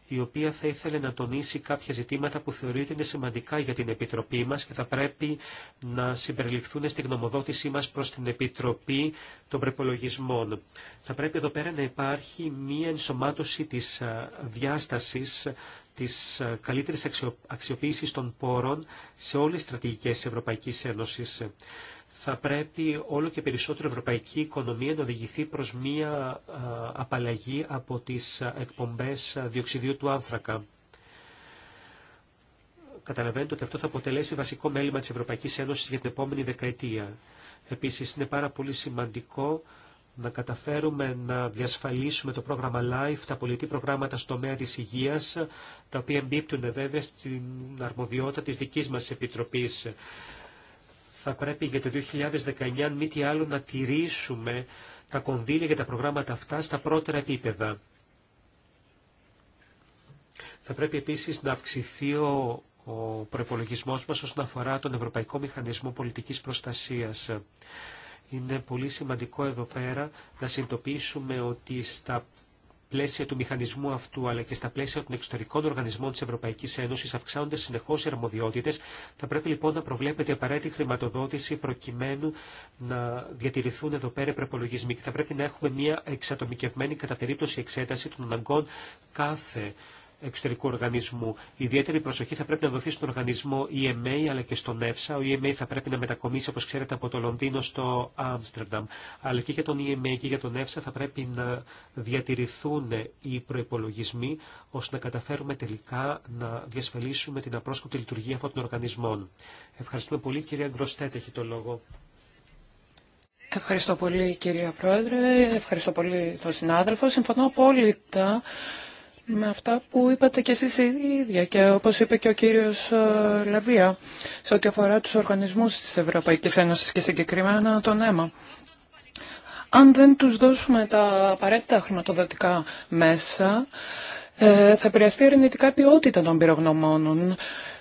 η οποία θα ήθελε να τονίσει κάποια ζητήματα που θεωρείται είναι σημαντικά για την Επιτροπή μας και θα πρέπει να συμπεριληφθούν στην γνωμοδότησή μας προς την Επιτροπή των Προπολογισμών. Θα πρέπει εδώ πέρα να υπάρχει μία ενσωμάτωση της διάστασης της καλύτερης αξιοποίησης των πόρων σε όλες τις στρατηγικές Ευρωπαϊκής Ένωσης θα πρέπει όλο και περισσότερο η ευρωπαϊκή οικονομία να οδηγηθεί προς μία απαλλαγή από τις εκπομπές διοξιδίου του άνθρακα. Καταλαβαίνετε ότι αυτό θα αποτελέσει βασικό μέλημα της Ευρωπαϊκής Ένωσης για την επόμενη δεκαετία. Επίσης είναι πάρα πολύ σημαντικό να καταφέρουμε να διασφαλίσουμε το πρόγραμμα LIFE, τα πολιτή προγράμματα στο τομέα της υγείας, τα οποία εμπίπτουν βέβαια στην αρμοδιότητα της δικής μας Επιτροπής θα πρέπει για το 2019, αν μη τι άλλο, να τηρήσουμε τα κονδύλια για τα προγράμματα αυτά στα πρώτερα επίπεδα. Θα πρέπει επίσης να αυξηθεί ο, ο προπολογισμό μας όσον αφορά τον Ευρωπαϊκό Μηχανισμό Πολιτικής Προστασίας. Είναι πολύ σημαντικό εδώ πέρα να συνειδητοποιήσουμε ότι στα πλαίσια του μηχανισμού αυτού αλλά και στα πλαίσια των εξωτερικών οργανισμών τη Ευρωπαϊκή Ένωση αυξάνονται συνεχώ οι αρμοδιότητε. Θα πρέπει λοιπόν να προβλέπεται απαραίτητη χρηματοδότηση προκειμένου να διατηρηθούν εδώ πέρα προπολογισμοί και θα πρέπει να έχουμε μια εξατομικευμένη κατά περίπτωση εξέταση των αναγκών κάθε εξωτερικού οργανισμού. Ιδιαίτερη προσοχή θα πρέπει να δοθεί στον οργανισμό EMA αλλά και στον EFSA. Ο EMA θα πρέπει να μετακομίσει, όπω ξέρετε, από το Λονδίνο στο Άμστερνταμ. Αλλά και για τον EMA και για τον EFSA θα πρέπει να διατηρηθούν οι προπολογισμοί ώστε να καταφέρουμε τελικά να διασφαλίσουμε την απρόσκοπτη λειτουργία αυτών των οργανισμών. Ευχαριστούμε πολύ. Κυρία Γκροστέτ έχει το λόγο. Ευχαριστώ πολύ κυρία Πρόεδρε, ευχαριστώ πολύ τον συνάδελφο. Συμφωνώ απόλυτα με αυτά που είπατε κι εσείς οι ίδια και όπως είπε και ο κύριος ε, Λαβία σε ό,τι αφορά τους οργανισμούς της Ευρωπαϊκής Ένωσης και συγκεκριμένα τον αίμα. Αν δεν τους δώσουμε τα απαραίτητα χρηματοδοτικά μέσα, ε, θα επηρεαστεί αρνητικά ποιότητα των πυρογνωμόνων.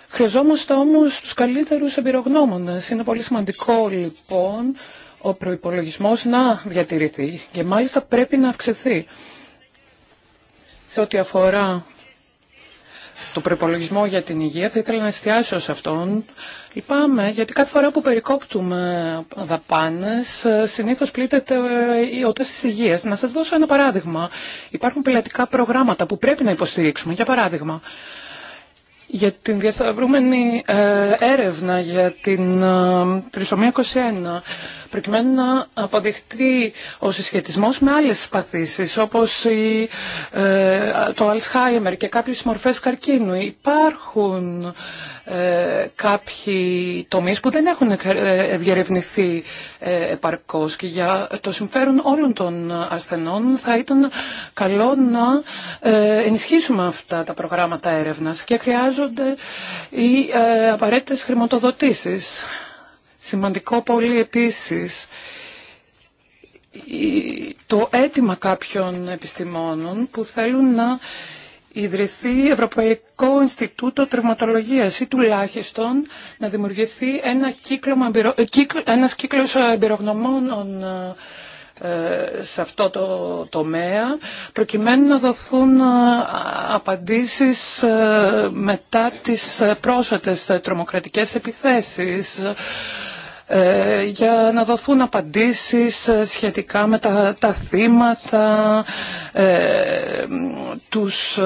Χρειαζόμαστε όμως τους καλύτερους εμπειρογνώμονες. Είναι πολύ σημαντικό λοιπόν ο προϋπολογισμός να διατηρηθεί και μάλιστα πρέπει να αυξηθεί. Σε ό,τι αφορά το προπολογισμό για την υγεία, θα ήθελα να εστιάσω σε αυτόν. Λυπάμαι, γιατί κάθε φορά που περικόπτουμε δαπάνες, συνήθως πλήττεται ο οτές της υγείας. Να σας δώσω ένα παράδειγμα. Υπάρχουν πελατικά προγράμματα που πρέπει να υποστηρίξουμε. Για παράδειγμα, για την διασταυρούμενη ε, έρευνα για την ε, τρισομία 21 προκειμένου να αποδειχτεί ο συσχετισμός με άλλες παθήσεις όπως η, ε, το αλσχάιμερ και κάποιες μορφές καρκίνου. Υπάρχουν ε, κάποιοι τομείς που δεν έχουν ε, διερευνηθεί ε, επαρκώς και για το συμφέρον όλων των ασθενών θα ήταν καλό να ενισχύσουμε αυτά τα προγράμματα έρευνας και χρειάζονται οι απαραίτητες χρηματοδοτήσεις. Σημαντικό πολύ επίσης το αίτημα κάποιων επιστημόνων που θέλουν να ιδρυθεί Ευρωπαϊκό Ινστιτούτο Τρευματολογίας ή τουλάχιστον να δημιουργηθεί ένα κύκλο ε, ένας κύκλος ε, εμπειρογνωμών ε, σε αυτό το τομέα προκειμένου να δοθούν απαντήσεις μετά τις πρόσφατες τρομοκρατικές επιθέσεις ε, για να δοθούν απαντήσεις ε, σχετικά με τα, τα θύματα, ε, τους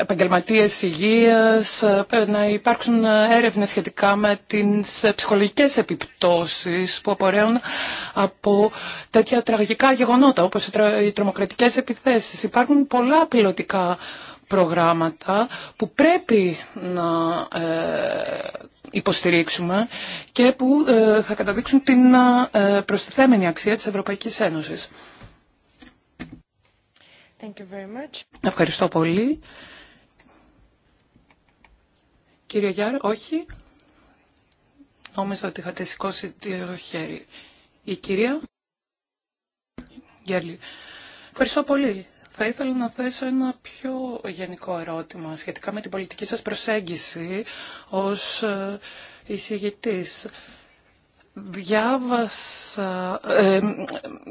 επαγγελματίες υγείας, να υπάρξουν έρευνες σχετικά με τις ψυχολογικές επιπτώσεις που απορρέουν από τέτοια τραγικά γεγονότα όπως οι τρομοκρατικές επιθέσεις. Υπάρχουν πολλά πιλωτικά προγράμματα που πρέπει να υποστηρίξουμε και που ε, θα καταδείξουν την ε, προστιθέμενη αξία της Ευρωπαϊκής Ένωσης. Thank Ευχαριστώ πολύ. Κύριε Γιάρ, όχι. Νόμιζα ότι είχατε σηκώσει το χέρι. Η κυρία Γιάρλη. Ευχαριστώ πολύ. Θα ήθελα να θέσω ένα πιο γενικό ερώτημα σχετικά με την πολιτική σας προσέγγιση ως ε, εισηγητής. Διάβασα, ε, ε,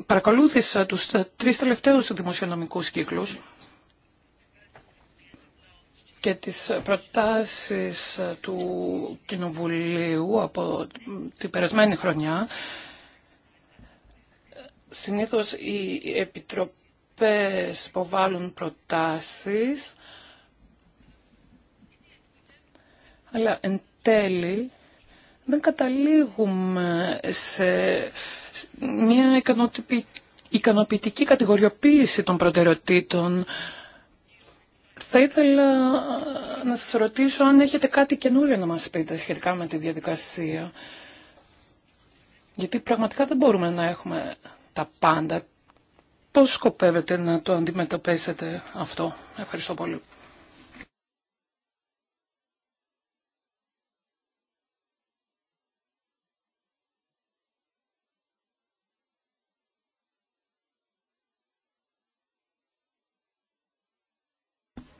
παρακολούθησα τους τρεις τελευταίους δημοσιονομικούς κύκλους και τις προτάσεις του Κοινοβουλίου από την περασμένη χρονιά. Συνήθως η Επιτροπή υποβάλλουν προτάσεις, αλλά εν τέλει δεν καταλήγουμε σε μια ικανοποιητική κατηγοριοποίηση των προτεραιοτήτων. Θα ήθελα να σας ρωτήσω αν έχετε κάτι καινούριο να μας πείτε σχετικά με τη διαδικασία. Γιατί πραγματικά δεν μπορούμε να έχουμε τα πάντα. Πώς σκοπεύετε να το αντιμετωπίσετε αυτό. Ευχαριστώ πολύ.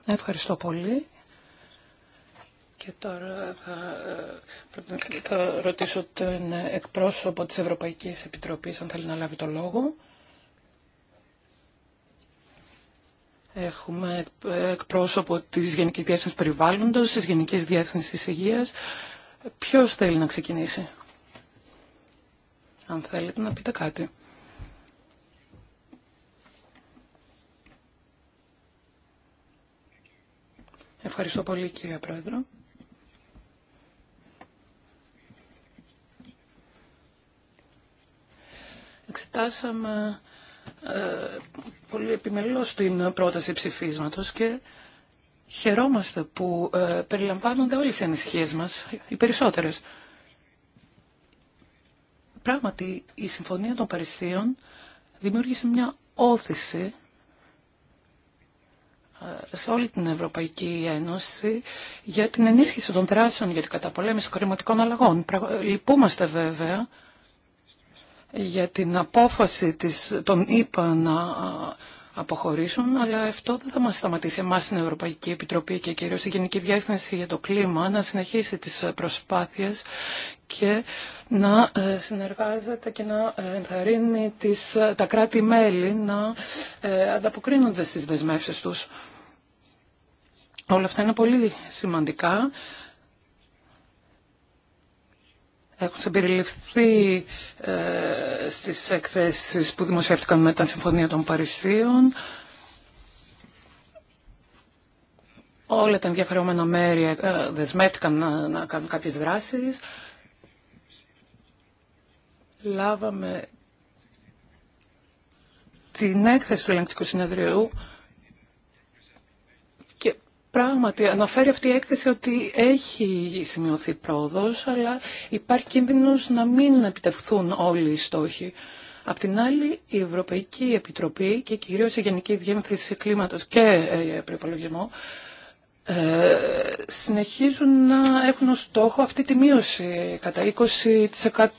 Ευχαριστώ πολύ. Και τώρα θα πρέπει ρωτήσω τον εκπρόσωπο της Ευρωπαϊκής Επιτροπής αν θέλει να λάβει το λόγο. Έχουμε εκπρόσωπο της Γενικής Διεύθυνσης Περιβάλλοντος, της Γενικής Διεύθυνσης Υγείας. Ποιος θέλει να ξεκινήσει. Αν θέλετε να πείτε κάτι. Ευχαριστώ πολύ κύριε Πρόεδρο. Εξετάσαμε ε, πολύ επιμελώς την πρόταση ψηφίσματος και χαιρόμαστε που ε, περιλαμβάνονται όλες οι ανησυχίες μας, οι περισσότερες. Πράγματι, η Συμφωνία των Παρισίων δημιούργησε μια όθηση ε, σε όλη την Ευρωπαϊκή Ένωση για την ενίσχυση των δράσεων για την καταπολέμηση των κλιματικών αλλαγών. Λυπούμαστε βέβαια για την απόφαση της, των ΗΠΑ να αποχωρήσουν, αλλά αυτό δεν θα μας σταματήσει εμάς στην Ευρωπαϊκή Επιτροπή και κυρίως η Γενική Διεύθυνση για το Κλίμα να συνεχίσει τις ε, προσπάθειες και να ε, συνεργάζεται και να ε, ενθαρρύνει τις, τα κράτη-μέλη να ανταποκρίνονται στις δεσμεύσεις τους. Όλα αυτά είναι πολύ σημαντικά έχουν συμπεριληφθεί ε, στις εκθέσεις που δημοσιεύτηκαν μετά τη Συμφωνία των Παρισίων. Όλα τα ενδιαφερόμενα μέρη ε, δεσμεύτηκαν να, να κάνουν κάποιες δράσεις. Λάβαμε την έκθεση του ελεγκτικού συνεδριού Πράγματι, αναφέρει αυτή η έκθεση ότι έχει σημειωθεί πρόοδος, αλλά υπάρχει κίνδυνος να μην επιτευχθούν όλοι οι στόχοι. Απ' την άλλη, η Ευρωπαϊκή Επιτροπή και κυρίως η Γενική Διεύθυνση Κλίματος και ε, Προπολογισμό ε, συνεχίζουν να έχουν ως στόχο αυτή τη μείωση κατά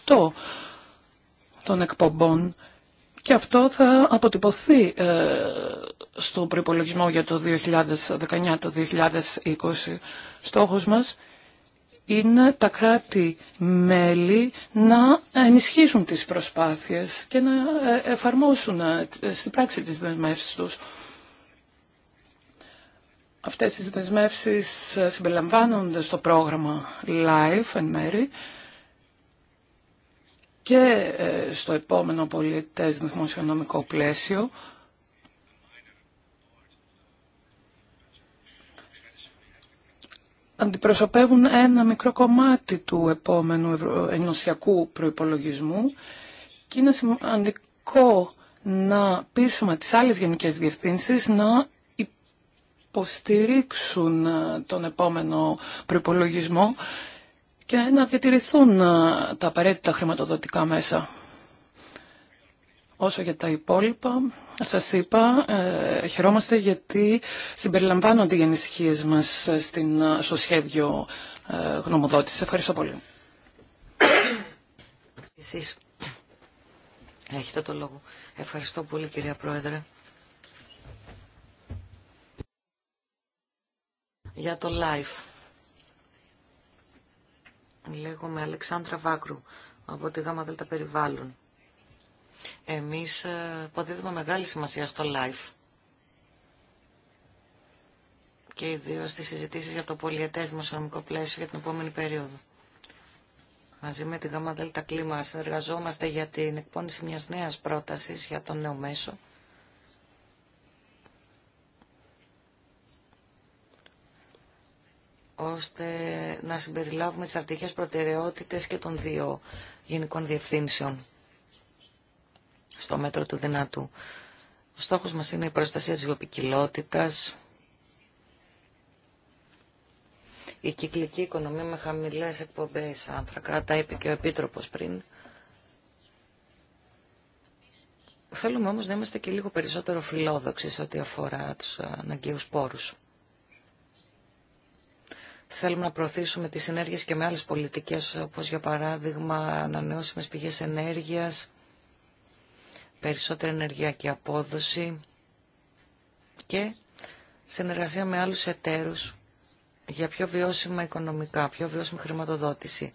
20% των εκπομπών και αυτό θα αποτυπωθεί ε, στο προϋπολογισμό για το 2019, 2020. Στόχος μας είναι τα κράτη-μέλη να ενισχύσουν τις προσπάθειες και να ε, εφαρμόσουν ε, στην πράξη τις δεσμεύσεις τους. Αυτές τις δεσμεύσεις ε, συμπεριλαμβάνονται στο πρόγραμμα LIFE εν μέρη και στο επόμενο πολιτές δημοσιονομικό πλαίσιο, αντιπροσωπεύουν ένα μικρό κομμάτι του επόμενου ενωσιακού προϋπολογισμού και είναι σημαντικό να πείσουμε τις άλλες γενικές διευθύνσεις να υποστηρίξουν ε, τον επόμενο προϋπολογισμό και να διατηρηθούν ε, τα απαραίτητα χρηματοδοτικά μέσα. Όσο για τα υπόλοιπα, σας είπα, ε, χαιρόμαστε γιατί συμπεριλαμβάνονται οι ανησυχίε μας ε, στην, ε, στο σχέδιο ε, γνωμοδότησης. Ευχαριστώ πολύ. Εσείς έχετε το λόγο. Ευχαριστώ πολύ κυρία Πρόεδρε. Για το live. Λέγομαι Αλεξάνδρα Βάκρου από τη ΓΑΜΑ Περιβάλλον. Εμείς αποδίδουμε ε, μεγάλη σημασία στο live και ιδίω στις συζητήσεις για το πολιετές δημοσιονομικό πλαίσιο για την επόμενη περίοδο. Μαζί με τη ΓΑΜΑ ΔΕΛΤΑ Κλίμα συνεργαζόμαστε για την εκπόνηση μιας νέας πρότασης για το νέο μέσο. ώστε να συμπεριλάβουμε τις αρτικές προτεραιότητες και των δύο γενικών διευθύνσεων στο μέτρο του δυνατού. Ο στόχος μας είναι η προστασία της βιοπικιλότητας, η κυκλική οικονομία με χαμηλές εκπομπές άνθρακα, τα είπε και ο Επίτροπος πριν. Θέλουμε όμως να είμαστε και λίγο περισσότερο φιλόδοξοι σε ό,τι αφορά τους αναγκαίους πόρους. Θέλουμε να προωθήσουμε τις ενέργειες και με άλλες πολιτικές, όπως για παράδειγμα ανανεώσιμες πηγές ενέργειας, περισσότερη ενεργειακή απόδοση και συνεργασία με άλλους εταίρους για πιο βιώσιμα οικονομικά, πιο βιώσιμη χρηματοδότηση.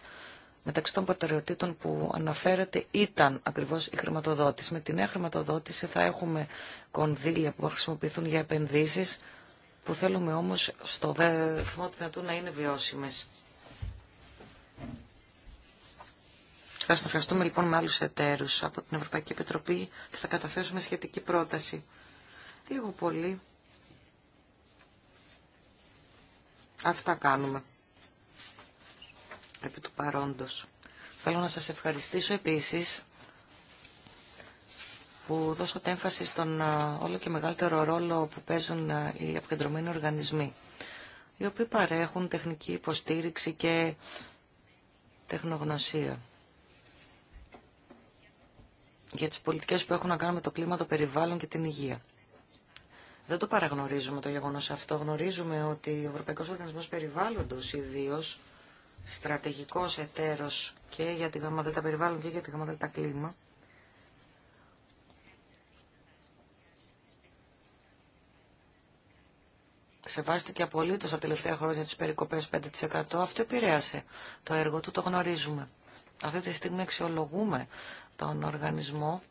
Μεταξύ των προτεραιοτήτων που αναφέρατε ήταν ακριβώς η χρηματοδότηση. Με τη νέα χρηματοδότηση θα έχουμε κονδύλια που θα χρησιμοποιηθούν για επενδύσεις που θέλουμε όμως στο δεθμό του να είναι βιώσιμες. Θα συνεργαστούμε λοιπόν με άλλους εταίρους από την Ευρωπαϊκή Επιτροπή και θα καταθέσουμε σχετική πρόταση. Λίγο πολύ. Αυτά κάνουμε. Επί του παρόντος. Θέλω να σας ευχαριστήσω επίσης που δώσω έμφαση στον ε, όλο και μεγαλύτερο ρόλο που παίζουν ε, οι αποκεντρωμένοι οργανισμοί, οι οποίοι παρέχουν τεχνική υποστήριξη και τεχνογνωσία για τις πολιτικές που έχουν να κάνουν με το κλίμα, το περιβάλλον και την υγεία. Δεν το παραγνωρίζουμε το γεγονός αυτό. Γνωρίζουμε ότι ο Ευρωπαϊκός Οργανισμός Περιβάλλοντος ιδίω στρατηγικός εταίρος και για τη περιβάλλον και για τη γαμαδέλτα κλίμα σεβάστηκε απολύτω τα τελευταία χρόνια τι περικοπέ 5%. Αυτό επηρέασε το έργο του, το γνωρίζουμε. Αυτή τη στιγμή αξιολογούμε τον οργανισμό.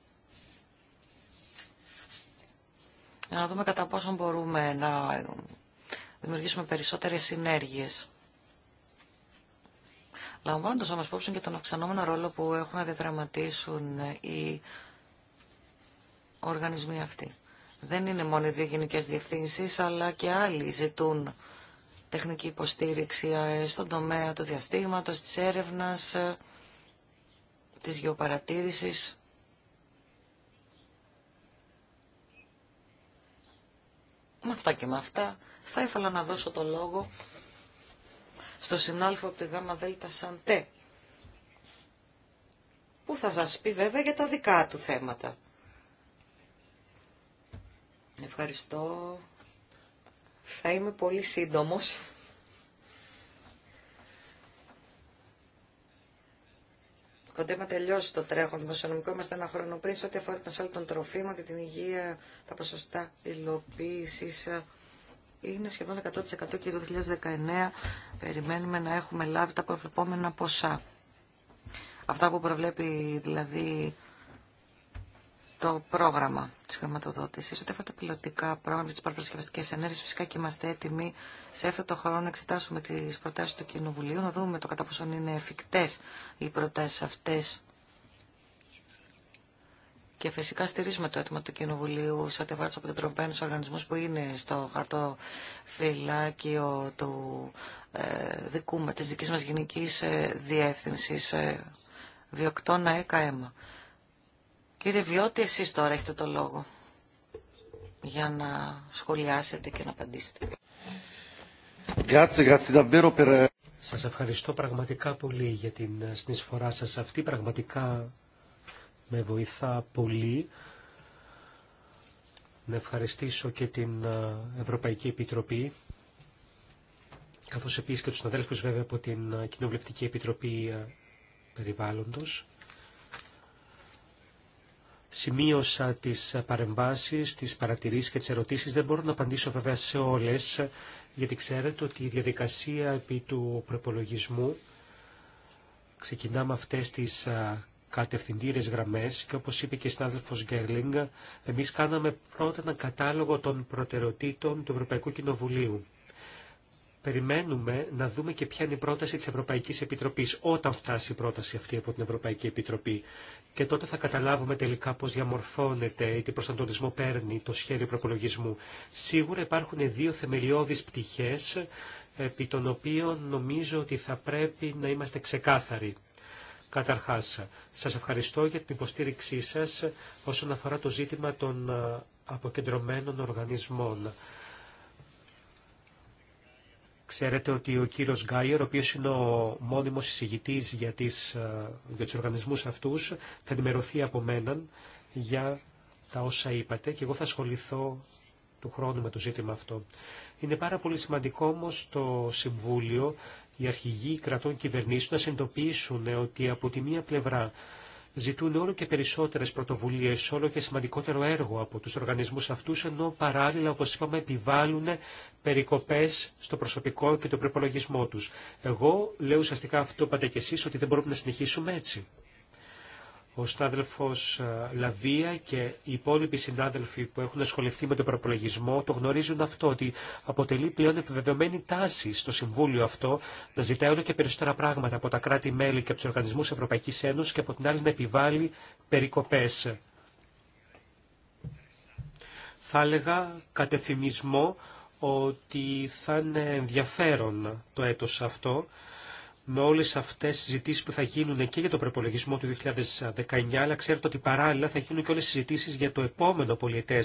Να δούμε κατά πόσο μπορούμε να δημιουργήσουμε περισσότερες συνέργειες. Λαμβάνοντας όμως υπόψη και τον αυξανόμενο ρόλο που έχουν να διαδραματίσουν οι οργανισμοί αυτοί. Δεν είναι μόνο οι δύο γενικέ διευθύνσει, αλλά και άλλοι ζητούν τεχνική υποστήριξη στον τομέα του διαστήματος, της έρευνας, της γεωπαρατήρησης με αυτά και με αυτά θα ήθελα να δώσω το λόγο στο συνάλφο από τη γάμα δέλτα Σαντέ που θα σας πει βέβαια για τα δικά του θέματα. Ευχαριστώ. Θα είμαι πολύ σύντομος. Κοντεύουμε τελειώσει το τρέχον δημοσιονομικό. Είμαστε ένα χρόνο πριν σε ό,τι αφορά την ασφάλεια των τροφίμων και την υγεία, τα ποσοστά υλοποίηση είναι σχεδόν 100% και το 2019 περιμένουμε να έχουμε λάβει τα προβλεπόμενα ποσά. Αυτά που προβλέπει δηλαδή το πρόγραμμα τη χρηματοδότηση. ότι αυτά τα πιλωτικά πρόγραμμα τι παραπρασκευαστικής ενέργειε, φυσικά και είμαστε έτοιμοι σε αυτό το χρόνο να εξετάσουμε τι προτάσει του Κοινοβουλίου, να δούμε το κατά πόσο είναι εφικτέ οι προτάσει αυτέ. Και φυσικά στηρίζουμε το αίτημα του Κοινοβουλίου σε ό,τι αφορά του αποκεντρωμένου οργανισμού που είναι στο χαρτοφυλάκιο του, ε, δικού, τη δική μα γενική ε, διεύθυνση. ε, βιοκτώνα ΕΚΑΕΜΑ. Κύριε Βιώτη, εσείς τώρα έχετε το λόγο για να σχολιάσετε και να απαντήσετε. Σας ευχαριστώ πραγματικά πολύ για την ε, συνεισφορά σας αυτή. Πραγματικά με βοηθά πολύ. Να ευχαριστήσω και την ε, Ευρωπαϊκή Επιτροπή, καθώς επίσης και τους αδέλφους βέβαια από την ε, Κοινοβουλευτική Επιτροπή Περιβάλλοντος. Σημείωσα τις παρεμβάσεις, τις παρατηρήσεις και τις ερωτήσεις. Δεν μπορώ να απαντήσω βέβαια σε όλες, γιατί ξέρετε ότι η διαδικασία επί του προπολογισμού ξεκινά με αυτές τις κατευθυντήρες γραμμές και όπως είπε και η συνάδελφος Γκέρλινγκ, εμείς κάναμε πρώτα έναν κατάλογο των προτεραιοτήτων του Ευρωπαϊκού Κοινοβουλίου. Περιμένουμε να δούμε και ποια είναι η πρόταση της Ευρωπαϊκής Επιτροπής όταν φτάσει η πρόταση αυτή από την Ευρωπαϊκή Επιτροπή και τότε θα καταλάβουμε τελικά πώς διαμορφώνεται ή τι προσανατολισμό παίρνει το σχέδιο προπολογισμού. Σίγουρα υπάρχουν δύο θεμελιώδεις πτυχές επί των οποίων νομίζω ότι θα πρέπει να είμαστε ξεκάθαροι. Καταρχάς, σας ευχαριστώ για την υποστήριξή σας όσον αφορά το ζήτημα των ε, αποκεντρωμένων οργανισμών. Ξέρετε ότι ο κύριος Γκάιερ, ο οποίος είναι ο μόνιμος εισηγητής για, τις, ε, για τους οργανισμούς αυτούς, θα ενημερωθεί από μέναν για τα όσα είπατε και εγώ θα ασχοληθώ του χρόνου με το ζήτημα αυτό. Είναι πάρα πολύ σημαντικό όμως το Συμβούλιο, οι αρχηγοί κρατών κυβερνήσεων να συνειδητοποιήσουν ότι από τη μία πλευρά ζητούν όλο και περισσότερες πρωτοβουλίες, όλο και σημαντικότερο έργο από τους οργανισμούς αυτούς, ενώ παράλληλα, όπως είπαμε, επιβάλλουν περικοπές στο προσωπικό και το προπολογισμό τους. Εγώ λέω ουσιαστικά αυτό είπατε και εσείς, ότι δεν μπορούμε να συνεχίσουμε έτσι ο συνάδελφος ε, Λαβία και οι υπόλοιποι συνάδελφοι που έχουν ασχοληθεί με τον προπολογισμό το γνωρίζουν αυτό ότι αποτελεί πλέον επιβεβαιωμένη τάση στο Συμβούλιο αυτό να ζητάει όλο και περισσότερα πράγματα από τα κράτη-μέλη και από τους οργανισμούς Ευρωπαϊκής Ένωσης και από την άλλη να επιβάλλει περικοπές. Θα έλεγα κατεφημισμό ότι θα είναι ενδιαφέρον το έτος αυτό με όλε αυτές τι συζητήσει που θα γίνουν και για το προπολογισμό του 2019, αλλά ξέρετε ότι παράλληλα θα γίνουν και όλες οι συζητήσει για το επόμενο πολιτέ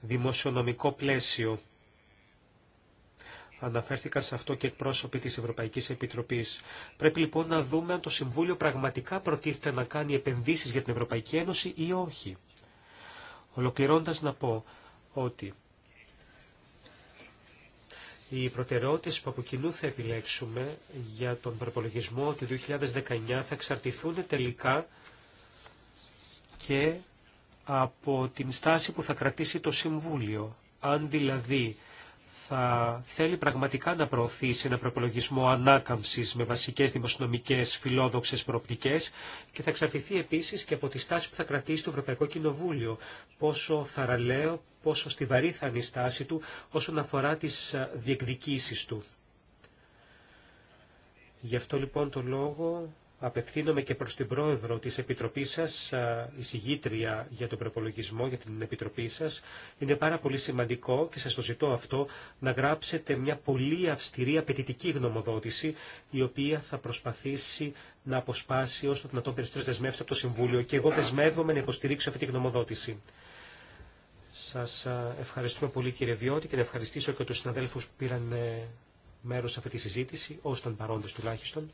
δημοσιονομικό πλαίσιο. Αναφέρθηκαν σε αυτό και εκπρόσωποι της Ευρωπαϊκής Επιτροπής. Πρέπει λοιπόν να δούμε αν το Συμβούλιο πραγματικά προτίθεται να κάνει επενδύσεις για την Ευρωπαϊκή Ένωση ή όχι. Ολοκληρώνοντας να πω ότι οι προτεραιότητες που από κοινού θα επιλέξουμε για τον προπολογισμό του 2019 θα εξαρτηθούν τελικά και από την στάση που θα κρατήσει το Συμβούλιο. Αν δηλαδή θα θέλει πραγματικά να προωθήσει ένα προπολογισμό ανάκαμψης με βασικές δημοσιονομικές φιλόδοξες προοπτικές και θα εξαρτηθεί επίσης και από τη στάση που θα κρατήσει το Ευρωπαϊκό Κοινοβούλιο, πόσο θαραλέο, πόσο στιβαρή θα είναι η στάση του όσον αφορά τις διεκδικήσεις του. Γι' αυτό λοιπόν το λόγο Απευθύνομαι και προς την πρόεδρο της Επιτροπής σας, η συγγήτρια για τον προπολογισμό, για την Επιτροπή σας. Είναι πάρα πολύ σημαντικό και σας το ζητώ αυτό να γράψετε μια πολύ αυστηρή απαιτητική γνωμοδότηση η οποία θα προσπαθήσει να αποσπάσει όσο το δυνατόν περισσότερες δεσμεύσεις από το Συμβούλιο και εγώ δεσμεύομαι να υποστηρίξω αυτή τη γνωμοδότηση. Σας ευχαριστούμε πολύ κύριε Βιώτη και να ευχαριστήσω και τους συναδέλφους που πήραν ε, μέρος σε αυτή τη συζήτηση, ως τον παρόντες τουλάχιστον.